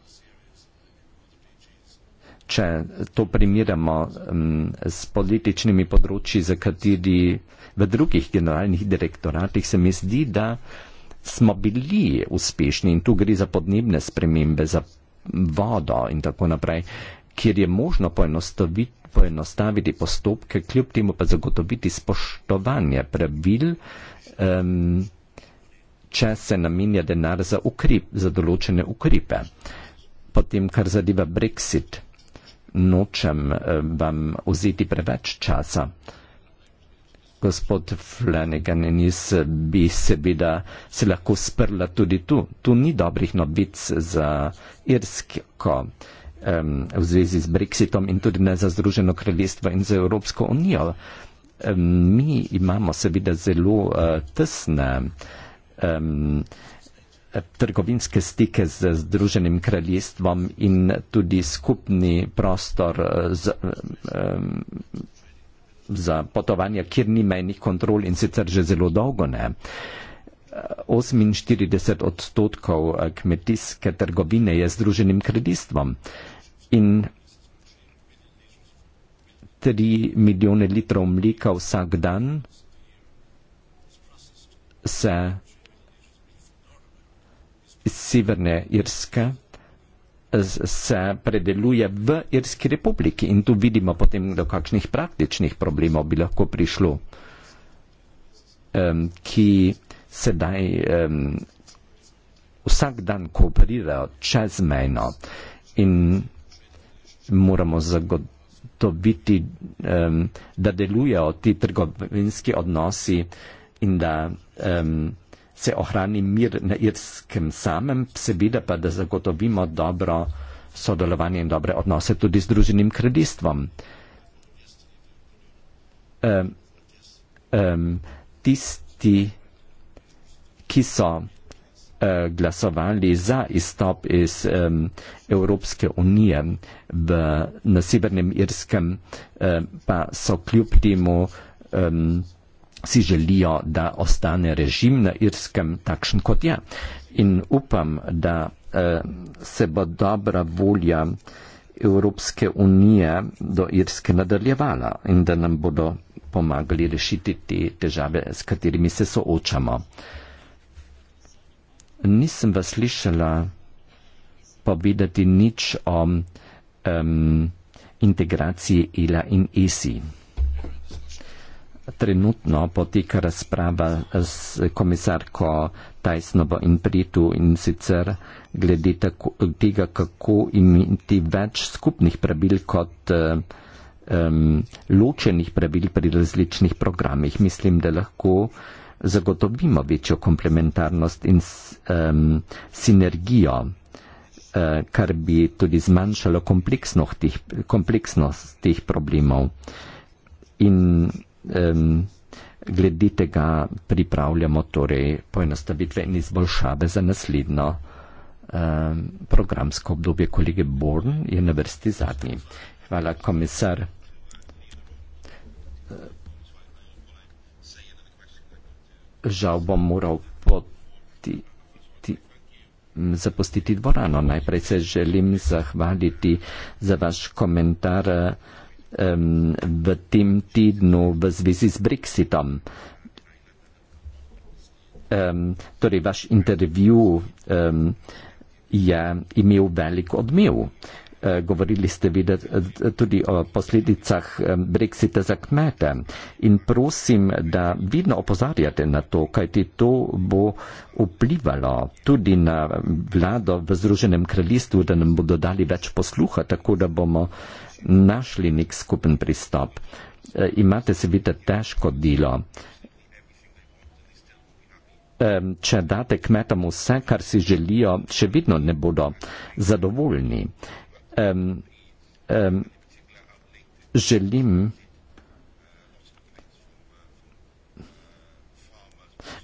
če to primiramo um, mm, s političnimi področji, za kateri v drugih generalnih direktoratih se mi zdi, da smo bili uspešni in tu gre za podnebne spremembe, za vodo in tako naprej, kjer je možno poenostaviti postopke, kljub temu pa zagotoviti spoštovanje pravil, um, če se namenja denar za, ukrip, za določene ukripe. Potem, kar zadeva Brexit nočem eh, vam vzeti preveč časa. Gospod Flanagan in jaz bi seveda se lahko sprla tudi tu. Tu ni dobrih novic za Irsko um, v zvezi z Brexitom in tudi ne za Združeno kraljestvo in za Evropsko unijo. Um, mi imamo seveda zelo uh, tesne. Um, trgovinske stike z Združenim kraljestvom in tudi skupni prostor eh, z, um, za potovanja, kjer ni mejnih kontrol in sicer že zelo dolgo ne. 48 odstotkov eh, kmetijske trgovine je Združenim kraljestvom in 3 milijone litrov mlika vsak dan se Severne Irske se predeluje v Irski republiki in tu vidimo potem, do kakšnih praktičnih problemov bi lahko prišlo, um, ki sedaj um, vsak dan kooperirajo čezmejno in moramo zagotoviti, um, da delujejo ti trgovinski odnosi in da um, se ohrani mir na irskem samem, seveda pa da zagotovimo dobro sodelovanje in dobre odnose tudi z druženim kredistvom. Um, um, tisti, ki so uh, glasovali za izstop iz um, Evropske unije v, na severnem irskem, um, pa so kljub temu um, si želijo, da ostane režim na Irskem takšen, kot je. In upam, da eh, se bo dobra volja Evropske unije do Irske nadaljevala in da nam bodo pomagali rešiti te težave, s katerimi se soočamo. Nisem vas slišala povedati nič o um, integraciji Ila in Esi trenutno poteka razprava s komisarko Tajsnovo in Britu in sicer glede tako, tega, kako imeti več skupnih pravil kot um, ločenih pravil pri različnih programih. Mislim, da lahko zagotovimo večjo komplementarnost in um, sinergijo, uh, kar bi tudi zmanjšalo kompleksnost teh, kompleksnost teh problemov. In um, glede tega pripravljamo torej poenostavitve in izboljšave za naslednjo um, programsko obdobje. Kolege Born je na vrsti zadnji. Hvala, komisar. Žal bom moral poti, ti, zapustiti dvorano. Najprej se želim zahvaliti za vaš komentar. Uh, um, v tem tednu v zvezi z Brexitom. Um, torej, vaš intervju um, je imel velik odmev. Eh, govorili ste videti eh, tudi o posledicah eh, Brexita za kmete. In prosim, da vidno opozarjate na to, kajti to bo vplivalo tudi na vlado v Združenem kraljestvu, da nam bodo dali več posluha, tako da bomo našli nek skupen pristop. Imate seveda težko delo. Če date kmetom vse, kar si želijo, še vedno ne bodo zadovoljni um, um, želim,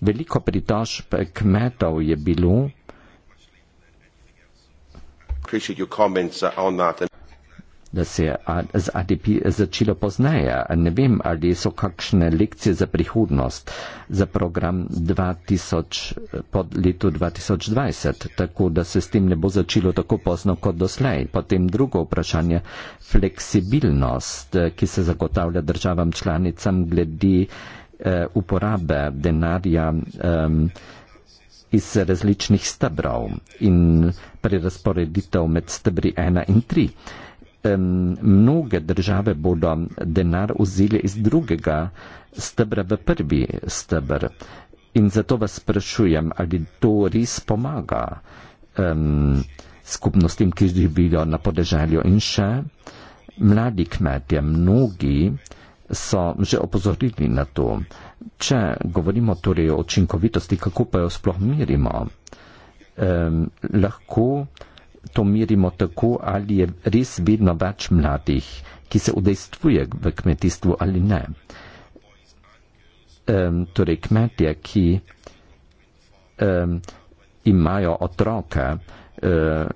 veliko pritožb kmetov je bilo. Appreciate your comments on that. And- da se je z ADP začelo poznaje. Ne vem, ali so kakšne lekcije za prihodnost, za program 2000, pod letu 2020, tako da se s tem ne bo začelo tako pozno kot doslej. Potem drugo vprašanje, fleksibilnost, ki se zagotavlja državam članicam glede eh, uporabe denarja. Eh, iz različnih stebrov in prerasporeditev med stebri 1 in 3 mnoge države bodo denar vzeli iz drugega stebra v prvi stebr. In zato vas sprašujem, ali to res pomaga um, skupnostim, ki živijo na podeželju in še mladi kmetje, mnogi so že opozorili na to. Če govorimo torej o učinkovitosti, kako pa jo sploh mirimo, um, lahko to merimo tako, ali je res vedno več mladih, ki se udejstvuje v kmetijstvu ali ne. Um, torej kmetje, ki um, imajo otroke, um,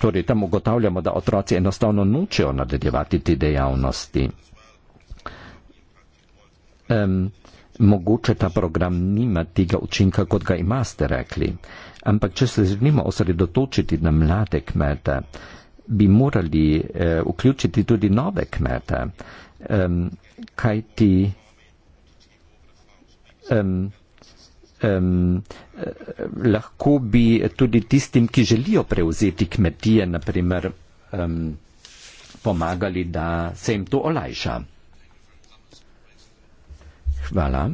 torej tam ugotavljamo, da otroci enostavno nočejo nadaljevati te dejavnosti. Um, mogoče ta program nima tega učinka, kot ga imate rekli. Ampak, če se želimo osredotočiti na mlade kmete, bi morali eh, vključiti tudi nove kmete, eh, kaj ti eh, eh, eh, lahko bi tudi tistim, ki želijo prevzeti kmetije, naprimer, eh, pomagali, da se jim to olajša hvala.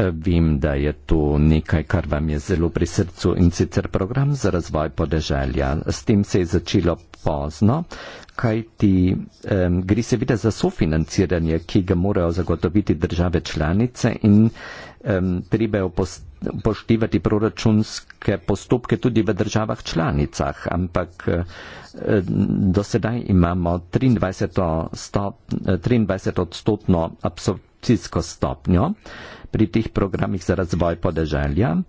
E, vem, da je to nekaj, kar vam je zelo pri srcu in sicer program za razvoj podeželja. S tem se je začelo pozno, kajti um, gre seveda za sofinanciranje, ki ga morajo zagotoviti države članice in um, treba je upoštevati proračunske postopke tudi v državah članicah, ampak um, do sedaj imamo 23, stop, 23 e, odstotno absolutno investicijsko stopnjo pri tih programih za razvoj podeželja. E,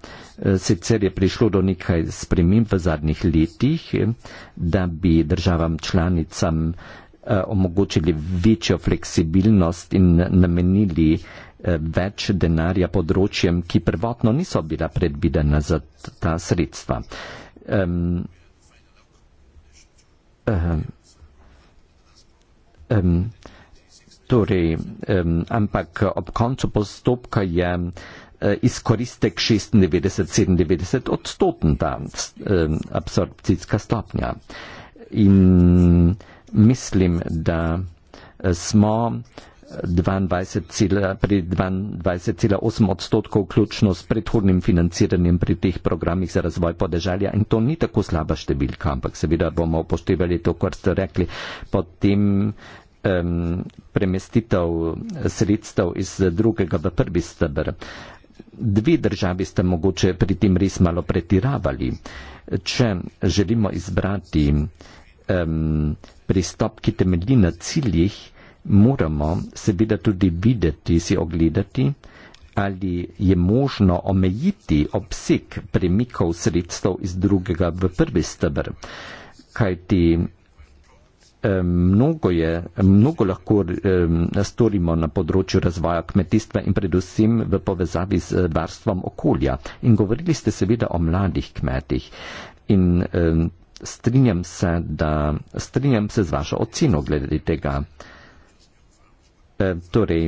sicer je prišlo do nekaj sprememb v zadnjih letih, e, da bi državam članicam e, omogočili večjo fleksibilnost in namenili več denarja področjem, ki prvotno niso bila predvidena za ta sredstva. Um, um, torej, um, ampak ob koncu postopka je e, izkoristek 96-97 odstoten ta absorpcijska stopnja. In mislim, da e, smo pri 22,8 odstotkov vključno s predhodnim financiranjem pri teh programih za razvoj podeželja in to ni tako slaba številka, ampak seveda bomo upoštevali to, kar ste rekli. Potem um, premestitev sredstev iz drugega v prvi stebr. Dve državi ste mogoče pri tem res malo pretiravali. Če želimo izbrati um, pristop, ki temelji na ciljih, moramo seveda tudi videti, si ogledati, ali je možno omejiti obseg premikov sredstev iz drugega v prvi stebr. Kajti mnogo, je, mnogo lahko storimo na področju razvoja kmetijstva in predvsem v povezavi z eh, varstvom okolja. In govorili ste seveda o mladih kmetih. In strinjam se, da, strinjam se z vašo oceno glede tega. Torej,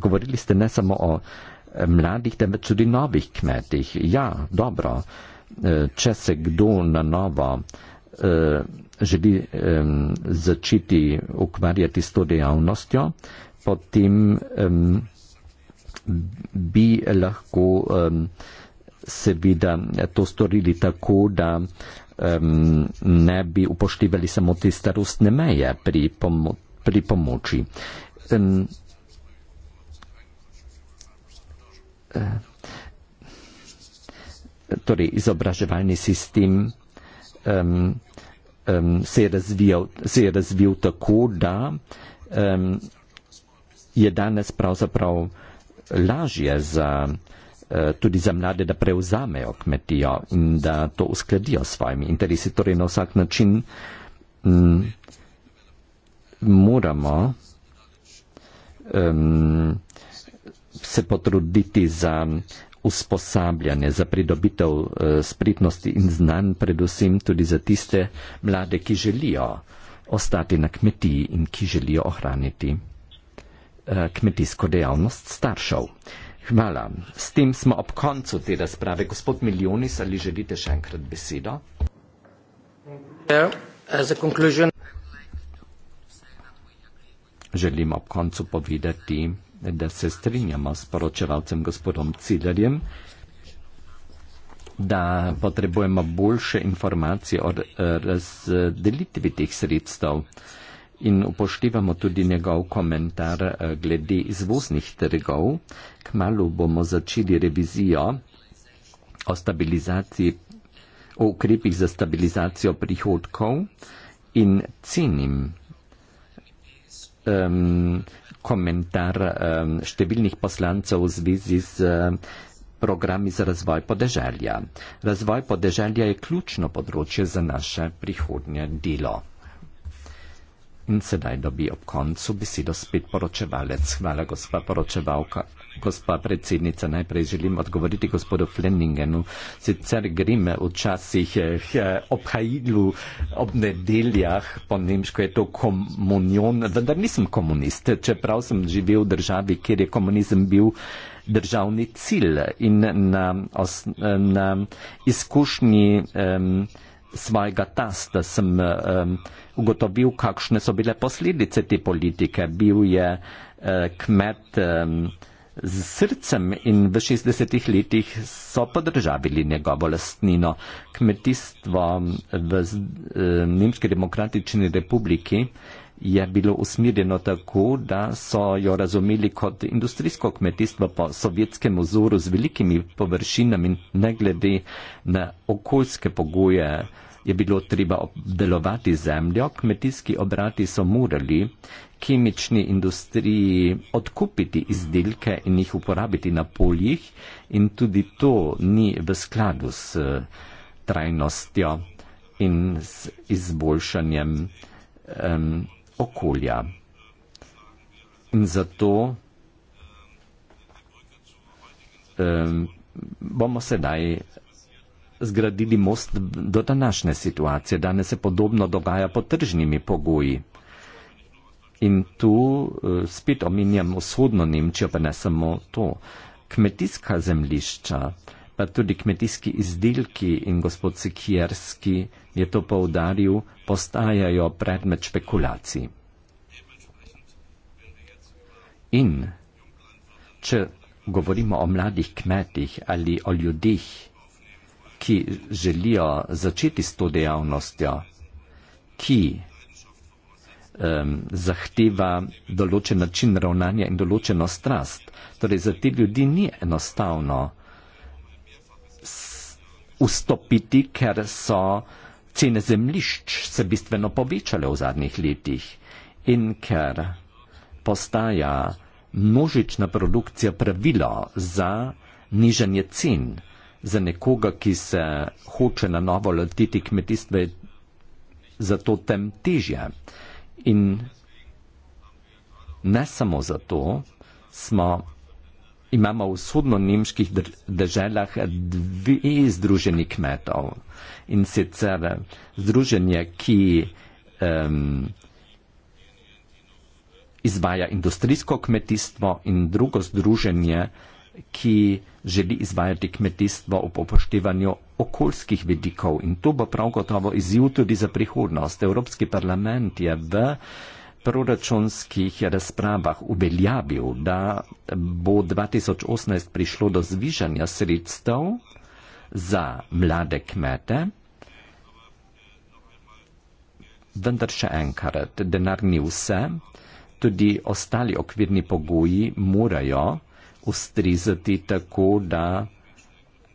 govorili ste ne samo o eh, mladih, temveč tudi novih kmetih. Ja, dobro, eh, če se kdo na novo Eh, želi um, začeti ukvarjati s to dejavnostjo, potem um, bi lahko um, seveda to storili tako, da um, ne bi upoštevali samo te starostne meje pri, pomo pri pomoči. Um, uh, torej, izobraževalni sistem um, um, se, je razvijal, se je razvil tako, da um, je danes pravzaprav lažje za, uh, tudi za mlade, da prevzamejo kmetijo in da to uskladijo s svojimi interesi. Torej na vsak način um, moramo um, se potruditi za usposabljanje, za pridobitev eh, spritnosti in znanj, predvsem tudi za tiste mlade, ki želijo ostati na kmetiji in ki želijo ohraniti eh, kmetijsko dejavnost staršev. Hvala. S tem smo ob koncu te razprave. Gospod Milionis, ali želite še enkrat besedo? Ja, Želim ob koncu povedati, da se strinjamo s poročevalcem gospodom Cilerjem, da potrebujemo boljše informacije o razdelitvi teh sredstev in upoštevamo tudi njegov komentar eh, glede izvoznih trgov. Kmalo bomo začeli revizijo o stabilizaciji, o ukrepih za stabilizacijo prihodkov in cenim um, komentar um, številnih poslancev v zvezi z um, programi za razvoj podeželja. Razvoj podeželja je ključno področje za naše prihodnje delo. In sedaj dobi ob koncu besedo spet poročevalec. Hvala, gospa poročevalka gospa predsednica, najprej želim odgovoriti gospodu Flemingenu. Sicer grime včasih eh, ob Hajlu, ob nedeljah, po nemško je to komunion, vendar nisem komunist, čeprav sem živel v državi, kjer je komunizem bil državni cilj in na, os, na izkušnji eh, svojega tasta sem eh, ugotovil, kakšne so bile posledice te politike. Bil je eh, kmet. Eh, Z srcem in v 60-ih letih so podržavili njegovo lastnino. Kmetijstvo v eh, Nemški demokratični republiki je bilo usmirjeno tako, da so jo razumeli kot industrijsko kmetijstvo po sovjetskem vzoru z velikimi površinami in ne glede na okoljske pogoje je bilo treba obdelovati zemljo, kmetijski obrati so morali kemični industriji odkupiti izdelke in jih uporabiti na poljih in tudi to ni v skladu s eh, trajnostjo in z izboljšanjem um, okolja. In zato um, bomo sedaj zgradili most do današnje situacije. Danes se podobno dogaja po tržnimi pogoji. In tu e, spet omenjam vzhodno Nemčijo, pa ne samo to. Kmetijska zemlišča, pa tudi kmetijski izdelki in gospod Sikierski je to poudaril, postajajo predmet špekulacij. In če govorimo o mladih kmetih ali o ljudih, ki želijo začeti s to dejavnostjo, ki um, zahteva določen način ravnanja in določeno strast. Torej, za te ljudi ni enostavno vstopiti, ker so cene zemlišč se bistveno povečale v zadnjih letih in ker postaja množična produkcija pravilo za nižanje cen. Za nekoga, ki se hoče na novo lotiti kmetijstva, je zato tem težje. Uh, In ne samo zato, smo, imamo v sodno-nemških deželah dve združeni kmetov in sicer združenje, ki um, izvaja industrijsko kmetijstvo in drugo združenje, ki želi izvajati kmetijstvo ob upoštevanju okoljskih vidikov in to bo prav gotovo izziv tudi za prihodnost. Evropski parlament je v proračunskih razpravah uveljavil, da bo 2018 prišlo do zvižanja sredstev za mlade kmete. Vendar še enkrat, denar ni vse, tudi ostali okvirni pogoji morajo ustrizati tako, da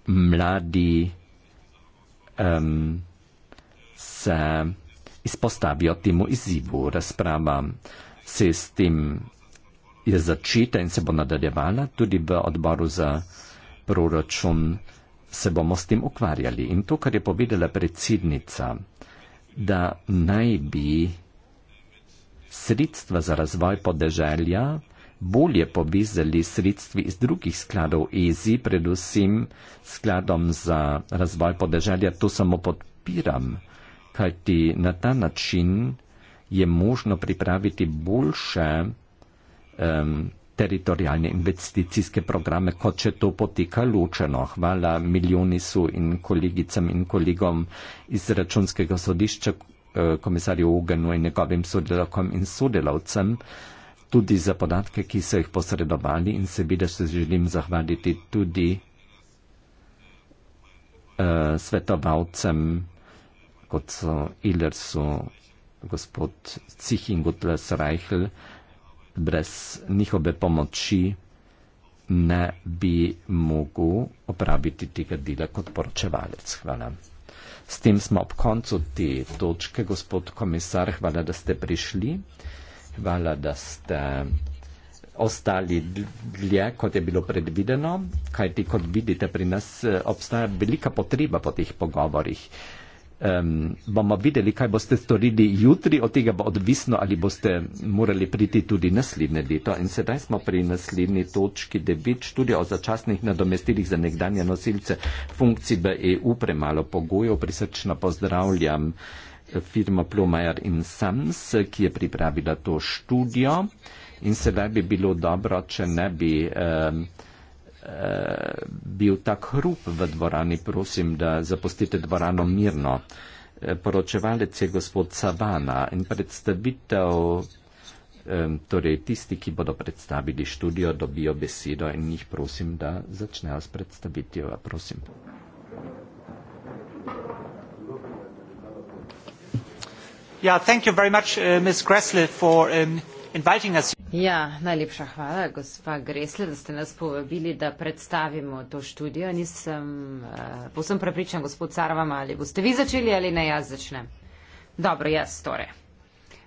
mladi um, se izpostavijo temu izzivu. Razprava se s tem je začeta in se bo nadaljevala tudi v odboru za proračun se bomo s tem ukvarjali. In to, kar je povedala predsednica, da naj bi sredstva za razvoj podeželja bolje povezali sredstvi iz drugih skladov EZI, predvsem skladom za razvoj podeželja, to samo podpiram, kajti na ta način je možno pripraviti boljše um, teritorijalne investicijske programe, kot če to poteka ločeno. Hvala milijonisu in kolegicam in kolegom iz računskega sodišča, eh, komisarju Ogenu in njegovim sodelavkom in sodelavcem tudi za podatke, ki so jih posredovali in seveda se želim zahvaliti tudi uh, svetovalcem, kot so Ilersu, gospod Cihin Gutles Reichl. Brez njihove pomoči ne bi mogel opraviti tega dela kot poročevalec. Hvala. S tem smo ob koncu te točke, gospod komisar, hvala, da ste prišli. Hvala, da ste ostali dlje, kot je bilo predvideno, kajti kot vidite, pri nas eh, obstaja velika potreba po teh pogovorih. Um, bomo videli, kaj boste storili jutri, od tega bo odvisno, ali boste morali priti tudi naslednje leto. In sedaj smo pri naslednji točki 9, študija o začasnih nadomestilih za nekdanje nosilce funkcij v EU, premalo pogojev, prisrčno pozdravljam firmo Plumajer in Sams, ki je pripravila to študijo in sedaj bi bilo dobro, če ne bi eh, eh, bil tak hrup v dvorani, prosim, da zapustite dvorano mirno. Eh, poročevalec je gospod Savana in predstavitev, torej tisti, ki bodo predstavili študijo, dobijo besedo in jih prosim, da začnejo s predstavitvijo. Prosim. Uh, um, ja, najlepša hvala, gospa Gresle, da ste nas povabili, da predstavimo to študijo. Nisem uh, eh, posem prepričan, gospod Sarvama, ali boste vi začeli ali ne jaz začnem. Dobro, jaz torej.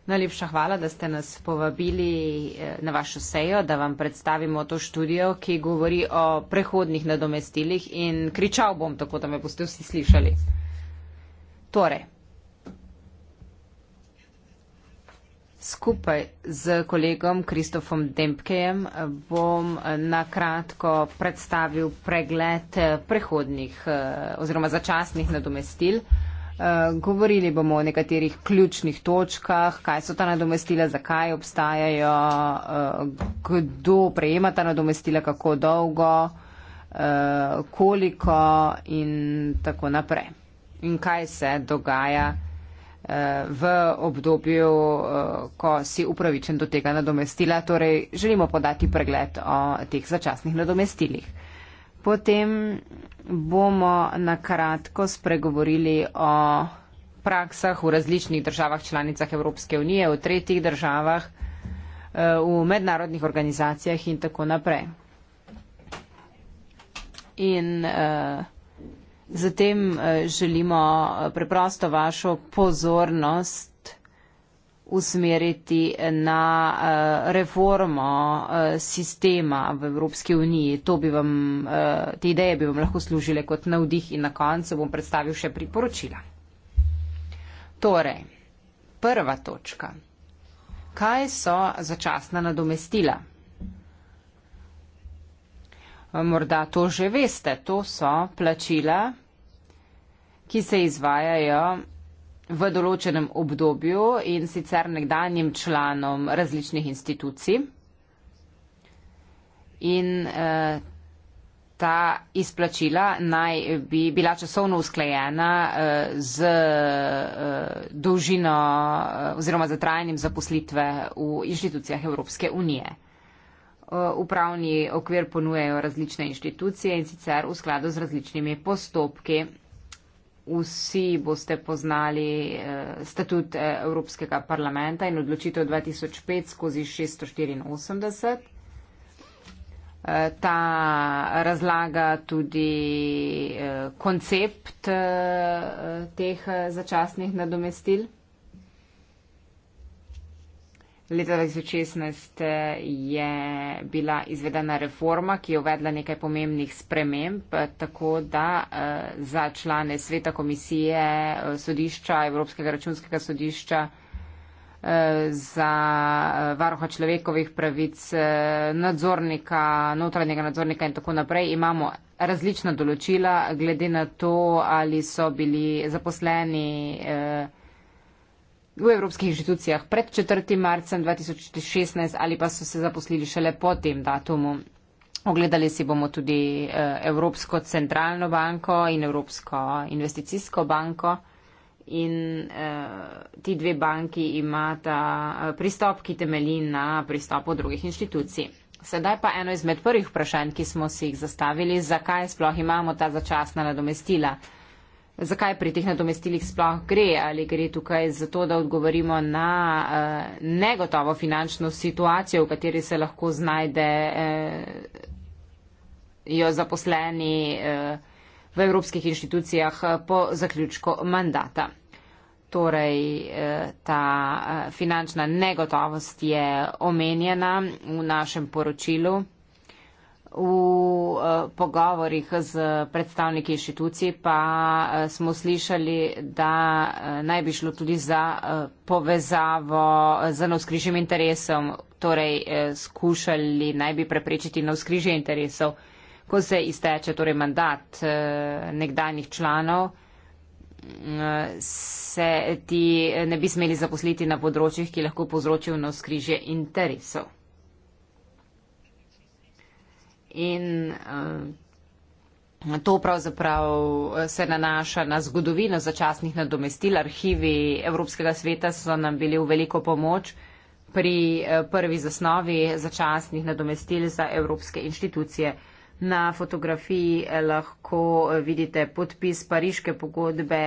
Najlepša hvala, da ste nas povabili eh, na vašo sejo, da vam predstavimo to študijo, ki govori o prehodnih nadomestilih in kričal bom, tako da me boste vsi slišali. Torej, Skupaj z kolegom Kristofom Dempkejem bom eh, na kratko predstavil pregled eh, prehodnih eh, oziroma začasnih nadomestil. Govorili bomo o nekaterih ključnih točkah, kaj so ta nadomestila, zakaj obstajajo, kdo prejema ta nadomestila, kako dolgo, koliko in tako naprej. In kaj se dogaja. Eh, v obdobju, eh, ko si upravičen do tega nadomestila. Torej, želimo podati pregled o teh začasnih nadomestilih. Potem bomo na kratko spregovorili o praksah v različnih državah članicah Evropske unije, v tretjih državah, eh, v mednarodnih organizacijah in tako naprej. In Zatem eh, želimo eh, preprosto vašo pozornost usmeriti na eh, reformo sistema v Evropski uniji. Bi vam, te ideje bi vam lahko služile kot navdih in na koncu bom predstavil še priporočila. Torej, prva točka. Kaj so začasna nadomestila? morda to že veste, to so plačila, ki se izvajajo v določenem obdobju in sicer nekdanjim članom različnih institucij. In eh, ta izplačila naj bi bila časovno usklajena eh, z eh, dolžino eh, oziroma z trajanjem zaposlitve v inštitucijah Evropske unije. Eh, upravni okvir ponujejo različne inštitucije in sicer v skladu z različnimi postopki. Vsi boste poznali eh, statut eh, Evropskega parlamenta in odločitev 2005 skozi 684. Ta razlaga tudi koncept teh začasnih nadomestil. Leta 2016 je bila izvedena reforma, ki je uvedla nekaj pomembnih sprememb, tako da eh, za člane sveta komisije, eh, sodišča, Evropskega računskega sodišča, eh, za varuha človekovih pravic, nadzornika, notranjega nadzornika in tako naprej imamo različna določila glede na to, ali so bili zaposleni v evropskih inštitucijah pred 4. marcem 2016 ali pa so se zaposlili šele po tem datumu. Ogledali si bomo tudi eh, Evropsko centralno banko in Evropsko investicijsko banko. In eh, ti dve banki imata eh, pristop, ki temelji na pristopu drugih inštitucij. Sedaj pa eno izmed prvih vprašanj, ki smo si jih zastavili, zakaj sploh imamo ta začasna nadomestila zakaj pri teh nadomestilih sploh gre, ali gre tukaj za to, da odgovorimo na uh, negotovo finančno situacijo, v kateri se lahko znajde uh, jo zaposleni uh, v evropskih inštitucijah po zaključku mandata. Torej, ta finančna negotovost je omenjena v našem poročilu. V eh, pogovorih z predstavniki inštitucij pa eh, smo slišali, da eh, naj bi šlo tudi za povezavo z navskrižjem interesom, torej skušali naj bi preprečiti navskrižje interesov, ko se izteče torej mandat nekdanjih članov, mm, se ti ne bi smeli zaposliti na področjih, ki lahko povzročijo navskrižje interesov in uh, to pravzaprav eh, se nanaša na zgodovino začasnih nadomestil. Arhivi Evropskega sveta so nam bili v veliko pomoč pri eh, prvi zasnovi začasnih nadomestil za evropske inštitucije. Na fotografiji lahko vidite podpis Pariške pogodbe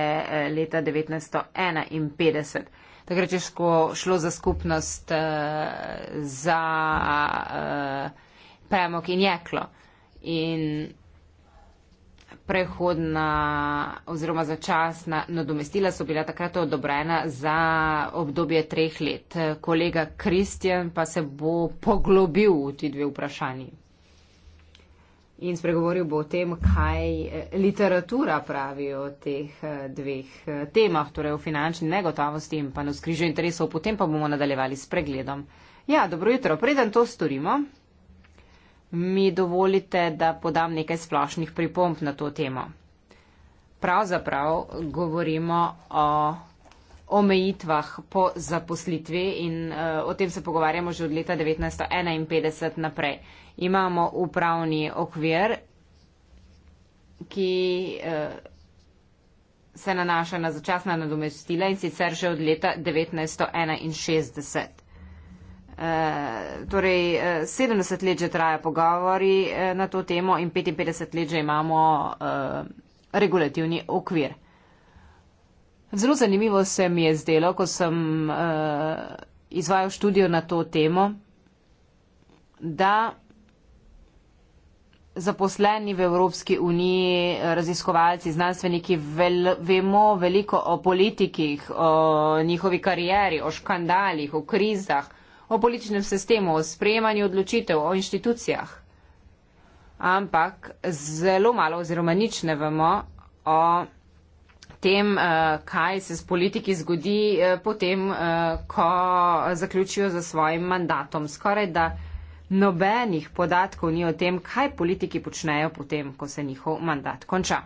leta 1951. Takrat je šlo za skupnost za premog in jeklo. In prehodna oziroma začasna nadomestila so bila takrat odobrena za obdobje treh let. Kolega Kristjan pa se bo poglobil v ti dve vprašanji. In spregovoril bo o tem, kaj eh, literatura pravi o teh eh, dveh eh, temah, torej o finančni negotovosti in pa na skrižju interesov. Potem pa bomo nadaljevali s pregledom. Ja, dobro jutro. Preden to storimo, mi dovolite, da podam nekaj splošnih pripomb na to temo. Pravzaprav govorimo o omejitvah po zaposlitvi in uh, o tem se pogovarjamo že od leta 1951 naprej. Imamo upravni okvir, ki uh, se nanaša na začasna nadomestila in sicer že od leta 1961. Eh, torej, 70 eh, let že traja pogovori eh, na to temo in 55 let že imamo regulativni okvir. Zelo zanimivo se mi je zdelo, ko sem izvajal študijo na to temo, da zaposleni v Evropski uniji, raziskovalci, znanstveniki, vel, vemo veliko o politikih, o njihovi karieri, o škandalih, o krizah, o političnem sistemu, o sprejemanju odločitev, o inštitucijah. Ampak zelo malo oziroma nič ne vemo o tem, eh, kaj se s politiki zgodi eh, potem, eh, ko zaključijo za svojim mandatom. Skoraj da nobenih podatkov ni o tem, kaj politiki počnejo potem, ko se njihov mandat konča.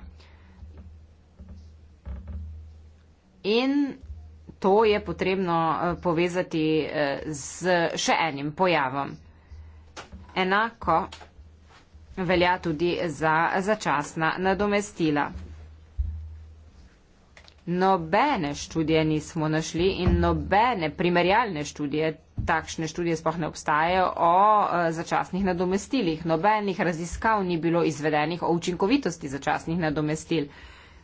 In to je potrebno eh, povezati eh, z še enim pojavom. Enako velja tudi za začasna nadomestila. Nobene študije nismo našli in nobene primerjalne študije, takšne študije sploh ne obstajajo, o eh, začasnih nadomestilih. Nobenih raziskav ni bilo izvedenih o učinkovitosti začasnih nadomestil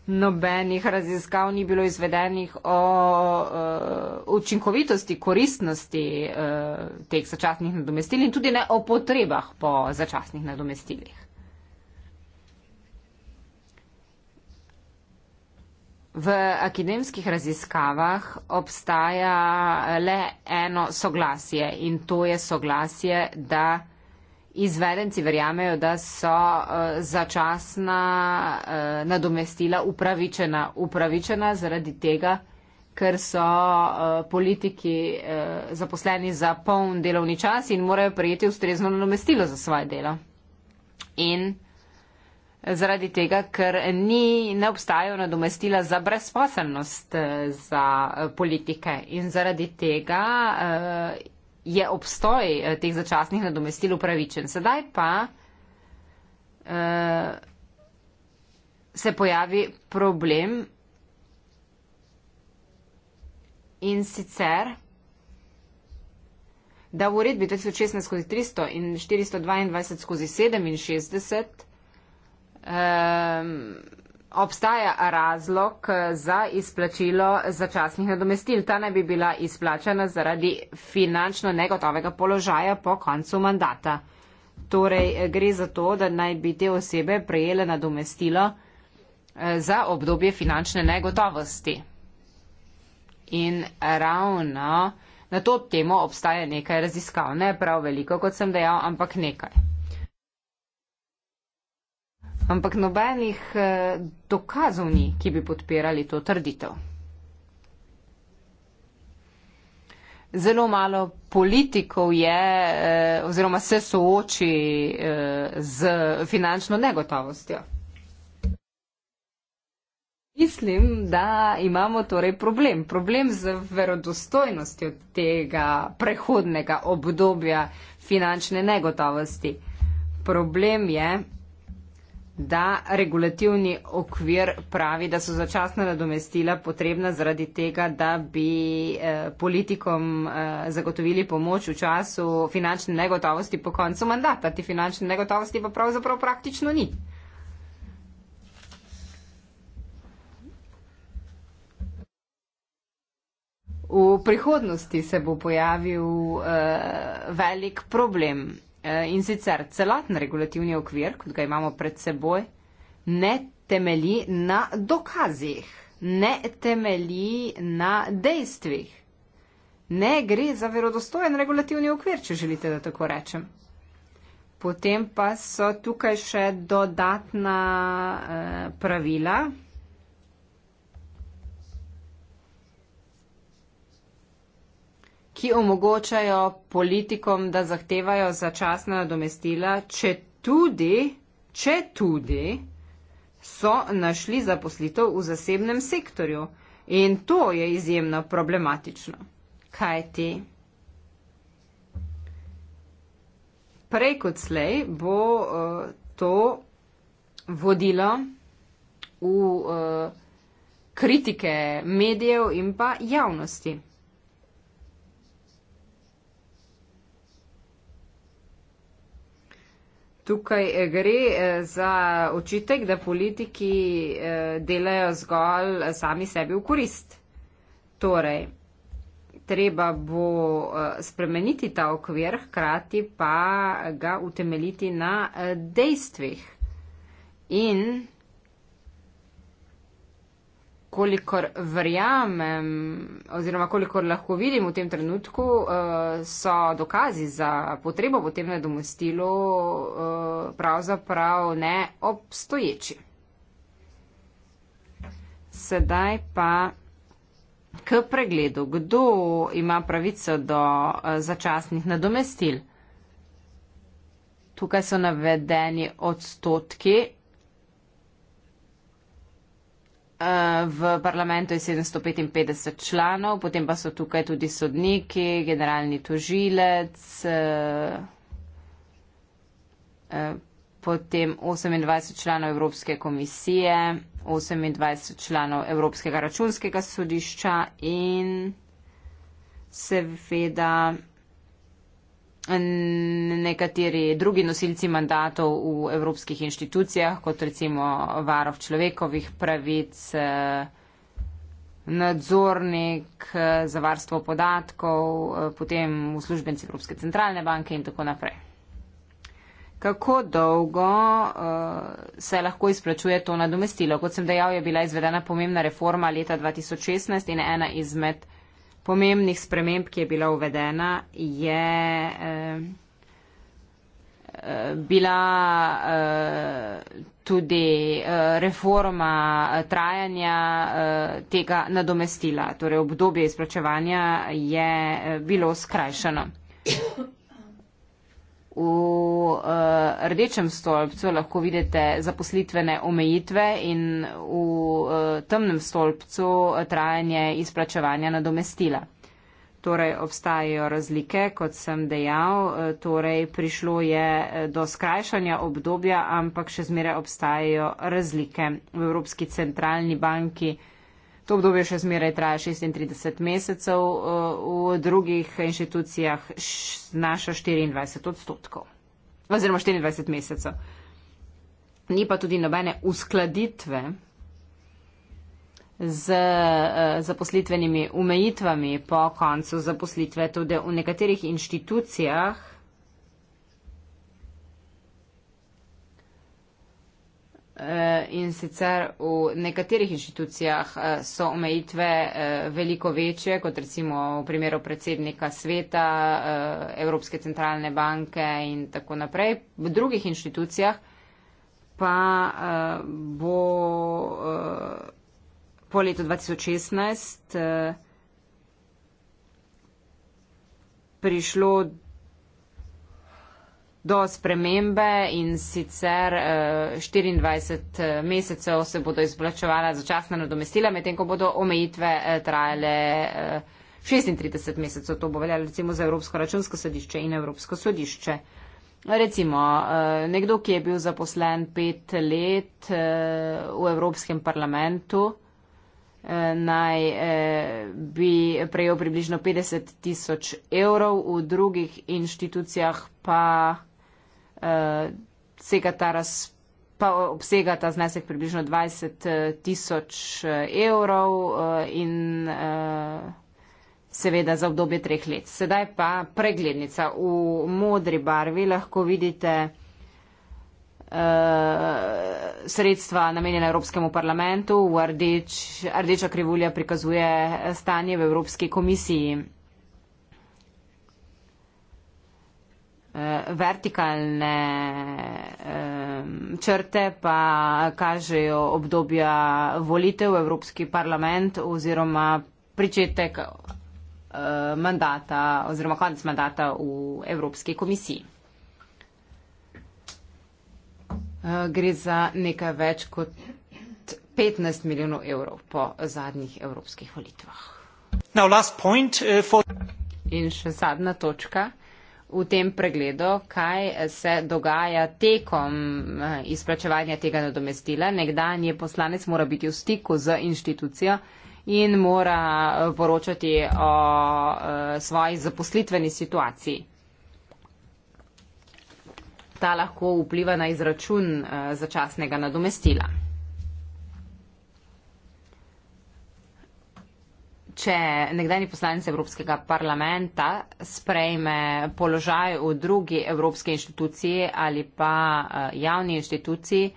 nobenih raziskav ni bilo izvedenih o uh, učinkovitosti, koristnosti uh, teh začasnih nadomestil in tudi ne o potrebah po začasnih nadomestilih. V akademskih raziskavah obstaja le eno soglasje in to je soglasje, da izvedenci verjamejo, da so uh, začasna uh, nadomestila upravičena. Upravičena zaradi tega, ker so uh, politiki uh, zaposleni za poln delovni čas in morajo prijeti ustrezno nadomestilo za svoje delo. In zaradi tega, ker ni, ne obstajajo nadomestila za brezposelnost uh, za uh, politike. In zaradi tega. Uh, je obstoj eh, teh začasnih nadomestil upravičen. Sedaj pa uh, se pojavi problem in sicer, da v uredbi 2016 skozi 300 in 422 skozi 67 uh, ehm, obstaja razlog eh, za izplačilo začasnih nadomestil. Ta naj bi bila izplačena zaradi finančno negotovega položaja po koncu mandata. Torej, eh, gre za to, da naj bi te osebe prejele nadomestilo eh, za obdobje finančne negotovosti. In ravno na to temo obstaja nekaj raziskav, ne prav veliko, kot sem dejal, ampak nekaj ampak nobenih eh, dokazov ni, ki bi podpirali to trditev. Zelo malo politikov je eh, oziroma se sooči eh, z finančno negotovostjo. Mislim, da imamo torej problem. Problem z verodostojnostjo tega prehodnega obdobja finančne negotovosti. Problem je, da regulativni okvir pravi, da so začasna nadomestila potrebna zaradi tega, da bi eh, politikom eh, zagotovili pomoč v času finančne negotovosti po koncu mandata. Ti finančne negotovosti pa pravzaprav praktično ni. V prihodnosti se bo pojavil uh, velik problem. E, in sicer celoten regulativni okvir, kot ga imamo pred seboj, ne temelji na dokazih, ne temelji na dejstvih. Ne gre za verodostojen regulativni okvir, če želite, da tako rečem. Potem pa so tukaj še dodatna eh, pravila, ki omogočajo politikom, da zahtevajo začasna nadomestila, če tudi, če tudi so našli zaposlitev v zasebnem sektorju. In to je izjemno problematično. Kaj ti? Prej kot slej bo uh, to vodilo v uh, kritike medijev in pa javnosti. tukaj eh, gre eh, za očitek, da politiki eh, delajo zgolj sami sebi v korist. Torej, treba bo spremeniti ta okvir, hkrati pa ga utemeliti na dejstvih. In kolikor verjamem oziroma kolikor lahko vidim v tem trenutku, eh, so dokazi za potrebo po tem nadomestilu eh, pravzaprav ne obstoječi. Sedaj pa k pregledu, kdo ima pravico do eh, začasnih nadomestil. Tukaj so navedeni odstotki Eh, v parlamentu je 755 članov, potem pa so tukaj tudi sodniki, generalni tožilec, eh, eh, potem 28 članov Evropske komisije, 28 članov Evropskega računskega sodišča in seveda nekateri drugi nosilci mandatov v evropskih inštitucijah, kot recimo varov človekovih pravic, eh, nadzornik eh, za varstvo podatkov, eh, potem uslužbenci Evropske centralne banke in tako naprej. Kako dolgo uh, se lahko izplačuje to nadomestilo? Kot sem dejal, je bila izvedena pomembna reforma leta 2016 in ena izmed pomembnih sprememb, ki je bila uvedena, je eh, eh, bila eh, tudi reforma trajanja tega nadomestila. Torej obdobje izplačevanja je bilo skrajšano. V uh, rdečem stolpcu lahko vidite zaposlitvene omejitve in v uh, temnem stolpcu eh, trajanje izplačevanja nadomestila. Torej obstajajo razlike, kot sem dejal, torej prišlo je do skrajšanja obdobja, ampak še zmeraj obstajajo razlike. V Evropski centralni banki To obdobje še zmeraj traja 36 mesecev, eh, v drugih inštitucijah znaša 24 odstotkov. Oziroma 24 mesecev. Ni pa tudi nobene uskladitve z eh, zaposlitvenimi umejitvami po koncu zaposlitve. Tudi v nekaterih inštitucijah Eh, in sicer v nekaterih inštitucijah eh, so omejitve eh, veliko večje, kot recimo v primeru predsednika sveta, Evropske centralne banke in tako naprej. V drugih inštitucijah pa bo po letu 2016 prišlo do spremembe in sicer 24 eh, eh, mesecev se bodo izplačevala začasna nadomestila, medtem ko bodo omejitve eh, trajale 36 mesecev. To bo veljalo recimo za Evropsko računsko sodišče in Evropsko sodišče. Recimo, nekdo, ki je bil zaposlen pet let v Evropskem parlamentu, naj bi prejel približno 50 tisoč evrov, v drugih inštitucijah pa uh, eh, vsega ta razpoložljivost. Pa obsega ta znesek približno 20 eh, tisoč eh, evrov in seveda za obdobje treh let. Sedaj pa preglednica. V modri barvi lahko vidite sredstva namenjena Evropskemu parlamentu, v rdeč, rdeča krivulja prikazuje stanje v Evropski komisiji. Eh, vertikalne eh, črte pa kažejo obdobja volitev v Evropski parlament oziroma pričetek eh, mandata oziroma konec mandata v Evropski komisiji. Gre za nekaj več kot 15 milijonov evrov po zadnjih evropskih volitvah. In še zadnja točka v tem pregledu, kaj se dogaja tekom eh, izplačevanja tega nadomestila. Nekdanje poslanec mora biti v stiku z inštitucijo in mora eh, poročati o eh, svoji zaposlitveni situaciji. Ta lahko vpliva na izračun začasnega nadomestila. če nekdajni poslanec Evropskega parlamenta sprejme položaj v drugi evropski inštituciji ali pa eh, javni inštituciji,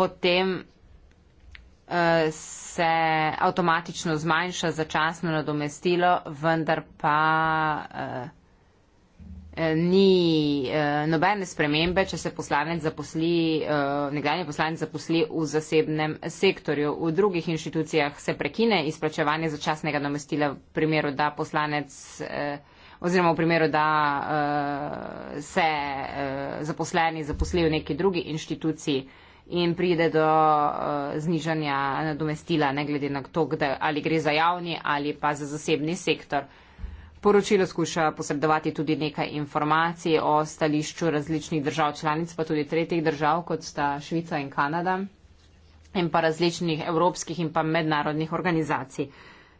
potem eh, se avtomatično zmanjša začasno nadomestilo, vendar pa. Eh, Eh, ni eh, nobene spremembe, če se poslanec zaposli, eh, nekdanje poslanec zaposli v zasebnem sektorju. V drugih inštitucijah se prekine izplačevanje začasnega namestila v primeru, da poslanec eh, oziroma v primeru, da eh, se eh, zaposleni zaposli v neki drugi inštituciji in pride do eh, znižanja namestila, ne glede na to, kde, ali gre za javni ali pa za zasebni sektor. Eh, Poročilo skuša posredovati tudi nekaj informacij o stališču različnih držav članic, pa tudi tretjih držav, kot sta Švica in Kanada, in pa različnih evropskih in pa mednarodnih organizacij.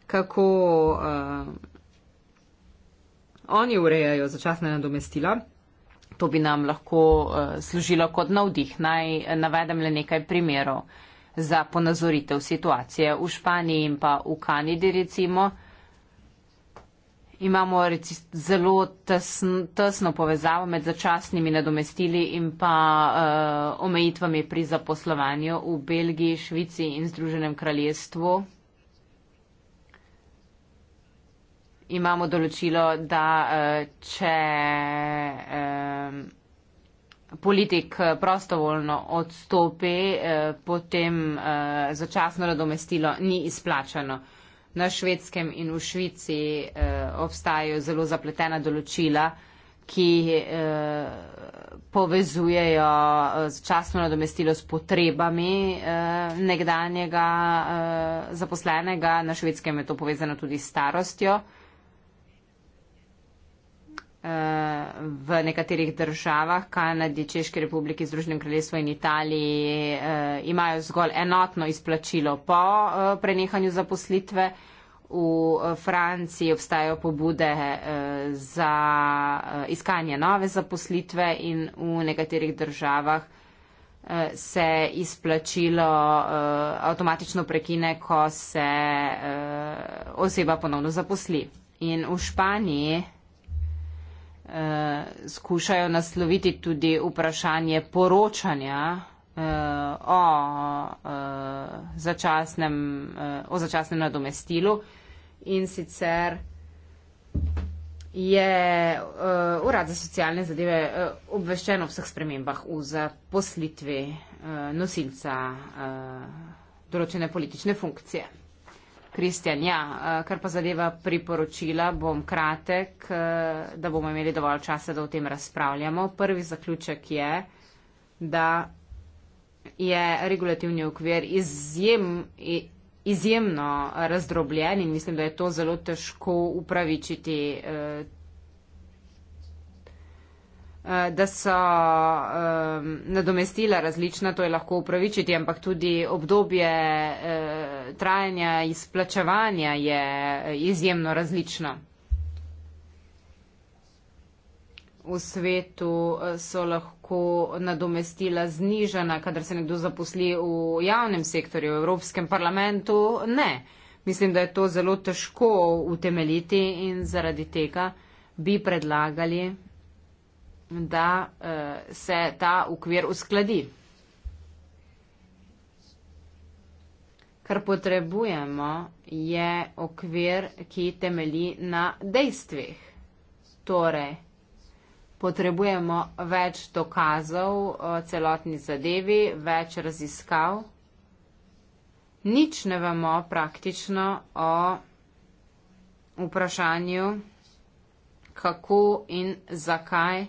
Kako uh, oni urejajo začasne nadomestila? To bi nam lahko uh, služilo kot navdih. Naj eh, navedem le nekaj primerov za ponazoritev situacije v Španiji in pa v Kanidi, recimo imamo recis, zelo tesn, tesno povezavo med začasnimi nadomestili in pa uh, omejitvami pri zaposlovanju v Belgiji, Švici in Združenem kraljestvu. Imamo določilo, da uh, če uh, politik prostovoljno odstopi, uh, potem uh, začasno nadomestilo ni izplačano na švedskem in v Švici eh, obstajajo zelo zapletena določila, ki eh, povezujejo eh, začasno nadomestilo s potrebami eh, nekdanjega eh, zaposlenega. Na švedskem je to povezano tudi s starostjo. Eh, v nekaterih državah, Kanadi, Češki republiki, Združenem kraljestvu in Italiji, eh, imajo zgolj enotno izplačilo po eh, prenehanju zaposlitve. V eh, Franciji obstajajo pobude za iskanje nove zaposlitve in v nekaterih državah se izplačilo uh, avtomatično prekine, ko se uh, oseba ponovno zaposli. In v Španiji uh, Eh, skušajo nasloviti tudi vprašanje poročanja eh, o, eh, začasnem, o začasnem nadomestilu in sicer je uh, Urad za socialne zadeve uh, obveščen o vseh spremembah v zaposlitvi uh, nosilca uh, določene politične funkcije. Kristjan, ja, eh, kar pa zadeva priporočila, bom kratek, eh, da bomo imeli dovolj časa, da o tem razpravljamo. Prvi zaključek je, da je regulativni okvir izjem, izjemno razdrobljen in mislim, da je to zelo težko upravičiti. Eh, da so um, nadomestila različna, to je lahko upravičiti, ampak tudi obdobje um, trajanja izplačevanja je izjemno različno. V svetu eh, so lahko nadomestila znižana, kadar se nekdo zaposli v javnem sektorju, v Evropskem parlamentu. Ne, mislim, da je to zelo težko utemeljiti in zaradi tega bi predlagali, da eh, se ta ukvir uskladi. Kar potrebujemo, je okvir, ki temelji na dejstvih. Torej, potrebujemo več dokazov o celotni zadevi, več raziskav. Nič ne vemo praktično o vprašanju, kako in zakaj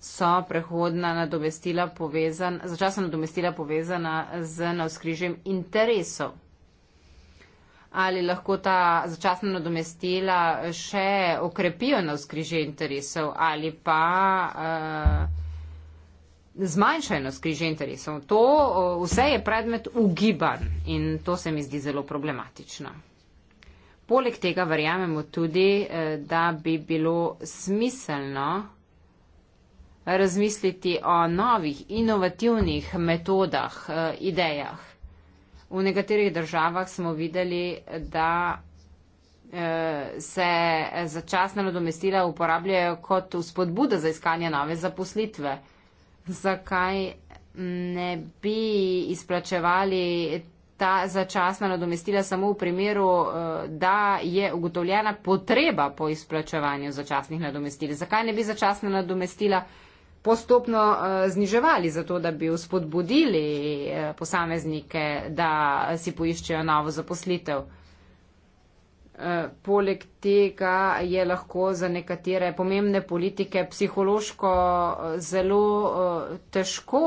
so prehodna nadomestila povezana, začasna nadomestila povezana z navskrižjem interesov. Ali lahko ta začasna nadomestila še okrepijo navskrižje interesov ali pa uh, zmanjšajo navskrižje interesov. To uh, vse je predmet ugiban in to se mi zdi zelo problematično. Poleg tega verjamemo tudi, eh, da bi bilo smiselno, razmisliti o novih inovativnih metodah, eh, idejah. V nekaterih državah smo videli, da eh, se začasna nadomestila uporabljajo kot spodbuda za iskanje nove zaposlitve. Zakaj ne bi izplačevali ta začasna nadomestila samo v primeru, eh, da je ugotovljena potreba po izplačevanju začasnih nadomestil? Zakaj ne bi začasna nadomestila postopno eh, zniževali, zato da bi vzpodbudili eh, posameznike, da si poiščejo novo zaposlitev. Eh, poleg tega je lahko za nekatere pomembne politike psihološko zelo težko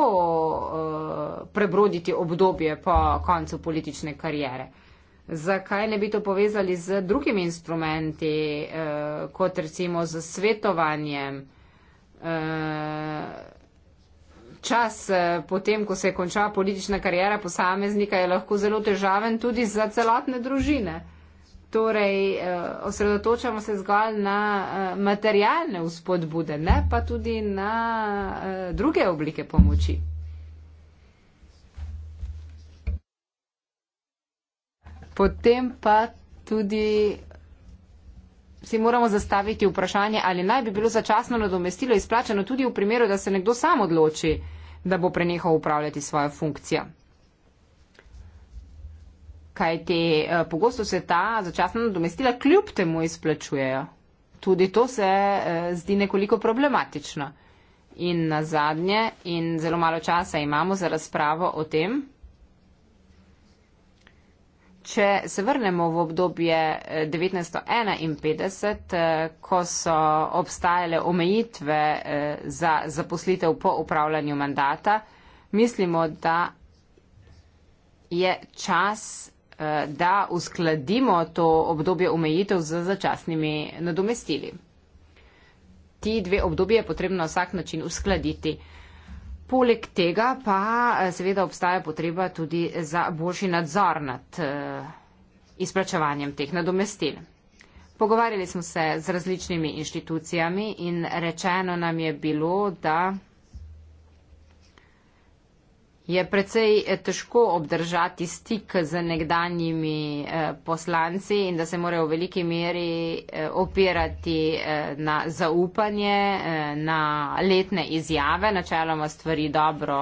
prebroditi obdobje po koncu politične karijere. Zakaj ne bi to povezali z drugimi instrumenti, kot recimo z svetovanjem? Eh, čas eh, potem, ko se konča politična karijera posameznika, je lahko zelo težaven tudi za celotne družine. Torej, eh, osredotočamo se zgolj na materialne vzpodbude, ne pa tudi na druge oblike pomoči. Potem pa tudi si moramo zastaviti vprašanje, ali naj bi bilo začasno nadomestilo izplačeno tudi v primeru, da se nekdo sam odloči, da bo prenehal upravljati svojo funkcijo. Kaj ti eh, pogosto se ta začasna nadomestila kljub temu izplačujejo? Tudi to se eh, zdi nekoliko problematično. In na zadnje, in zelo malo časa imamo za razpravo o tem, Če se vrnemo v obdobje 1951, eh, eh, ko so obstajale omejitve eh, za zaposlitev po upravljanju mandata, mislimo, da je čas, da uskladimo to obdobje omejitev z začasnimi nadomestili. Ti dve obdobje je potrebno na vsak način uskladiti. Poleg tega pa eh, seveda obstaja potreba tudi za boljši nadzor nad eh, izplačevanjem teh nadomestil. Pogovarjali smo se z različnimi inštitucijami in rečeno nam je bilo, da. Je precej eh, težko obdržati stik z nekdanjimi eh, poslanci in da se morajo v veliki meri eh, opirati na zaupanje, na letne izjave, načeloma stvari dobro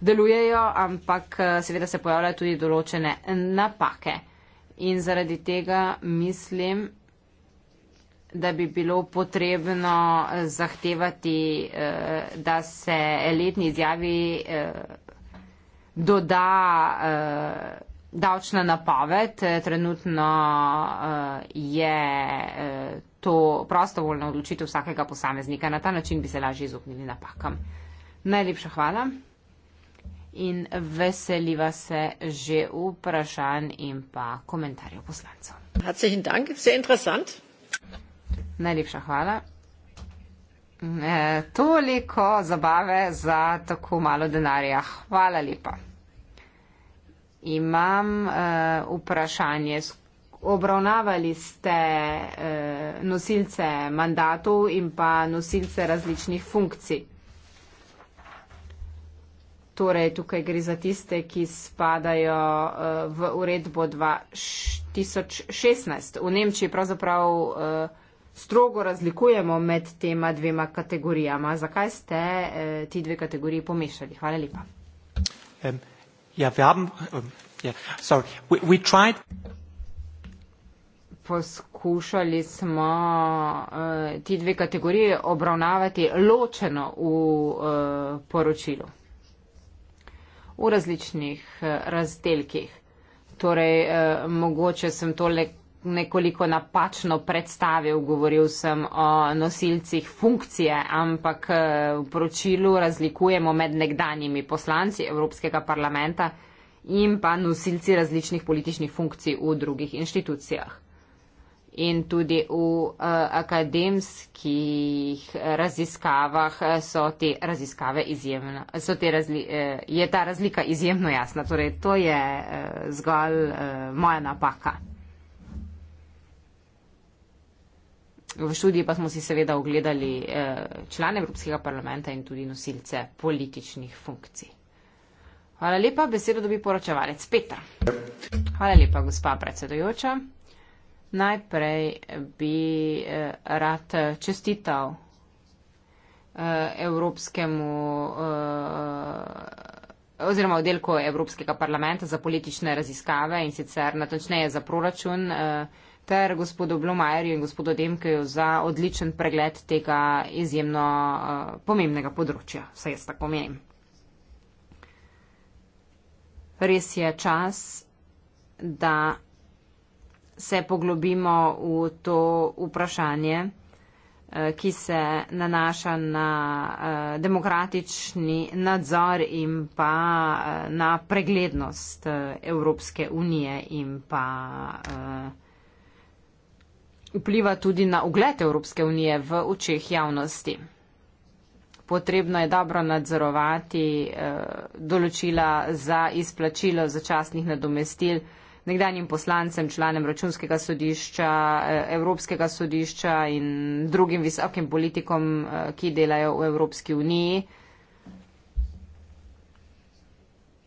delujejo, ampak seveda se pojavljajo tudi določene napake. In zaradi tega mislim, da bi bilo potrebno eh, zahtevati, eh, da se letni izjavi eh, doda davčna napoved. Trenutno je to prostovoljna odločitev vsakega posameznika. Na ta način bi se lažje izognili napakam. Najlepša hvala in veseliva se že vprašanj in pa komentarjev poslancev. Herzlichen Dank, sehr interessant. Najlepša hvala. E, toliko zabave za tako malo denarja. Hvala lepa. Imam e, vprašanje. Obravnavali ste e, nosilce mandatov in pa nosilce različnih funkcij. Torej, tukaj gre za tiste, ki spadajo uh, v uredbo 2016. V Nemčiji pravzaprav uh, strogo razlikujemo med tema dvema kategorijama. Zakaj ste eh, ti dve kategoriji pomešali? Hvala lepa. Um, ja, verben, um, yeah, ja, sorry, we, we tried... Poskušali smo uh, ti dve kategoriji obravnavati ločeno v uh, poročilu, v različnih uh, razdelkih. Torej, uh, mogoče sem tole nekoliko napačno predstavil, govoril sem o nosilcih funkcije, ampak eh, v poročilu razlikujemo med nekdanjimi poslanci Evropskega parlamenta in pa nosilci različnih političnih funkcij v drugih inštitucijah. In tudi v uh, akademskih raziskavah eh, so te raziskave izjemne, so te razli, uh, je ta razlika izjemno jasna. Torej, to je uh, zgolj uh, moja napaka. V študiji pa smo si seveda ogledali eh, člane Evropskega parlamenta in tudi nosilce političnih funkcij. Hvala lepa, besedo dobi poročevalec Petra. Hvala lepa, gospa predsedojoča. Najprej bi eh, rad čestital eh, Evropskemu oziroma oddelku Evropskega parlamenta za politične raziskave in sicer natančneje za proračun ter gospodu Blomajerju in gospodu Demkeju za odličen pregled tega izjemno eh, pomembnega področja, vsaj jaz tako menim. Res je čas, da se poglobimo v to vprašanje, eh, ki se nanaša na eh, demokratični nadzor in pa na preglednost Evropske unije in pa. Uh, vpliva tudi na ugled Evropske unije v očeh javnosti. Potrebno je dobro nadzorovati eh, določila za izplačilo začasnih nadomestil nekdanjim poslancem, članem računskega sodišča, eh, Evropskega sodišča in drugim visokim politikom, eh, ki delajo v Evropski uniji. Eh,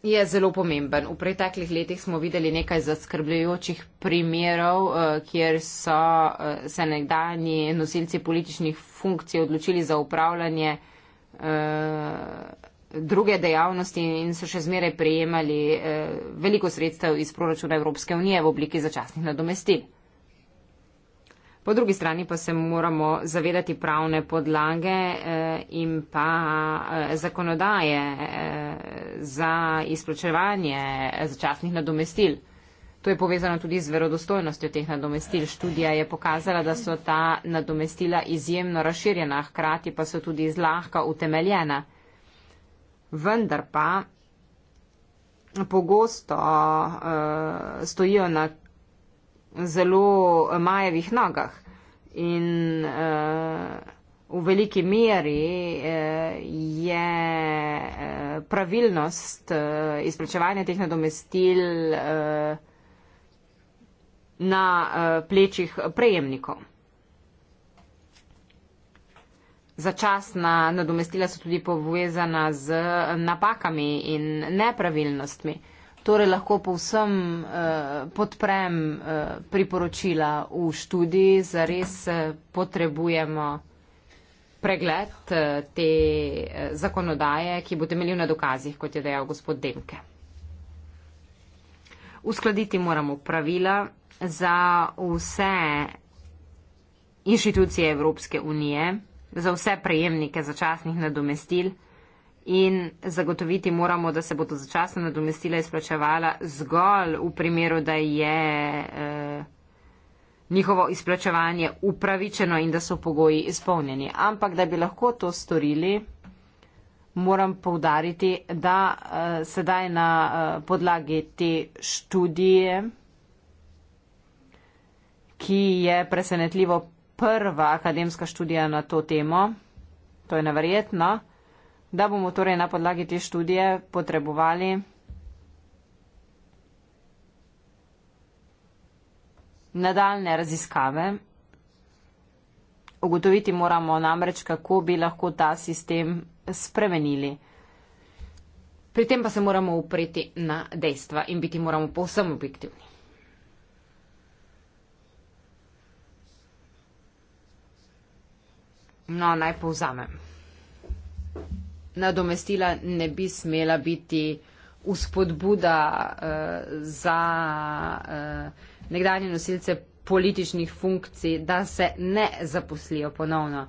je zelo pomemben. V preteklih letih smo videli nekaj zaskrbljujočih primerov, eh, kjer so eh, se nekdani nosilci političnih funkcij odločili za upravljanje eh, druge dejavnosti in so še zmeraj prejemali veliko sredstev iz proračuna Evropske unije v obliki začasnih nadomestil. Po drugi strani pa se moramo zavedati pravne podlage eh, in pa eh, zakonodaje eh, za izplačevanje začasnih nadomestil. To je povezano tudi z verodostojnostjo teh nadomestil. Študija je pokazala, da so ta nadomestila izjemno razširjena, hkrati pa so tudi zlahka utemeljena. Vendar pa pogosto uh, stojijo na zelo majevih nogah. In uh, v veliki meri uh, je eh, pravilnost uh, izplačevanja teh nadomestil uh, na uh, plečih prejemnikov. Začasna nadomestila so tudi povezana z napakami in nepravilnostmi. Uh, Torej lahko povsem uh, podprem uh, priporočila v študiji, zares eh, potrebujemo pregled uh, te uh, zakonodaje, ki bo temeljil na dokazih, kot je dejal gospod Demke. Uskladiti moramo pravila za vse inštitucije Evropske unije, za vse prejemnike začasnih nadomestil in zagotoviti moramo, da se bodo začasna nadomestila izplačevala zgolj v primeru, da je eh, njihovo izplačevanje upravičeno in da so pogoji izpolnjeni. Ampak, da bi lahko to storili, moram povdariti, da uh, sedaj na uh, podlagi te študije, ki je presenetljivo prva akademska študija na to temo, to je neverjetno, da bomo torej na podlagi te študije potrebovali nadaljne raziskave. Ugotoviti moramo namreč, kako bi lahko ta sistem spremenili. Pri tem pa se moramo upreti na dejstva in biti moramo povsem objektivni. No, naj povzamem nadomestila ne bi smela biti uspodbuda uh, eh, za uh, nekdanje nosilce političnih funkcij, da se ne zaposlijo ponovno.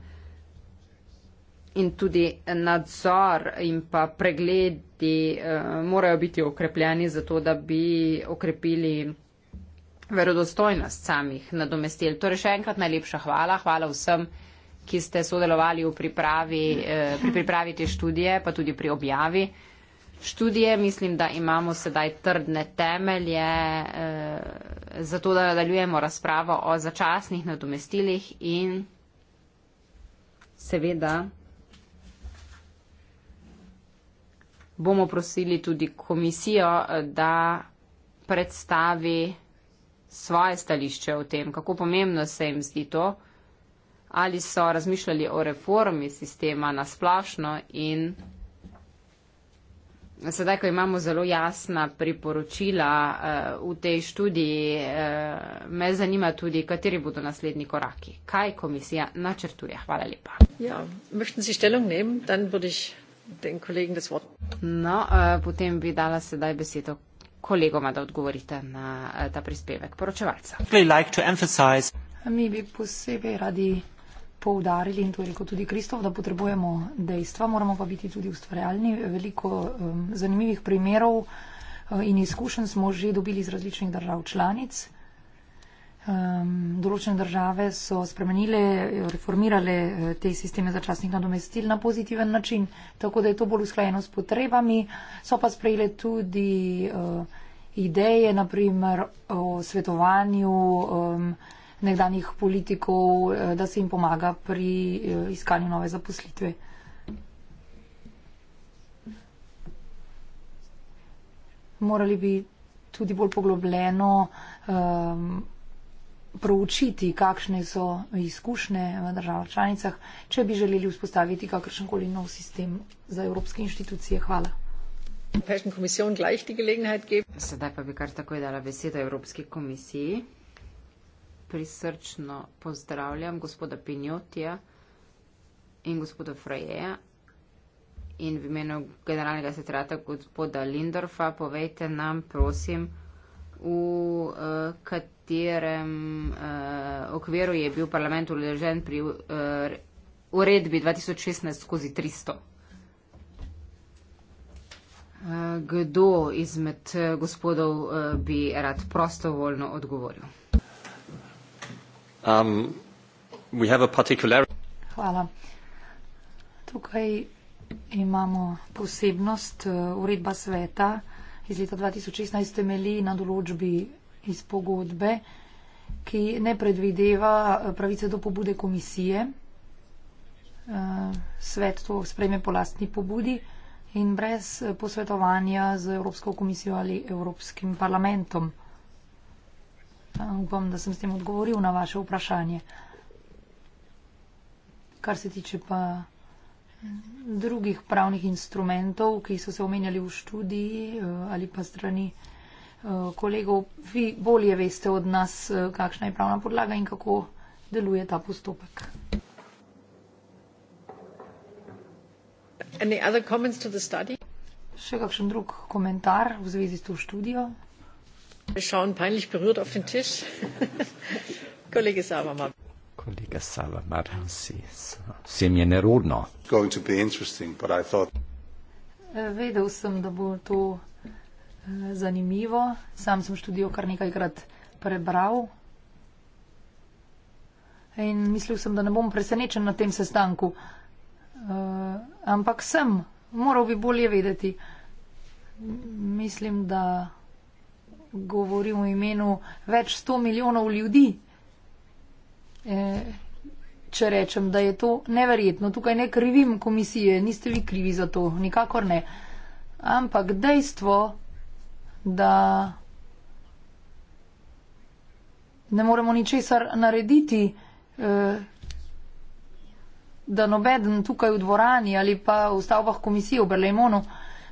In tudi nadzor in pa pregledi uh, morajo biti okrepljeni zato, da bi okrepili verodostojnost samih nadomestil. Torej še enkrat najlepša hvala, hvala vsem ki ste sodelovali v pripravi, eh, pri pripravi te študije, pa tudi pri objavi študije. Mislim, da imamo sedaj trdne temelje eh, za to, da nadaljujemo razpravo o začasnih nadomestilih in seveda bomo prosili tudi komisijo, eh, da predstavi svoje stališče o tem, kako pomembno se jim zdi to ali so razmišljali o reformi sistema na splošno in sedaj, ko imamo zelo jasna priporočila uh, v tej študiji, uh, me zanima tudi, kateri bodo naslednji koraki. Kaj komisija načrtuje? Hvala lepa. Ja, möchten Sie Stellung nehmen, dann würde ich den Kollegen das Wort. No, uh, potem bi dala sedaj besedo kolegoma, da odgovorite na uh, ta prispevek poročevalca. Mi bi posebej radi poudarili in to je rekel tudi Kristof, da potrebujemo dejstva, moramo pa biti tudi ustvarjalni. Veliko um, zanimivih primerov um, in izkušenj smo že dobili iz različnih držav članic. Um, določene države so spremenile, reformirale uh, te sisteme začasnih nadomestil na pozitiven način, tako da je to bolj usklajeno s potrebami. So pa sprejele tudi uh, ideje, naprimer o svetovanju. Um, nekdanjih politikov, eh, da se jim pomaga pri eh, iskanju nove zaposlitve. Morali bi tudi bolj poglobljeno um, proučiti, kakšne so izkušnje v državah članicah, če bi želeli vzpostaviti kakršen koli nov sistem za evropske inštitucije. Hvala. Sedaj pa bi kar takoj dala besedo Evropski komisiji prisrčno pozdravljam gospoda Pinjotija in gospoda Frejeja in v imenu generalnega sekretarja gospoda Lindorfa povejte nam, prosim, v uh, katerem uh, okviru je bil parlament uležen pri uh, uredbi 2016 skozi 300. Kdo izmed gospodov bi rad prostovoljno odgovoril? Um, Hvala. Tukaj imamo posebnost. Uh, uredba sveta iz leta 2016 temelji na določbi iz pogodbe, ki ne predvideva uh, pravice do pobude komisije. Uh, svet to sprejme po lastni pobudi in brez posvetovanja z Evropsko komisijo ali Evropskim parlamentom. Upam, da sem s tem odgovoril na vaše vprašanje. Kar se tiče pa drugih pravnih instrumentov, ki so se omenjali v študiji eh, ali pa strani eh, kolegov, vi bolje veste od nas, eh, kakšna je pravna podlaga in kako deluje ta postopek. Še kakšen drug komentar v zvezi s to študijo? schauen peinlich berührt auf den Tisch. Kollege Sabermann. Kollege Sabermann, Sie, Sie mir nerodno. Going to be interesting, but I thought. Eh, vedel sem, da bo to eh, zanimivo. Sam sem študijo kar nekajkrat prebral. In mislil sem, da ne bom presenečen na tem sestanku. Eh, ampak sem, moral bi bolje vedeti. Mislim, da govori v imenu več sto milijonov ljudi. E, če rečem, da je to neverjetno, tukaj ne krivim komisije, niste vi krivi za to, nikakor ne. Ampak dejstvo, da ne moremo ničesar narediti, e, da nobeden tukaj v dvorani ali pa v stavbah komisije v Berlejmonu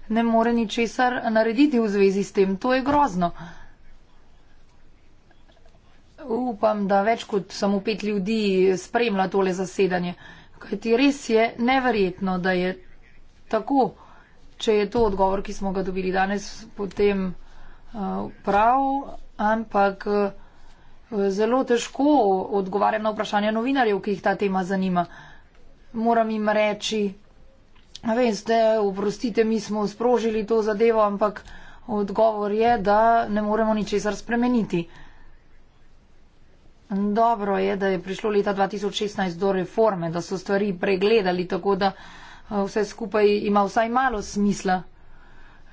ne more ničesar narediti v zvezi s tem. To je grozno. Upam, da več kot samo pet ljudi spremlja tole zasedanje. Kaj ti res je neverjetno, da je tako, če je to odgovor, ki smo ga dobili danes, potem uh, prav, ampak uh, zelo težko odgovarjam na vprašanja novinarjev, ki jih ta tema zanima. Moram jim reči, veste, oprostite, mi smo sprožili to zadevo, ampak odgovor je, da ne moremo ničesar spremeniti. Dobro je, da je prišlo leta 2016 do reforme, da so stvari pregledali, tako da eh, vse skupaj ima vsaj malo smisla.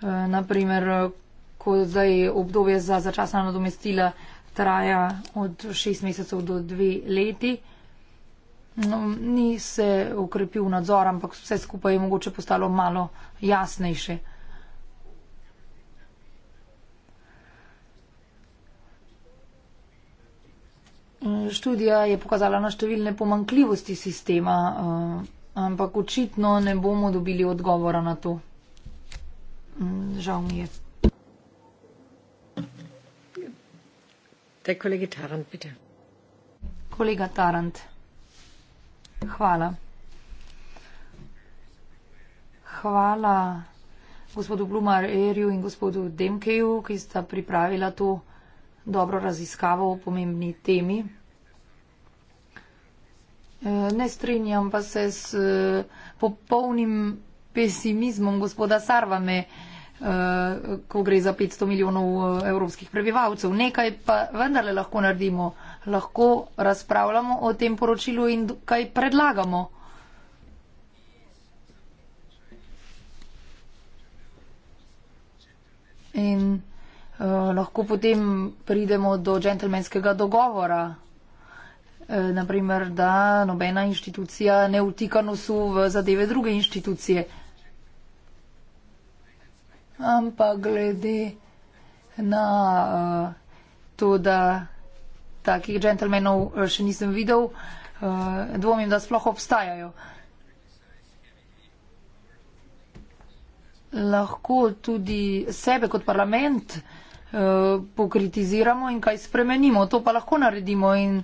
Eh, Naprimer, eh, ko zdaj obdobje za začasna nadomestila traja od šest mesecev do dve leti. No, ni se ukrepil nadzor, ampak vse skupaj je mogoče postalo malo jasnejše. Študija je pokazala na številne pomankljivosti sistema, eh, ampak očitno ne bomo dobili odgovora na to. Mm, žal mi je. Kolega Tarant. Hvala. Hvala gospodu Blumarerju in gospodu Demkeju, ki sta pripravila to dobro raziskavo o pomembni temi. E, ne strinjam pa se s e, popolnim pesimizmom gospoda Sarvame, e, ko gre za 500 milijonov evropskih prebivalcev. Nekaj pa vendarle lahko naredimo lahko razpravljamo o tem poročilu in kaj predlagamo. In uh, lahko potem pridemo do džentlmenskega dogovora. E, eh, naprimer, da nobena inštitucija ne vtika nosu v zadeve druge inštitucije. Ampak glede na uh, to, da takih džentlmenov eh, še nisem videl. Eh, dvomim, da sploh obstajajo. Lahko tudi sebe kot parlament eh, pokritiziramo in kaj spremenimo. To pa lahko naredimo in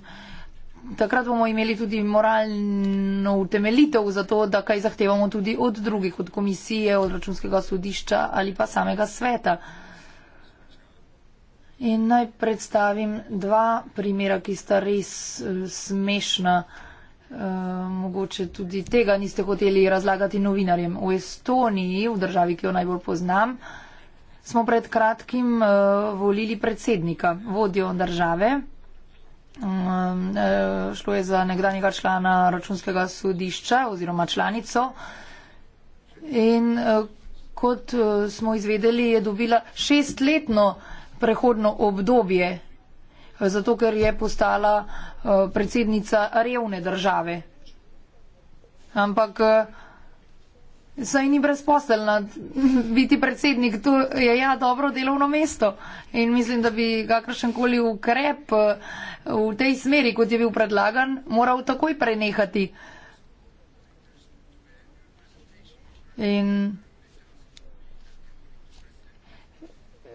takrat bomo imeli tudi moralno utemelitev za to, da kaj zahtevamo tudi od drugih, od komisije, od računskega sodišča ali pa samega sveta. In naj predstavim dva primera, ki sta res eh, smešna. E, mogoče tudi tega niste hoteli razlagati novinarjem. V Estoniji, v državi, ki jo najbolj poznam, smo pred kratkim e, volili predsednika, vodjo države. E, šlo je za nekdanjega člana računskega sodišča oziroma članico. In e, kot e, smo izvedeli, je dobila šestletno prehodno obdobje, zato ker je postala eh, predsednica revne države. Ampak eh, saj ni brezposelna biti predsednik, to je ja dobro delovno mesto in mislim, da bi kakršenkoli ukrep eh, v tej smeri, kot je bil predlagan, moral takoj prenehati. In,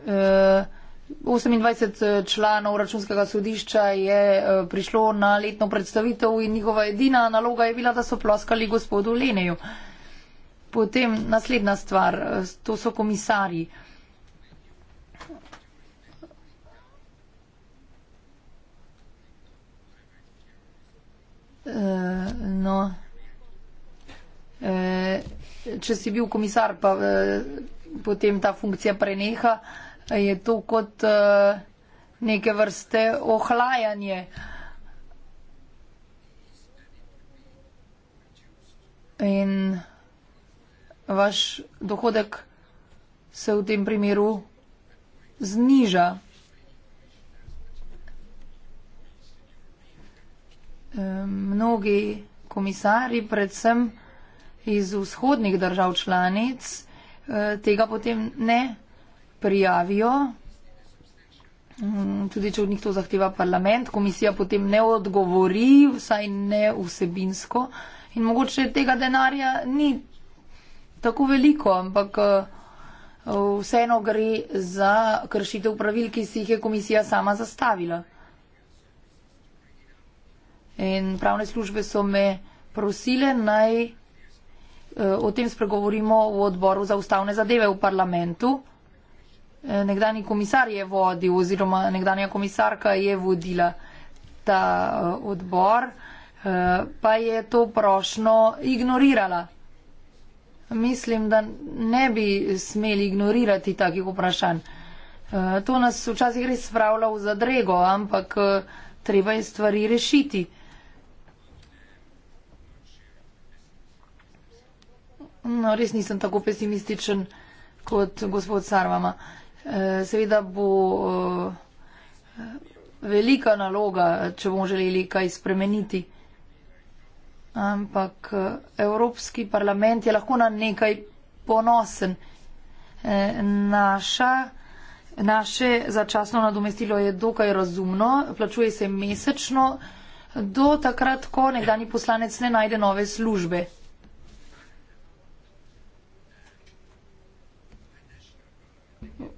uh, 28 eh, članov računskega sodišča je eh, prišlo na letno predstavitev in njihova edina naloga je bila, da so ploskali gospodu Leneju. Potem naslednja stvar, eh, to so komisari. E, no. e, če si bil komisar, pa e, potem ta funkcija preneha. E, je to kot eh, neke vrste ohlajanje. In vaš dohodek se v tem primeru zniža. Mnogi komisari, predvsem iz vzhodnih držav članic, eh, tega potem ne prijavijo, mm, tudi če od njih to zahteva parlament, komisija potem ne odgovori, vsaj ne vsebinsko. In mogoče tega denarja ni tako veliko, ampak eh, vseeno gre za kršitev pravil, ki si jih je komisija sama zastavila. In pravne službe so me prosile naj. Eh, o tem spregovorimo v odboru za ustavne zadeve v parlamentu. Eh, nekdani komisar je vodil oziroma nekdanja komisarka je vodila ta eh, odbor, eh, pa je to prošno ignorirala. Mislim, da ne bi smeli ignorirati takih vprašanj. To nas včasih res spravlja v zadrego, ampak treba je stvari rešiti. No, res nisem tako pesimističen kot gospod Sarvama. Eh, seveda bo eh, velika naloga, če bomo želeli kaj spremeniti. Ampak eh, Evropski parlament je lahko na nekaj ponosen. Naša, naše začasno nadomestilo je dokaj razumno, plačuje se mesečno, do takrat, ko nekdani poslanec ne najde nove službe.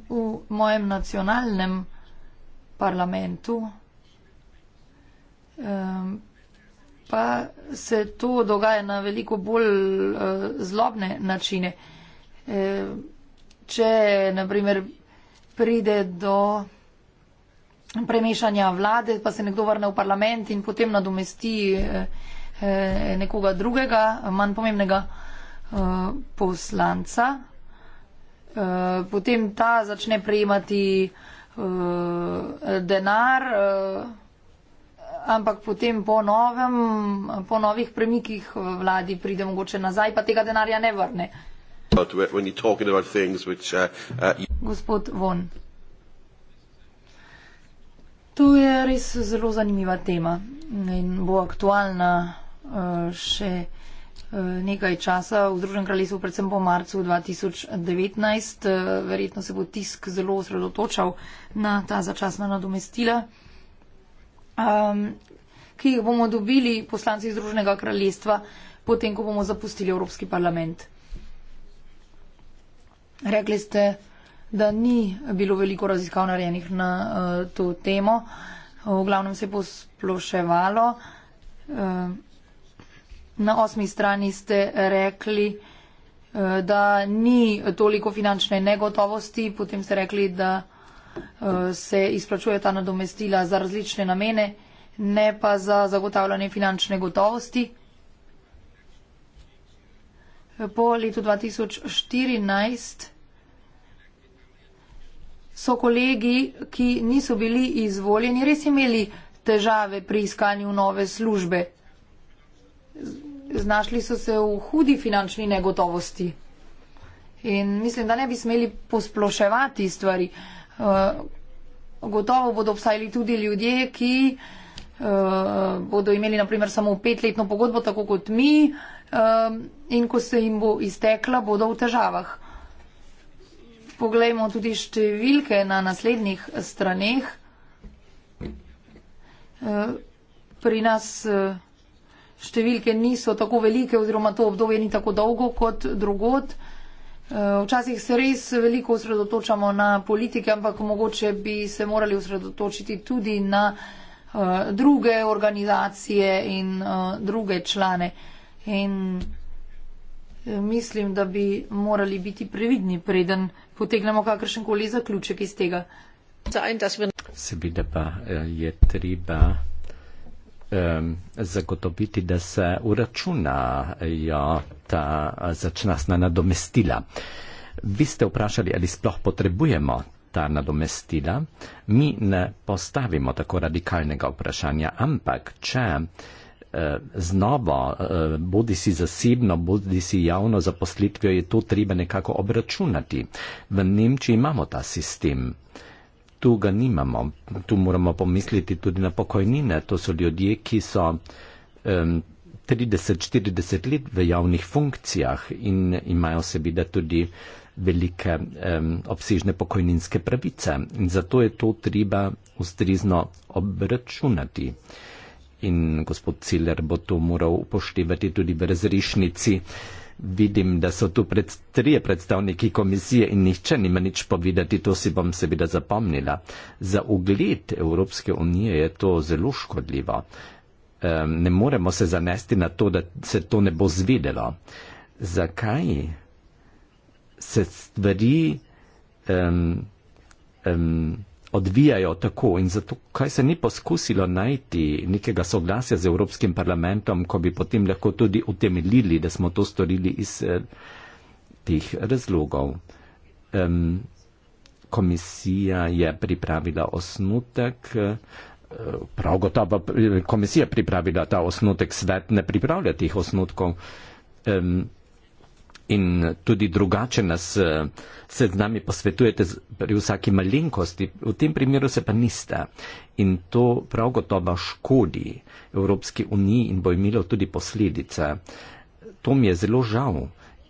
v mojem nacionalnem parlamentu, pa se to dogaja na veliko bolj eh, zlobne načine. Če, na primer, pride do premešanja vlade, pa se nekdo vrne v parlament in potem nadomesti eh, eh, nekoga drugega, manj pomembnega poslanca, Eh, potem ta začne prejemati uh, denar, uh, ampak potem po, novem, po novih premikih vladi pride mogoče nazaj, pa tega denarja ne vrne. Which, uh, uh, Gospod Von. To je res zelo zanimiva tema in bo aktualna uh, še. Eh, nekaj časa v Združenem kraljestvu, predvsem po marcu 2019. Eh, verjetno se bo tisk zelo osredotočal na ta začasna nadomestila, ehm, ki jih bomo dobili poslanci Združenega kraljestva, potem, ko bomo zapustili Evropski parlament. Rekli ste, da ni bilo veliko raziskav narejenih na eh, to temo. V glavnem se je posploševalo. Ehm, Na osmi strani ste rekli, eh, da ni toliko finančne negotovosti, potem ste rekli, da eh, se izplačuje ta nadomestila za različne namene, ne pa za zagotavljanje finančne gotovosti. Po letu 2014 so kolegi, ki niso bili izvoljeni, res imeli težave pri iskanju nove službe znašli so se v hudi finančni negotovosti. In mislim, da ne bi smeli posploševati stvari. Eh, gotovo bodo obstajali tudi ljudje, ki eh, bodo imeli naprimer samo petletno pogodbo, tako kot mi, eh, in ko se jim bo iztekla, bodo v težavah. Poglejmo tudi številke na naslednjih straneh. Pri nas številke niso tako velike oziroma to obdobje ni tako dolgo kot drugot. Eh, včasih se res veliko osredotočamo na politike, ampak mogoče bi se morali osredotočiti tudi na eh, druge organizacije in eh, druge člane. In mislim, da bi morali biti previdni, preden potegnemo kakršen koli zaključek iz tega. Seveda pa je treba um, zagotoviti, da se uračunajo ta začasna nadomestila. Vi ste vprašali, ali sploh potrebujemo ta nadomestila. Mi ne postavimo tako radikalnega vprašanja, ampak če eh, znova, eh, bodi si zasebno, bodi si javno zaposlitvijo, je to treba nekako obračunati. V Nemčiji imamo ta sistem tu ga nimamo. Tu moramo pomisliti tudi na pokojnine. To so ljudje, ki so um, 30-40 let v javnih funkcijah in imajo seveda tudi velike um, obsežne pokojninske pravice. In zato je to treba ustrizno obračunati. In gospod Ciler bo to moral upoštevati tudi v razrešnici. Uh, Vidim, da so tu pred, trije predstavniki komisije in nihče nima nič povedati, to si bom seveda zapomnila. Za ugled Evropske unije je to zelo škodljivo. Um, ne moremo se zanesti na to, da se to ne bo zvedelo. Zakaj se stvari um, um, odvijajo tako in zato kaj se ni poskusilo najti nekega soglasja z Evropskim parlamentom, ko bi potem lahko tudi utemeljili, da smo to storili iz tih eh, razlogov. Komisija je pripravila osnutek, eh, prav gotovo eh, komisija pripravila ta osnutek, svet ne pripravlja tih osnutkov in tudi drugače nas eh, se z nami posvetujete pri vsaki malenkosti, v tem primeru se pa niste. In to prav gotovo škodi Evropski uniji in bo imelo tudi posledice. To mi je zelo žal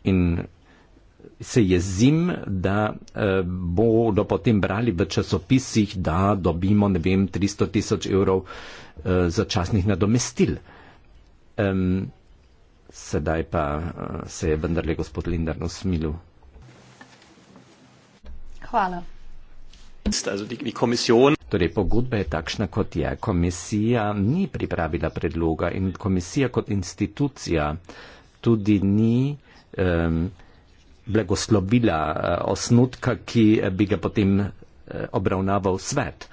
in se jezim, da eh, bodo potem brali v časopisih, da dobimo, ne vem, 300 tisoč evrov eh, začasnih nadomestil. Eh, sedaj pa uh, se je vendarle gospod Lindar usmilil. Hvala. Torej, pogodba je takšna, kot je. Komisija ni pripravila predloga in komisija kot institucija tudi ni um, blagoslovila uh, osnutka, ki bi ga potem uh, obravnaval svet.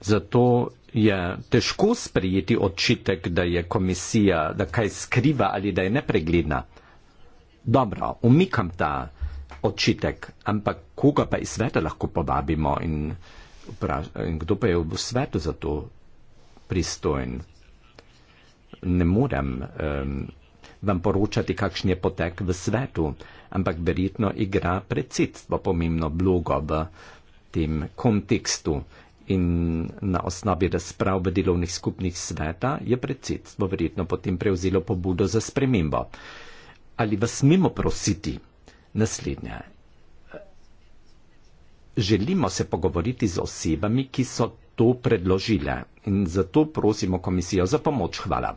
Zato je težko sprejeti očitek, da je komisija, da kaj skriva ali da je nepregledna. Dobro, umikam ta očitek, ampak koga pa iz sveta lahko povabimo in, vpraš, in kdo pa je v svetu za to pristojen? Ne morem um, vam poročati, kakšen je potek v svetu, ampak verjetno igra predsedstvo pomembno vlogo v tem kontekstu in na osnovi razprav v delovnih skupnih sveta je predsedstvo verjetno potem prevzelo pobudo za spremembo. Ali vas smemo prositi naslednje? Želimo se pogovoriti z osebami, ki so to predložile in zato prosimo komisijo za pomoč. Hvala.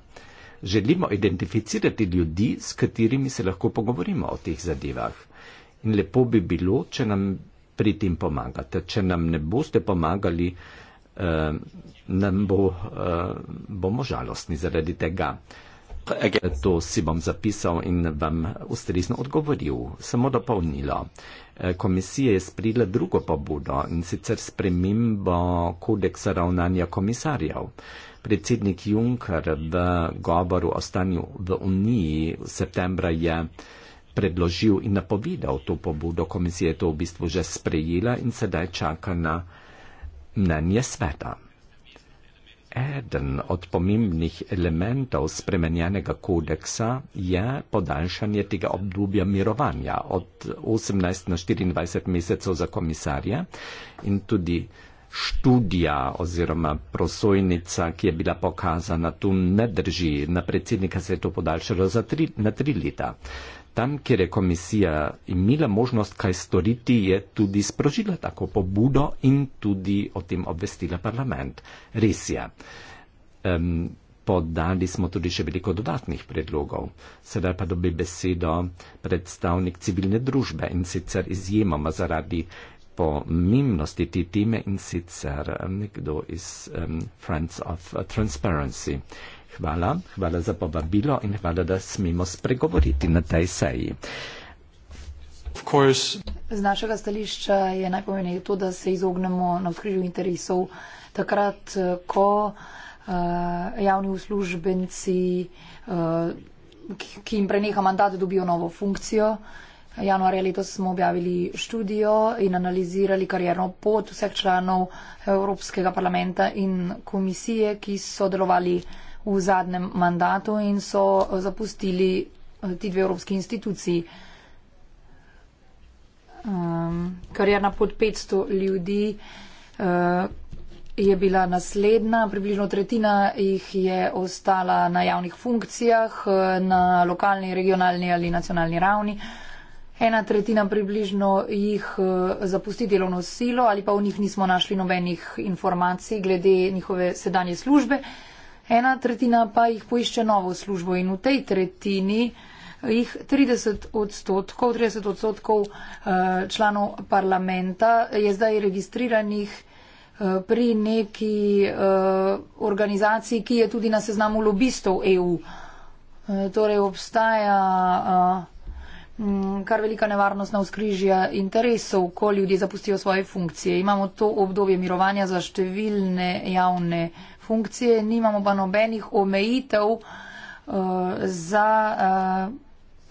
Želimo identificirati ljudi, s katerimi se lahko pogovorimo o teh zadevah. In lepo bi bilo, če nam pri tem pomagate. Če nam ne boste pomagali, eh, nam bo, eh, bomo žalostni zaradi tega. To si bom zapisal in vam ustrezno odgovoril. Samo dopolnilo. Eh, komisija je sprila drugo pobudo in sicer spremembo kodeksa ravnanja komisarjev. Predsednik Juncker v govoru o stanju v Uniji v septembra je predložil in napovedal to pobudo. Komisija je to v bistvu že sprejela in sedaj čaka na mnenje sveta. Eden od pomembnih elementov spremenjenega kodeksa je podaljšanje tega obdobja mirovanja od 18 na 24 mesecev za komisarje in tudi študija oziroma prosojnica, ki je bila pokazana, tu ne drži. Na predsednika se je to podaljšalo tri, na tri leta tam, kjer je komisija imela možnost kaj storiti, je tudi sprožila tako pobudo in tudi o tem obvestila parlament. Res je. Um, podali smo tudi še veliko dodatnih predlogov. Sedaj pa dobi besedo predstavnik civilne družbe in sicer izjemoma zaradi pomembnosti te teme in sicer nekdo iz um, Friends of Transparency. Hvala, hvala za povabilo in hvala, da smemo spregovoriti na tej seji. Z našega stališča je najpomembnejše to, da se izognemo na vzkrižju interesov. Takrat, ko uh, javni uslužbenci, uh, ki jim preneha mandat, dobijo novo funkcijo. Januarja letos smo objavili študijo in analizirali karjerno pot vseh članov Evropskega parlamenta in komisije, ki so delovali v zadnjem mandatu in so zapustili eh, ti dve evropski instituciji. Um, ehm, karjerna pod 500 ljudi uh, je bila naslednja, približno tretjina jih je ostala na javnih funkcijah, eh, na lokalni, regionalni ali nacionalni ravni. Ena tretjina približno jih zapusti delovno silo ali pa v njih nismo našli nobenih informacij glede njihove sedanje službe. Uh, ena tretjina pa jih poišče novo službo in v tej tretjini jih 30 odstotkov, 30 odstotkov eh, članov parlamenta je zdaj registriranih eh, pri neki eh, organizaciji, ki je tudi na seznamu lobistov EU. Torej obstaja kar velika nevarnost na vzkrižja interesov, ko ljudje zapustijo svoje funkcije. Imamo to obdobje mirovanja za številne javne funkcije funkcije, nimamo pa nobenih omejitev uh, za uh,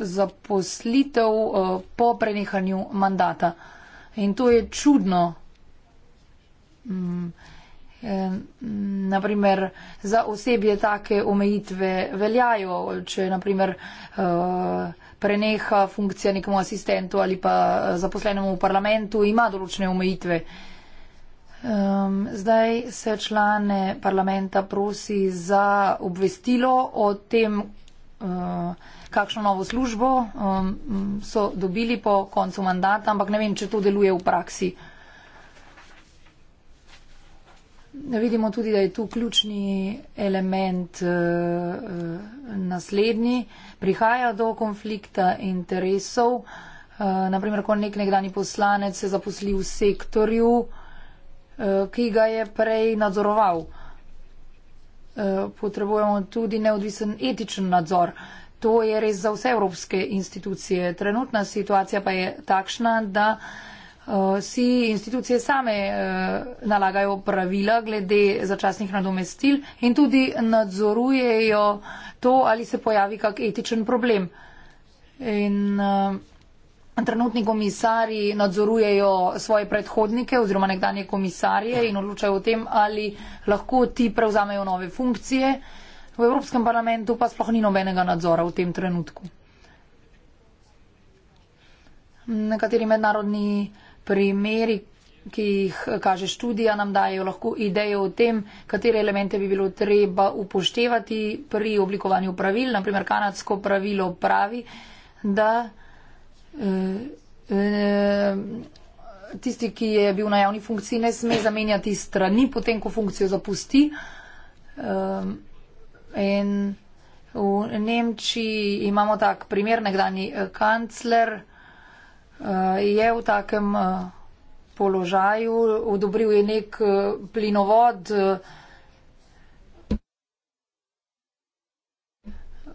zaposlitev uh, po prenehanju mandata. In to je čudno. Mm. Naprimer, za osebje take omejitve veljajo, če naprimer preneha funkcija nekomu asistentu ali pa zaposlenemu v parlamentu, ima določene omejitve. Um, zdaj se člane parlamenta prosi za obvestilo o tem, uh, kakšno novo službo um, so dobili po koncu mandata, ampak ne vem, če to deluje v praksi. Vidimo tudi, da je tu ključni element uh, naslednji. Prihaja do konflikta interesov. Uh, naprimer, ko nek nekdani poslanec se zaposli v sektorju, uh, Eh, ki ga je prej nadzoroval. Eh, potrebujemo tudi neodvisen etičen nadzor. To je res za vse evropske institucije. Trenutna situacija pa je takšna, da eh, si institucije same nalagajo pravila glede začasnih nadomestil in tudi nadzorujejo to, ali se pojavi kak etičen problem. In uh, trenutni komisarji nadzorujejo svoje predhodnike oziroma nekdanje komisarje in odločajo o tem, ali lahko ti prevzamejo nove funkcije. V Evropskem parlamentu pa sploh ni nobenega nadzora v tem trenutku. Nekateri mednarodni primeri, ki jih kaže študija, nam dajo lahko idejo o tem, katere elemente bi bilo treba upoštevati pri oblikovanju pravil. Naprimer, kanadsko pravilo pravi, da Eh, eh, tisti, ki je bil na javni funkciji, ne sme zamenjati strani, potem ko funkcijo zapusti. Eh, in v Nemčiji imamo tak primer, nekdani kancler je v takem položaju, odobril je nek plinovod,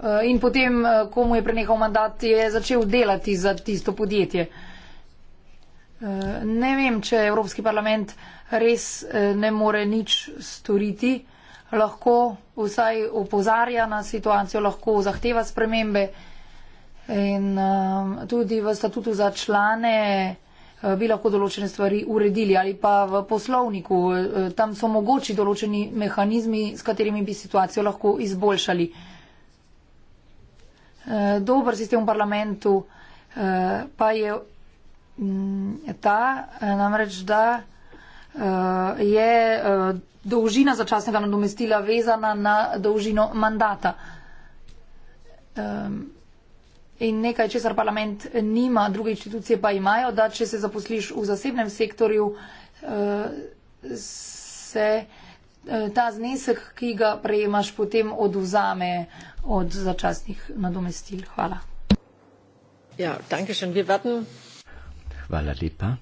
Eh, in potem, eh, ko mu je prenehal mandat, je začel delati za tisto podjetje. Eh, ne vem, če Evropski parlament res ne more nič storiti. Lahko vsaj opozarja na situacijo, lahko zahteva spremembe. In ehm, tudi v statutu za člane bi lahko določene stvari uredili ali pa v poslovniku. Tam so mogoči določeni mehanizmi, s katerimi bi situacijo lahko izboljšali. Eh, dober sistem v parlamentu eh, pa je mm, ta, eh, namreč, da je dolžina začasnega nadomestila vezana na dolžino mandata. Ehm, in nekaj, česar parlament nima, druge inštitucije pa imajo, da če se zaposliš v zasebnem sektorju, se ta znesek, ki ga prejemaš, potem oduzame od začasnih nadomestil. Hvala. Ja, danke schön. Wir warten. Hvala lepa.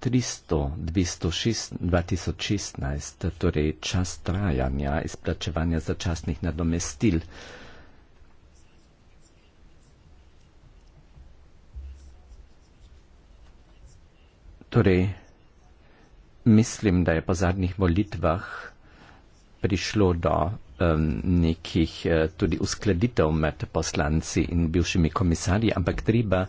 tristo dvesto šest dva tisoč torej čas trajanja izplačevanja začasnih nadomestil torej mislim, da je po zadnjih volitvah prišlo do um, nekih uh, tudi uskladitev med poslanci in bivšimi komisarji, ampak treba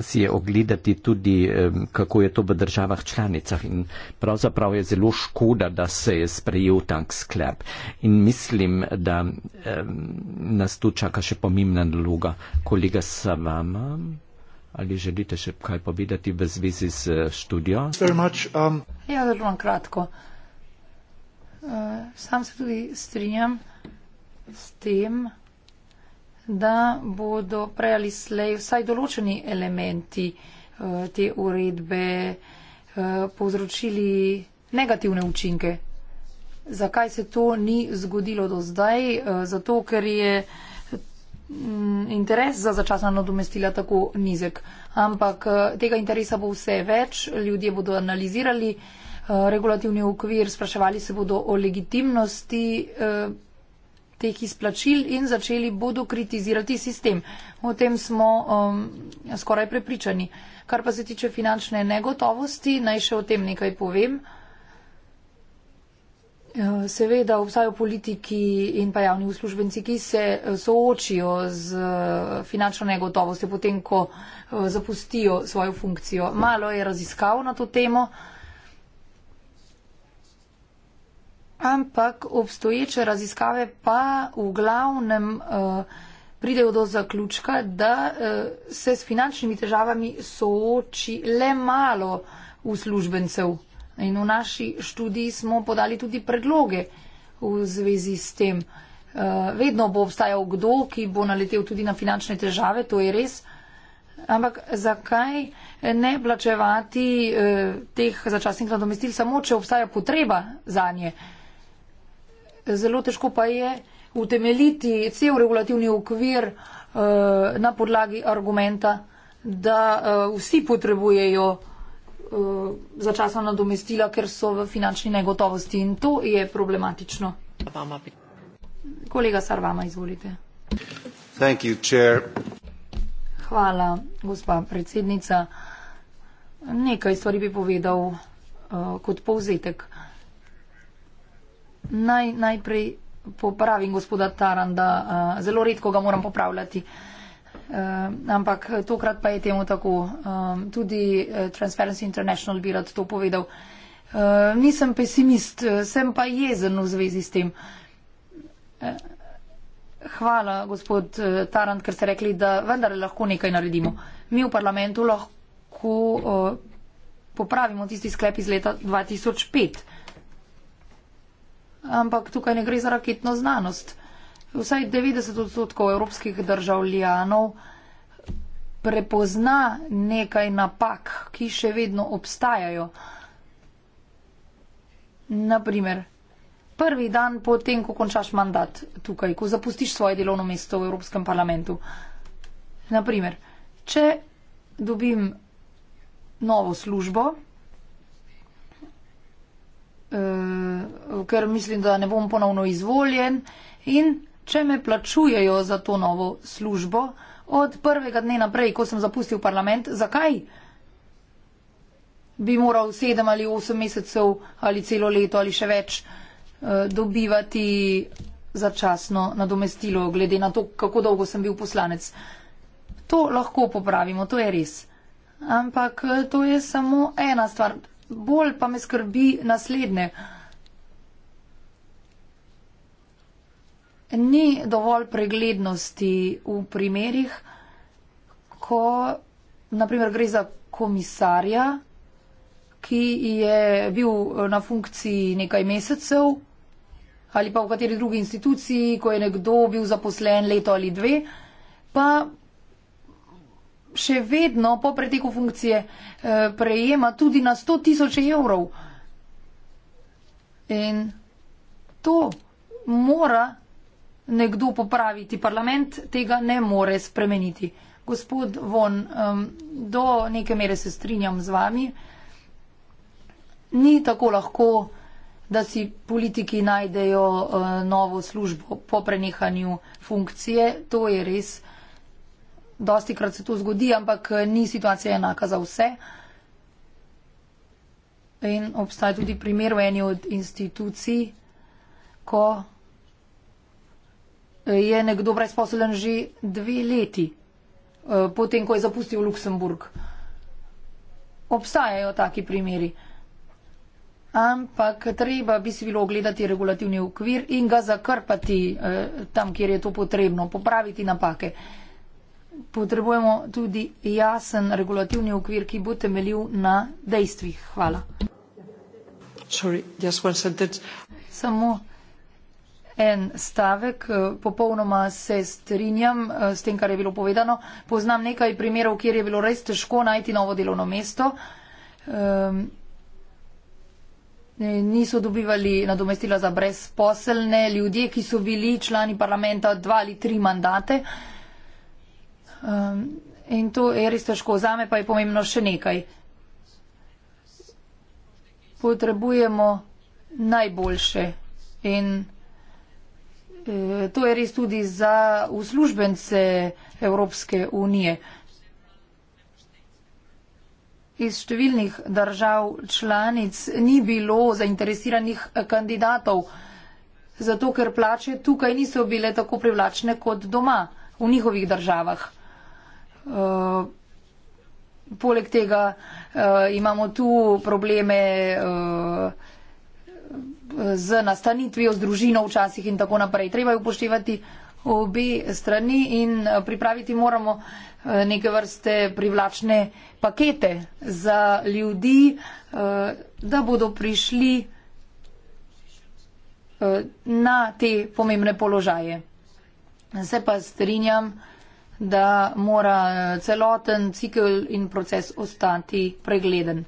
si je ogledati tudi, um, kako je to v državah članicah. In pravzaprav je zelo škoda, da se je sprejel tak sklep. In mislim, da um, nas tu čaka še pomembna naloga. Kolega Savama. Ali želite še kaj povedati v zvezi s eh, študijo? Um, ja, zelo kratko. Eh, sam se tudi strinjam s tem, da bodo prej ali slej vsaj določeni elementi eh, te uredbe povzročili negativne učinke. Zakaj se to ni zgodilo do zdaj? Zato, ker je. Mm, interes za začasna nadomestila tako nizek. Ampak eh, tega interesa bo vse več, ljudje bodo analizirali eh, regulativni okvir, spraševali se bodo o legitimnosti eh, teh izplačil in začeli bodo kritizirati sistem. O tem smo um, skoraj prepričani. Kar pa se tiče finančne negotovosti, naj še o tem nekaj povem. Uh, Eh, seveda obstajajo politiki in pa javni uslužbenci, ki se eh, soočijo z eh, finančno negotovostjo potem, ko zapustijo svojo funkcijo. Malo je raziskav na to temo, ampak obstoječe raziskave pa v glavnem pridejo do zaključka, da se s finančnimi težavami sooči le malo uslužbencev. In v naši študiji smo podali tudi predloge v zvezi s tem. Eh, vedno bo obstajal kdo, ki bo naletel tudi na finančne težave, to je res. Ampak zakaj ne plačevati eh, teh začasnih nadomestil samo, če obstaja potreba za nje? Zelo težko pa je utemeliti cel regulativni okvir eh, na podlagi argumenta, da vsi potrebujejo Eh, začasno nadomestila, ker so v finančni negotovosti in to je problematično. Kolega Sarvama, izvolite. You, Hvala, gospa predsednica. Nekaj stvari bi povedal uh, kot povzetek. Naj, najprej popravim gospoda Taranda, uh, zelo redko ga moram popravljati. Uh, Eh, ampak eh, tokrat pa je temu tako. Um, tudi Transparency International bi rad to povedal. Uh, nisem pesimist, sem pa jezen v zvezi s tem. Hvala, gospod Tarant, ker ste rekli, da vendar lahko nekaj naredimo. Mi v parlamentu lahko uh, popravimo tisti sklep iz leta 2005. Ampak tukaj ne gre za raketno znanost. Uh, vsaj 90 odstotkov evropskih državljanov prepozna nekaj napak, ki še vedno obstajajo. Naprimer, prvi dan potem, ko končaš mandat tukaj, ko zapustiš svoje delovno mesto v Evropskem parlamentu. Naprimer, če dobim novo službo, eh, ker mislim, da ne bom ponovno izvoljen in če me plačujejo za to novo službo od prvega dne naprej, ko sem zapustil parlament, zakaj bi moral sedem ali osem mesecev ali celo leto ali še več eh, dobivati začasno nadomestilo, glede na to, kako dolgo sem bil poslanec. To lahko popravimo, to je res. Ampak eh, to je samo ena stvar. Bolj pa me skrbi naslednje. ni dovolj preglednosti v primerih, ko naprimer gre za komisarja, ki je bil na funkciji nekaj mesecev ali pa v kateri drugi instituciji, ko je nekdo bil zaposlen leto ali dve, pa še vedno po preteku funkcije eh, prejema tudi na 100 tisoč evrov. In to mora nekdo popraviti. Parlament tega ne more spremeniti. Gospod Von, do neke mere se strinjam z vami. Ni tako lahko, da si politiki najdejo eh, novo službo po prenehanju funkcije. To je res. Dosti krat se to zgodi, ampak eh, ni situacija enaka za vse. In obstaja tudi primer v eni od institucij, ko je nekdo brezposelen že dve leti, eh, potem ko je zapustil Luksemburg. Obstajajo taki primeri. Ampak treba bi si bilo ogledati regulativni okvir in ga zakrpati eh, tam, kjer je to potrebno, popraviti napake. Potrebujemo tudi jasen regulativni okvir, ki bo temeljil na dejstvih. Hvala. Sorry, Samo en stavek. Eh, popolnoma se strinjam eh, s tem, kar je bilo povedano. Poznam nekaj primerov, kjer je bilo res težko najti novo delovno mesto. Ehm, niso dobivali nadomestila za brezposelne ljudje, ki so bili člani parlamenta dva ali tri mandate. Ehm, in to je res težko. Zame pa je pomembno še nekaj. Potrebujemo najboljše in najboljše. Eh, to je res tudi za uslužbence Evropske unije. Iz številnih držav članic ni bilo zainteresiranih kandidatov, zato ker plače tukaj niso bile tako privlačne kot doma v njihovih državah. Eh, poleg tega eh, imamo tu probleme z nastanitvijo, z družino včasih in tako naprej. Treba je upoštevati obe strani in eh, pripraviti moramo eh, neke vrste privlačne pakete za ljudi, eh, da bodo prišli na te pomembne položaje. Se pa strinjam, da mora celoten cikl in proces ostati pregleden.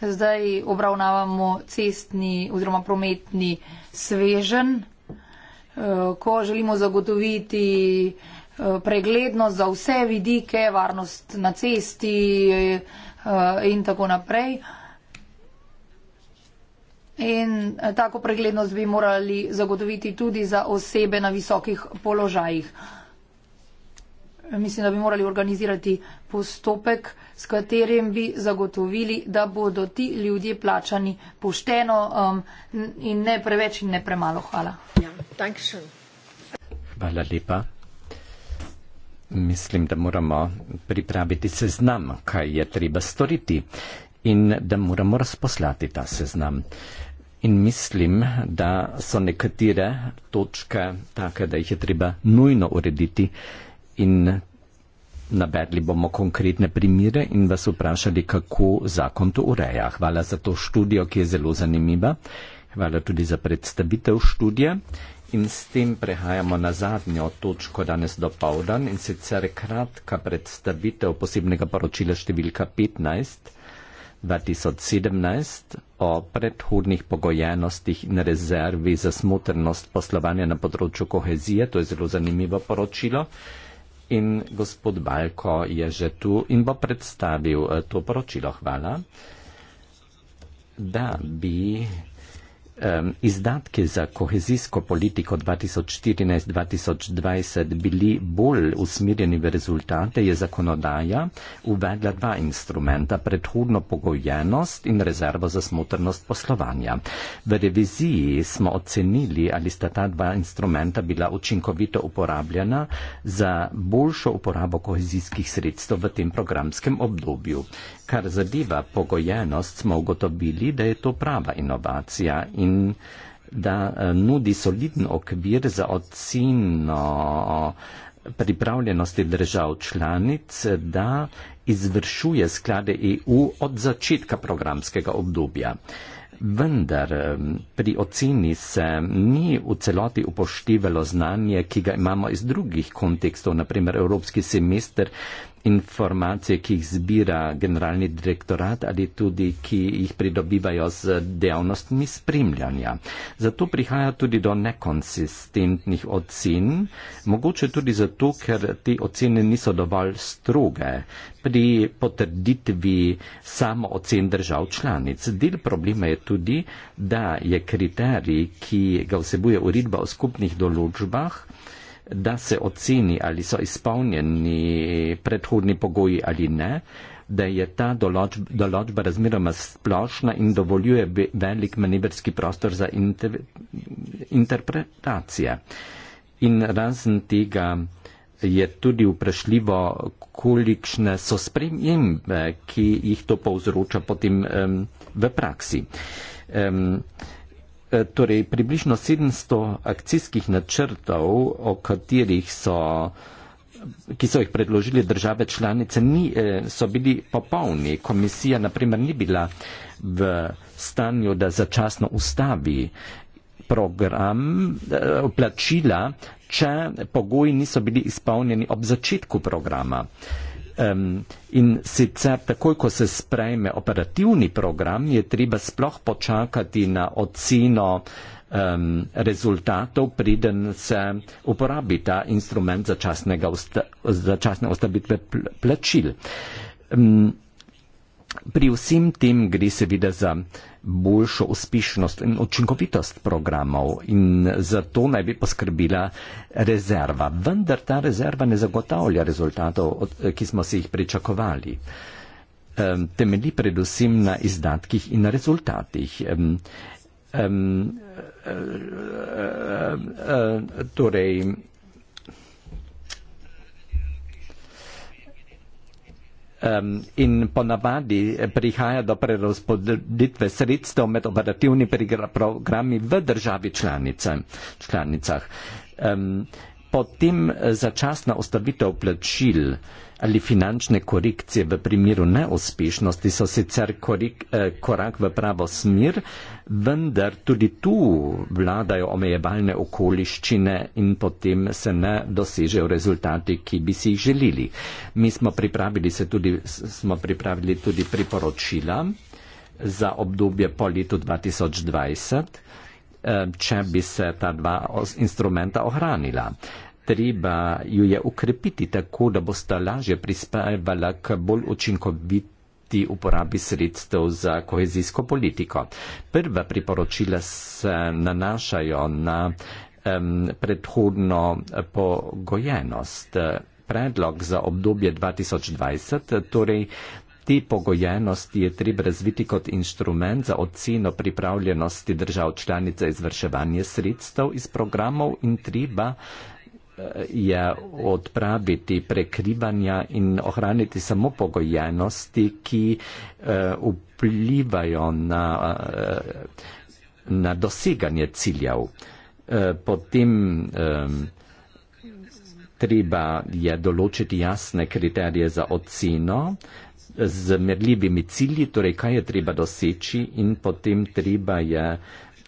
Zdaj obravnavamo cestni oziroma prometni svežen, eh, ko želimo zagotoviti eh, preglednost za vse vidike, varnost na cesti eh, in tako naprej. In tako preglednost bi morali zagotoviti tudi za osebe na visokih položajih. Mislim, da bi morali organizirati postopek s katerim bi zagotovili, da bodo ti ljudje plačani pošteno um, in ne preveč in ne premalo. Hvala. Ja, Hvala lepa. Mislim, da moramo pripraviti seznam, kaj je treba storiti in da moramo razposlati ta seznam. In mislim, da so nekatere točke take, da jih je treba nujno urediti in Naberli bomo konkretne primire in vas vprašali, kako zakon to ureja. Hvala za to študijo, ki je zelo zanimiva. Hvala tudi za predstavitev študije. In s tem prehajamo na zadnjo točko danes do povdan in sicer kratka predstavitev posebnega poročila številka 15 2017 o predhodnih pogojenostih in rezervi za smotrnost poslovanja na področju kohezije. To je zelo zanimivo poročilo. In gospod Balko je že tu in bo predstavil eh, to poročilo. Hvala. Da bi um, izdatki za kohezijsko politiko 2014-2020 bili bolj usmerjeni v rezultate, je zakonodaja uvedla dva instrumenta, predhodno pogojenost in rezervo za smotrnost poslovanja. V reviziji smo ocenili, ali sta ta dva instrumenta bila učinkovito uporabljena za boljšo uporabo kohezijskih sredstev v tem programskem obdobju kar zadeva pogojenost, smo ugotovili, da je to prava inovacija in da eh, nudi soliden okvir za ocino eh, pripravljenosti držav članic, da izvršuje sklade EU od začetka programskega obdobja. Vendar eh, pri oceni se ni v celoti upoštevalo znanje, ki ga imamo iz drugih kontekstov, naprimer Evropski semester, informacije, ki jih zbira generalni direktorat ali tudi, ki jih pridobivajo z dejavnostmi spremljanja. Zato prihaja tudi do nekonsistentnih ocen, mogoče tudi zato, ker te ocene niso dovolj stroge pri potrditvi samo ocen držav članic. Del problema je tudi, da je kriterij, ki ga vsebuje uredba o skupnih določbah, da se oceni, ali so izpolnjeni predhodni pogoji ali ne, da je ta določba, določba razmeroma splošna in dovoljuje velik manevrski prostor za inter, interpretacije. In razen tega je tudi vprašljivo, kolikšne so spremembe, ki jih to povzroča potem um, v praksi. Um, Eh, torej približno 700 akcijskih načrtov, o katerih so ki so jih predložili države članice, ni, eh, so bili popolni. Komisija, naprimer, ni bila v stanju, da začasno ustavi program eh, plačila, če pogoji niso bili izpolnjeni ob začetku programa. Um, in sicer takoj, ko se sprejme operativni program, je treba sploh počakati na ocino um, rezultatov, preden se uporabi ta instrument začasne ustavitve plačil. Um, Pri vsem tem gre seveda za boljšo uspešnost in učinkovitost programov in za to naj bi poskrbila rezerva. Vendar ta rezerva ne zagotavlja rezultatov, ki smo si jih pričakovali. Temeli predvsem na izdatkih in na rezultatih. Torej, in ponavadi eh, prihaja do prerazpodelitve sredstev med operativnimi programi v državi članice, članicah. Potem eh, začasna ostavitev plačil ali finančne korekcije v primeru neuspešnosti so sicer korik, eh, korak v pravo smer, vendar tudi tu vladajo omejevalne okoliščine in potem se ne dosežejo rezultati, ki bi si jih želili. Mi smo pripravili, tudi, smo pripravili tudi priporočila za obdobje po letu 2020, eh, če bi se ta dva instrumenta ohranila. Treba ju je ukrepiti tako, da bosta lažje prispevala k bolj učinkovit pri uporabi sredstev za kohezijsko politiko. Prva priporočila se nanašajo na um, predhodno eh, pogojenost. Predlog za obdobje 2020, torej. Te pogojenosti je treba razviti kot inštrument za oceno pripravljenosti držav članic za izvrševanje sredstev iz programov in treba je odpraviti prekrivanja in ohraniti samo pogojenosti, ki eh, vplivajo na, eh, na doseganje ciljev. Eh, potem treba je določiti jasne kriterije za oceno z merljivimi cilji, torej kaj je treba doseči in potem treba je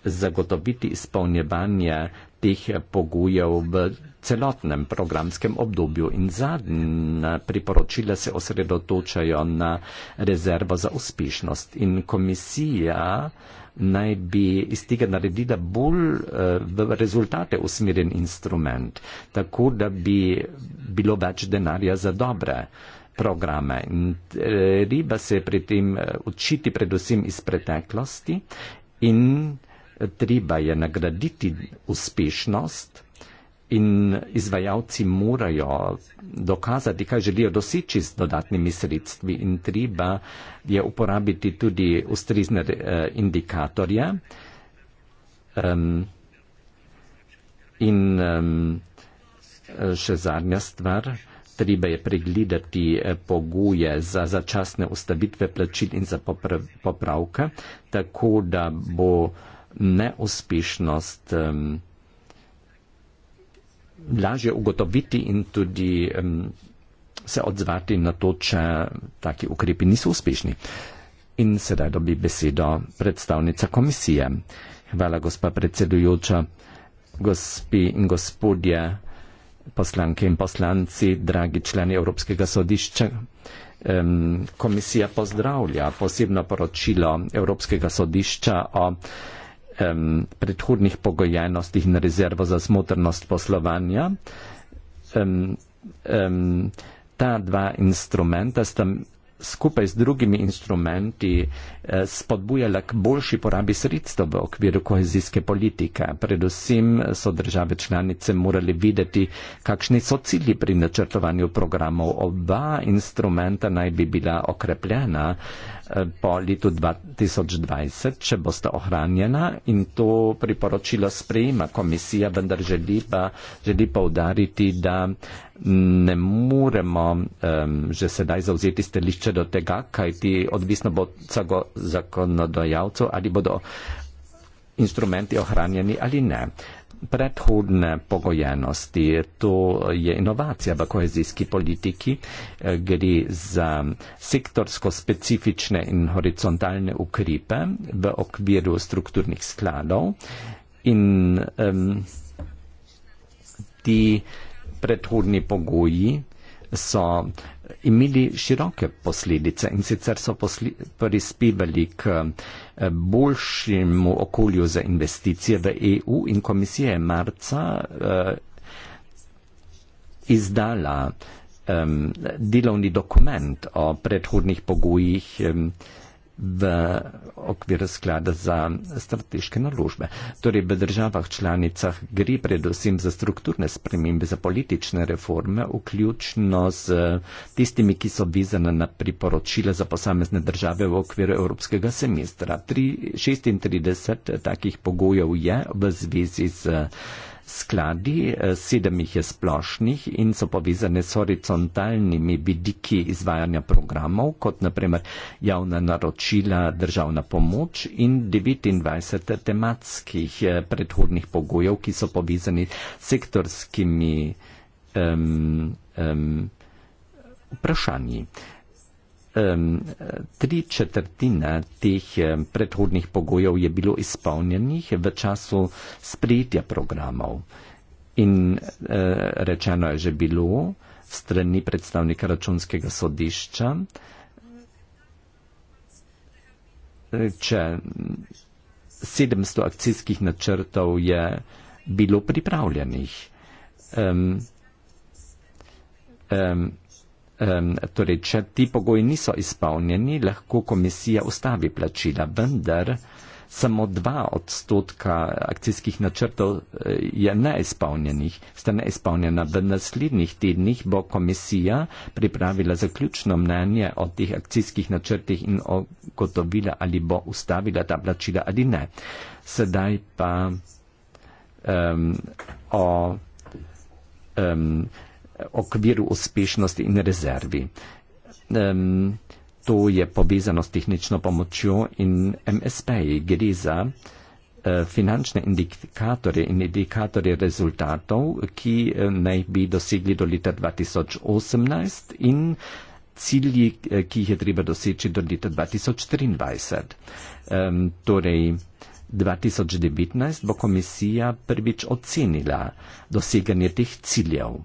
zagotoviti izpolnjevanje teh pogojev v celotnem programskem obdobju in zadnje priporočila se osredotočajo na rezervo za uspešnost in komisija naj bi iz tega naredila bolj eh, v rezultate usmerjen instrument, tako da bi bilo več denarja za dobre programe. In eh, riba se pri tem eh, učiti predvsem iz preteklosti in treba je nagraditi uspešnost in izvajalci morajo dokazati, kaj želijo doseči z dodatnimi sredstvi in treba je uporabiti tudi ustrezne eh, indikatorje um, in um, še zadnja stvar. Treba je pregledati eh, pogoje za začasne ustavitve plačil in za popravke, tako da bo neuspešnost um, lažje ugotoviti in tudi um, se odzvati na to, če taki ukrepi niso uspešni. In sedaj dobi besedo predstavnica komisije. Hvala, gospa predsedujoča, gospi in gospodje, poslanke in poslanci, dragi člani Evropskega sodišča. Um, komisija pozdravlja posebno poročilo Evropskega sodišča o um, predhodnih pogojenostih in rezervo za smotrnost poslovanja. Um, um, ta dva instrumenta sta skupaj z drugimi instrumenti eh, spodbujala k boljši porabi sredstev v okviru kohezijske politike. Predvsem so države članice morali videti, kakšni so cilji pri načrtovanju programov. Oba instrumenta naj bi bila okrepljena. Eh, po letu 2020, če boste ohranjena in to priporočilo sprejema komisija, vendar želi, pa, želi povdariti, da ne moremo um, že sedaj zauzeti stališče do tega, kaj ti odvisno bo od zakonodajalcev, ali bodo instrumenti ohranjeni ali ne predhodne pogojenosti. To je inovacija v kohezijski politiki. Eh, gre za sektorsko specifične in horizontalne ukrepe v okviru strukturnih skladov. In um, ti predhodni pogoji so imeli široke posledice in sicer so prispevali k eh, boljšemu okolju za investicije v EU in komisija je marca eh, izdala eh, delovni dokument o predhodnih pogojih. Eh, v okviru sklada za strateške naložbe. Torej, v državah članicah gre predvsem za strukturne spremembe, za politične reforme, vključno z tistimi, ki so vizane na priporočila za posamezne države v okviru evropskega semestra. 36 takih pogojev je v zvezi z skladi, eh, sedem jih je splošnih in so povezane s horizontalnimi vidiki izvajanja programov, kot naprimer javna naročila, državna pomoč in 29 tematskih eh, predhodnih pogojev, ki so povezani s sektorskimi um, um, vprašanji um, tri četrtina teh um, predhodnih pogojev je bilo izpolnjenih v času sprejetja programov. In uh, rečeno je že bilo strani predstavnika računskega sodišča, e, če 700 akcijskih načrtov je bilo pripravljenih. Um, um, um, torej, če ti pogoji niso izpolnjeni, lahko komisija ustavi plačila, vendar samo dva odstotka akcijskih načrtov eh, je neizpolnjenih, sta neizpolnjena. V naslednjih tednih bo komisija pripravila zaključno mnenje o teh akcijskih načrtih in ogotovila, ali bo ustavila ta plačila ali ne. Sedaj pa um, o. Um, okviru uspešnosti in rezervi. Um, to je povezano s tehnično pomočjo in MSP gre za eh, finančne indikatorje in indikatorje rezultatov, ki eh, naj bi dosegli do leta 2018 in cilji, eh, ki jih je treba doseči do leta 2023. Um, torej, 2019 bo komisija prvič ocenila doseganje teh ciljev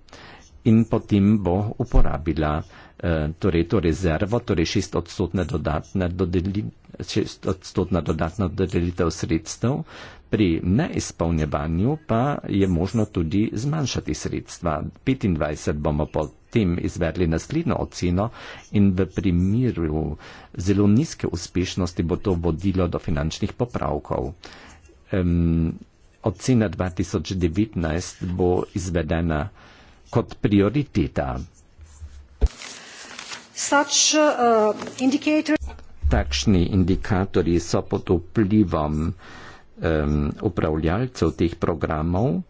in potem bo uporabila eh, torej to rezervo, torej 6-odstotna dodatna, dodeli, dodatna dodelitev sredstev. Pri neizpolnjevanju pa je možno tudi zmanjšati sredstva. 25 bomo potem izvedli naslednjo oceno in v primeru zelo nizke uspešnosti bo to vodilo do finančnih popravkov. Ehm, ocena 2019 bo izvedena kot prioriteta. Such, uh, indicator... Takšni indikatorji so pod vplivom um, upravljalcev teh programov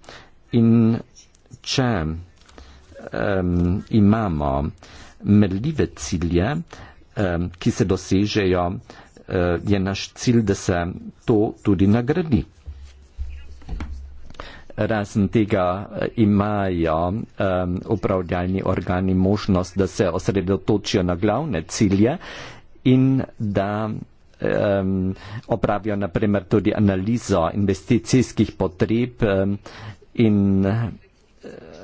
in če um, imamo merljive cilje, um, ki se dosežejo, um, je naš cilj, da se to tudi nagradi razen tega eh, imajo um, upravljalni organi možnost, da se osredotočijo na glavne cilje in da um, opravijo naprimer tudi analizo investicijskih potreb um, in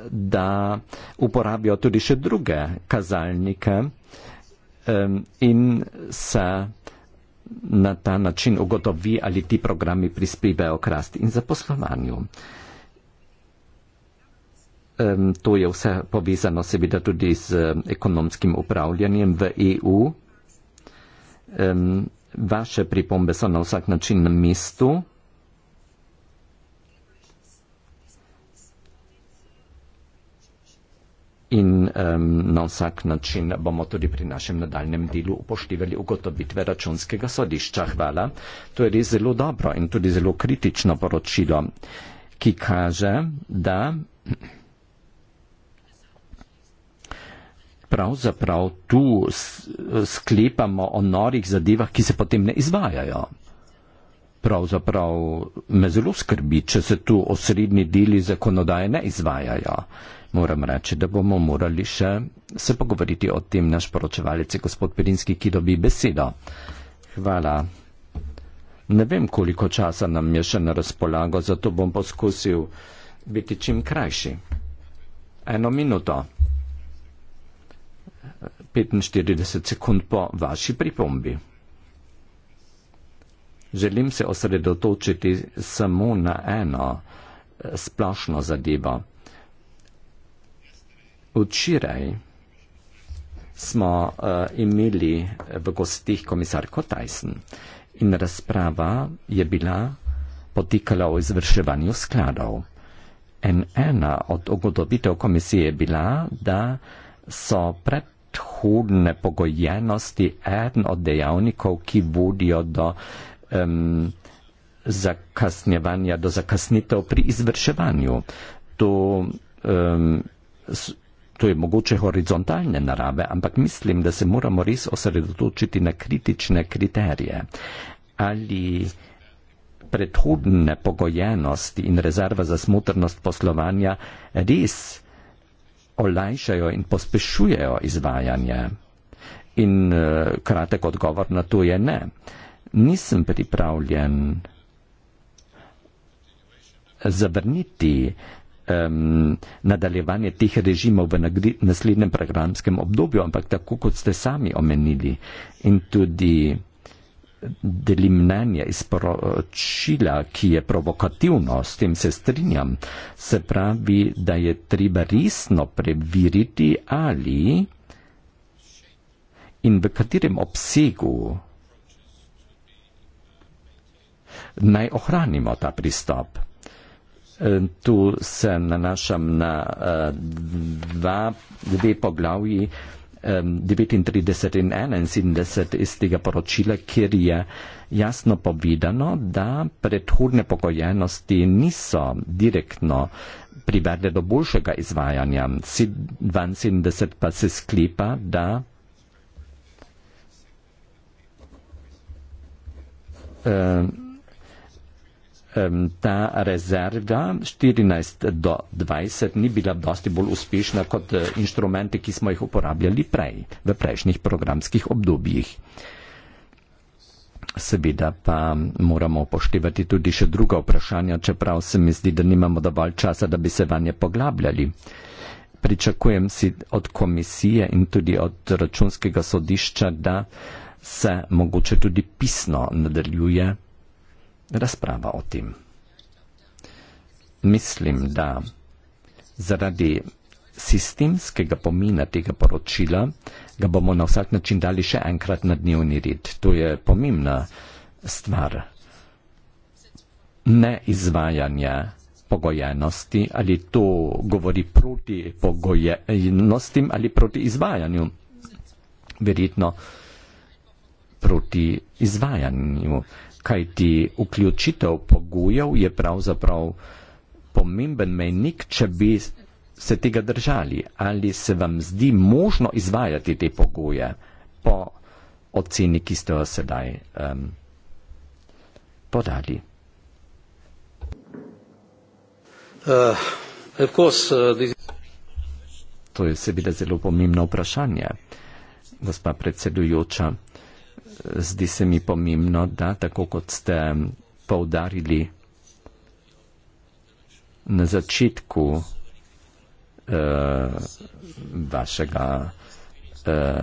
da uporabijo tudi še druge kazalnike um, in se na ta način ugotovi, ali ti programi prispevajo k rasti in zaposlovanju. Uh, to je vse povezano seveda tudi z eh, ekonomskim upravljanjem v EU. Vaše pripombe so na vsak način na mestu. In um, na vsak način bomo tudi pri našem nadaljem delu upoštevali ugotovitve računskega sodišča. Hvala. To je res zelo dobro in tudi zelo kritično poročilo, ki kaže, da pravzaprav tu sklepamo o norih zadevah, ki se potem ne izvajajo. Pravzaprav me zelo skrbi, če se tu osrednji deli zakonodaje ne izvajajo. Moram reči, da bomo morali še se pogovoriti o tem naš poročevalec, gospod Perinski, ki dobi besedo. Hvala. Ne vem, koliko časa nam je še na razpolago, zato bom poskusil biti čim krajši. Eno minuto. 45 sekund po vaši pripombi. Želim se osredotočiti samo na eno eh, splošno zadevo. Včeraj smo uh, imeli eh, v gostih komisarko Tyson in razprava je bila potikala o izvrševanju skladov. En ena od ugotovitev komisije je bila, da so predhodne pogojenosti eden od dejavnikov, ki vodijo do um, zakasnjevanja, do zakasnitev pri izvrševanju. To, um, to je mogoče horizontalne narave, ampak mislim, da se moramo res osredotočiti na kritične kriterije. Ali predhodne pogojenosti in rezerva za smotrnost poslovanja res olajšajo in pospešujejo izvajanje. In eh, kratek odgovor na to je ne. Nisem pripravljen zavrniti um, nadaljevanje teh režimov v naslednjem programskem obdobju, ampak tako, kot ste sami omenili. In tudi deli mnenje iz poročila, ki je provokativno, s tem se strinjam, se pravi, da je treba resno preveriti ali in v katerem obsegu naj ohranimo ta pristop. Tu se nanašam na eh, dve poglavji 39 in 71 iz tega poročila, kjer je jasno povedano, da predhodne pokojenosti niso direktno privedle do boljšega izvajanja. 72 pa se sklepa, da uh, ta rezerva 14 do 20 ni bila dosti bolj uspešna kot e, inštrumente, ki smo jih uporabljali prej, v prejšnjih programskih obdobjih. Seveda pa moramo upoštevati tudi še druga vprašanja, čeprav se mi zdi, da nimamo dovolj časa, da bi se vanje poglabljali. Pričakujem si od komisije in tudi od računskega sodišča, da se mogoče tudi pisno nadaljuje razprava o tem. Mislim, da zaradi sistemskega pomena tega poročila ga bomo na vsak način dali še enkrat na dnevni red. To je pomembna stvar. Ne izvajanje pogojenosti ali to govori proti pogojenostim ali proti izvajanju. Verjetno proti izvajanju kaj ti vključitev pogujev je pravzaprav pomemben mejnik, če bi se tega držali. Ali se vam zdi možno izvajati te pogoje po oceni, ki ste jo sedaj um, podali? Uh, course, uh, this... To je seveda zelo pomembno vprašanje, gospa predsedujoča zdi se mi pomembno, da tako kot ste poudarili na začetku uh, vašega, uh,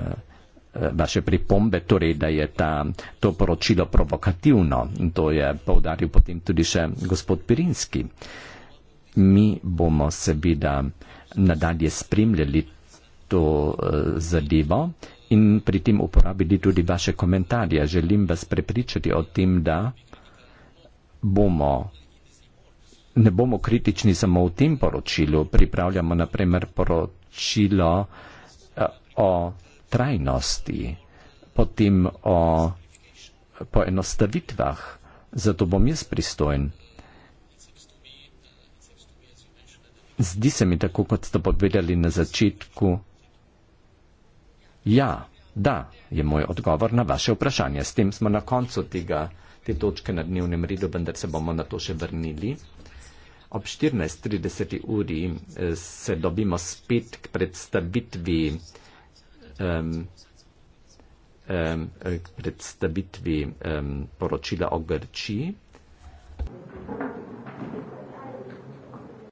vaše pripombe, torej, da je ta, to poročilo provokativno in to je poudaril potem tudi še gospod Pirinski. Mi bomo seveda nadalje spremljali to uh, zadevo in pri tem uporabili tudi vaše komentarje. Želim vas prepričati o tem, da bomo, ne bomo kritični samo v tem poročilu. Pripravljamo naprimer poročilo eh, o trajnosti, potem o poenostavitvah, zato bom jaz pristojen. Zdi se mi tako, kot ste povedali na začetku, Ja, da, je moj odgovor na vaše vprašanje. S tem smo na koncu tega, te točke na dnevnem redu, vendar se bomo na to še vrnili. Ob 14.30 uri eh, se dobimo spet k predstavitvi, um, um, k predstavitvi um, poročila o Grčiji. Thank you.